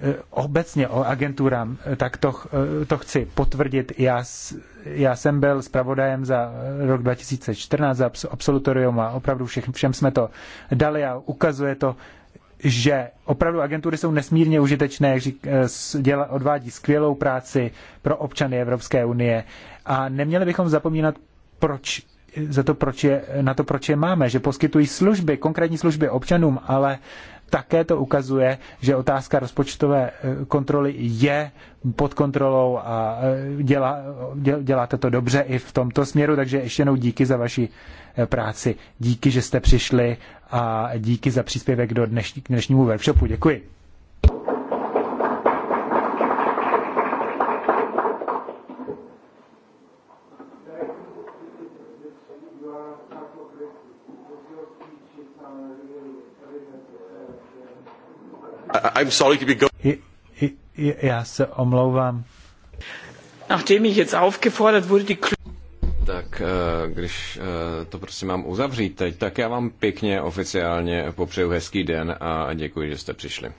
Eh, obecně o agenturám, eh, tak to, eh, to chci potvrdit. Já, já jsem byl zpravodajem za rok 2014 za absolutorium a opravdu všech, všem jsme to dali a ukazuje to, že opravdu agentury jsou nesmírně užitečné, jak řík, děla, odvádí skvělou práci pro občany Evropské unie a neměli bychom zapomínat, proč za to, proč je, na to, proč je máme, že poskytují služby, konkrétní služby občanům, ale také to ukazuje, že otázka rozpočtové eh, kontroly je pod kontrolou a eh, dělá, děláte to dobře i v tomto směru, takže ještě jednou díky za vaši eh, práci, díky, že jste přišli a díky za příspěvek do dnešní, k dnešnímu workshopu. Děkuji. I'm sorry to be go- já se omlouvám. Nachdem ich jetzt aufgefordert wurde, die tak eh, když eh, to prostě mám uzavřít teď, tak já vám pěkně oficiálně popřeju hezký den a děkuji, že jste přišli.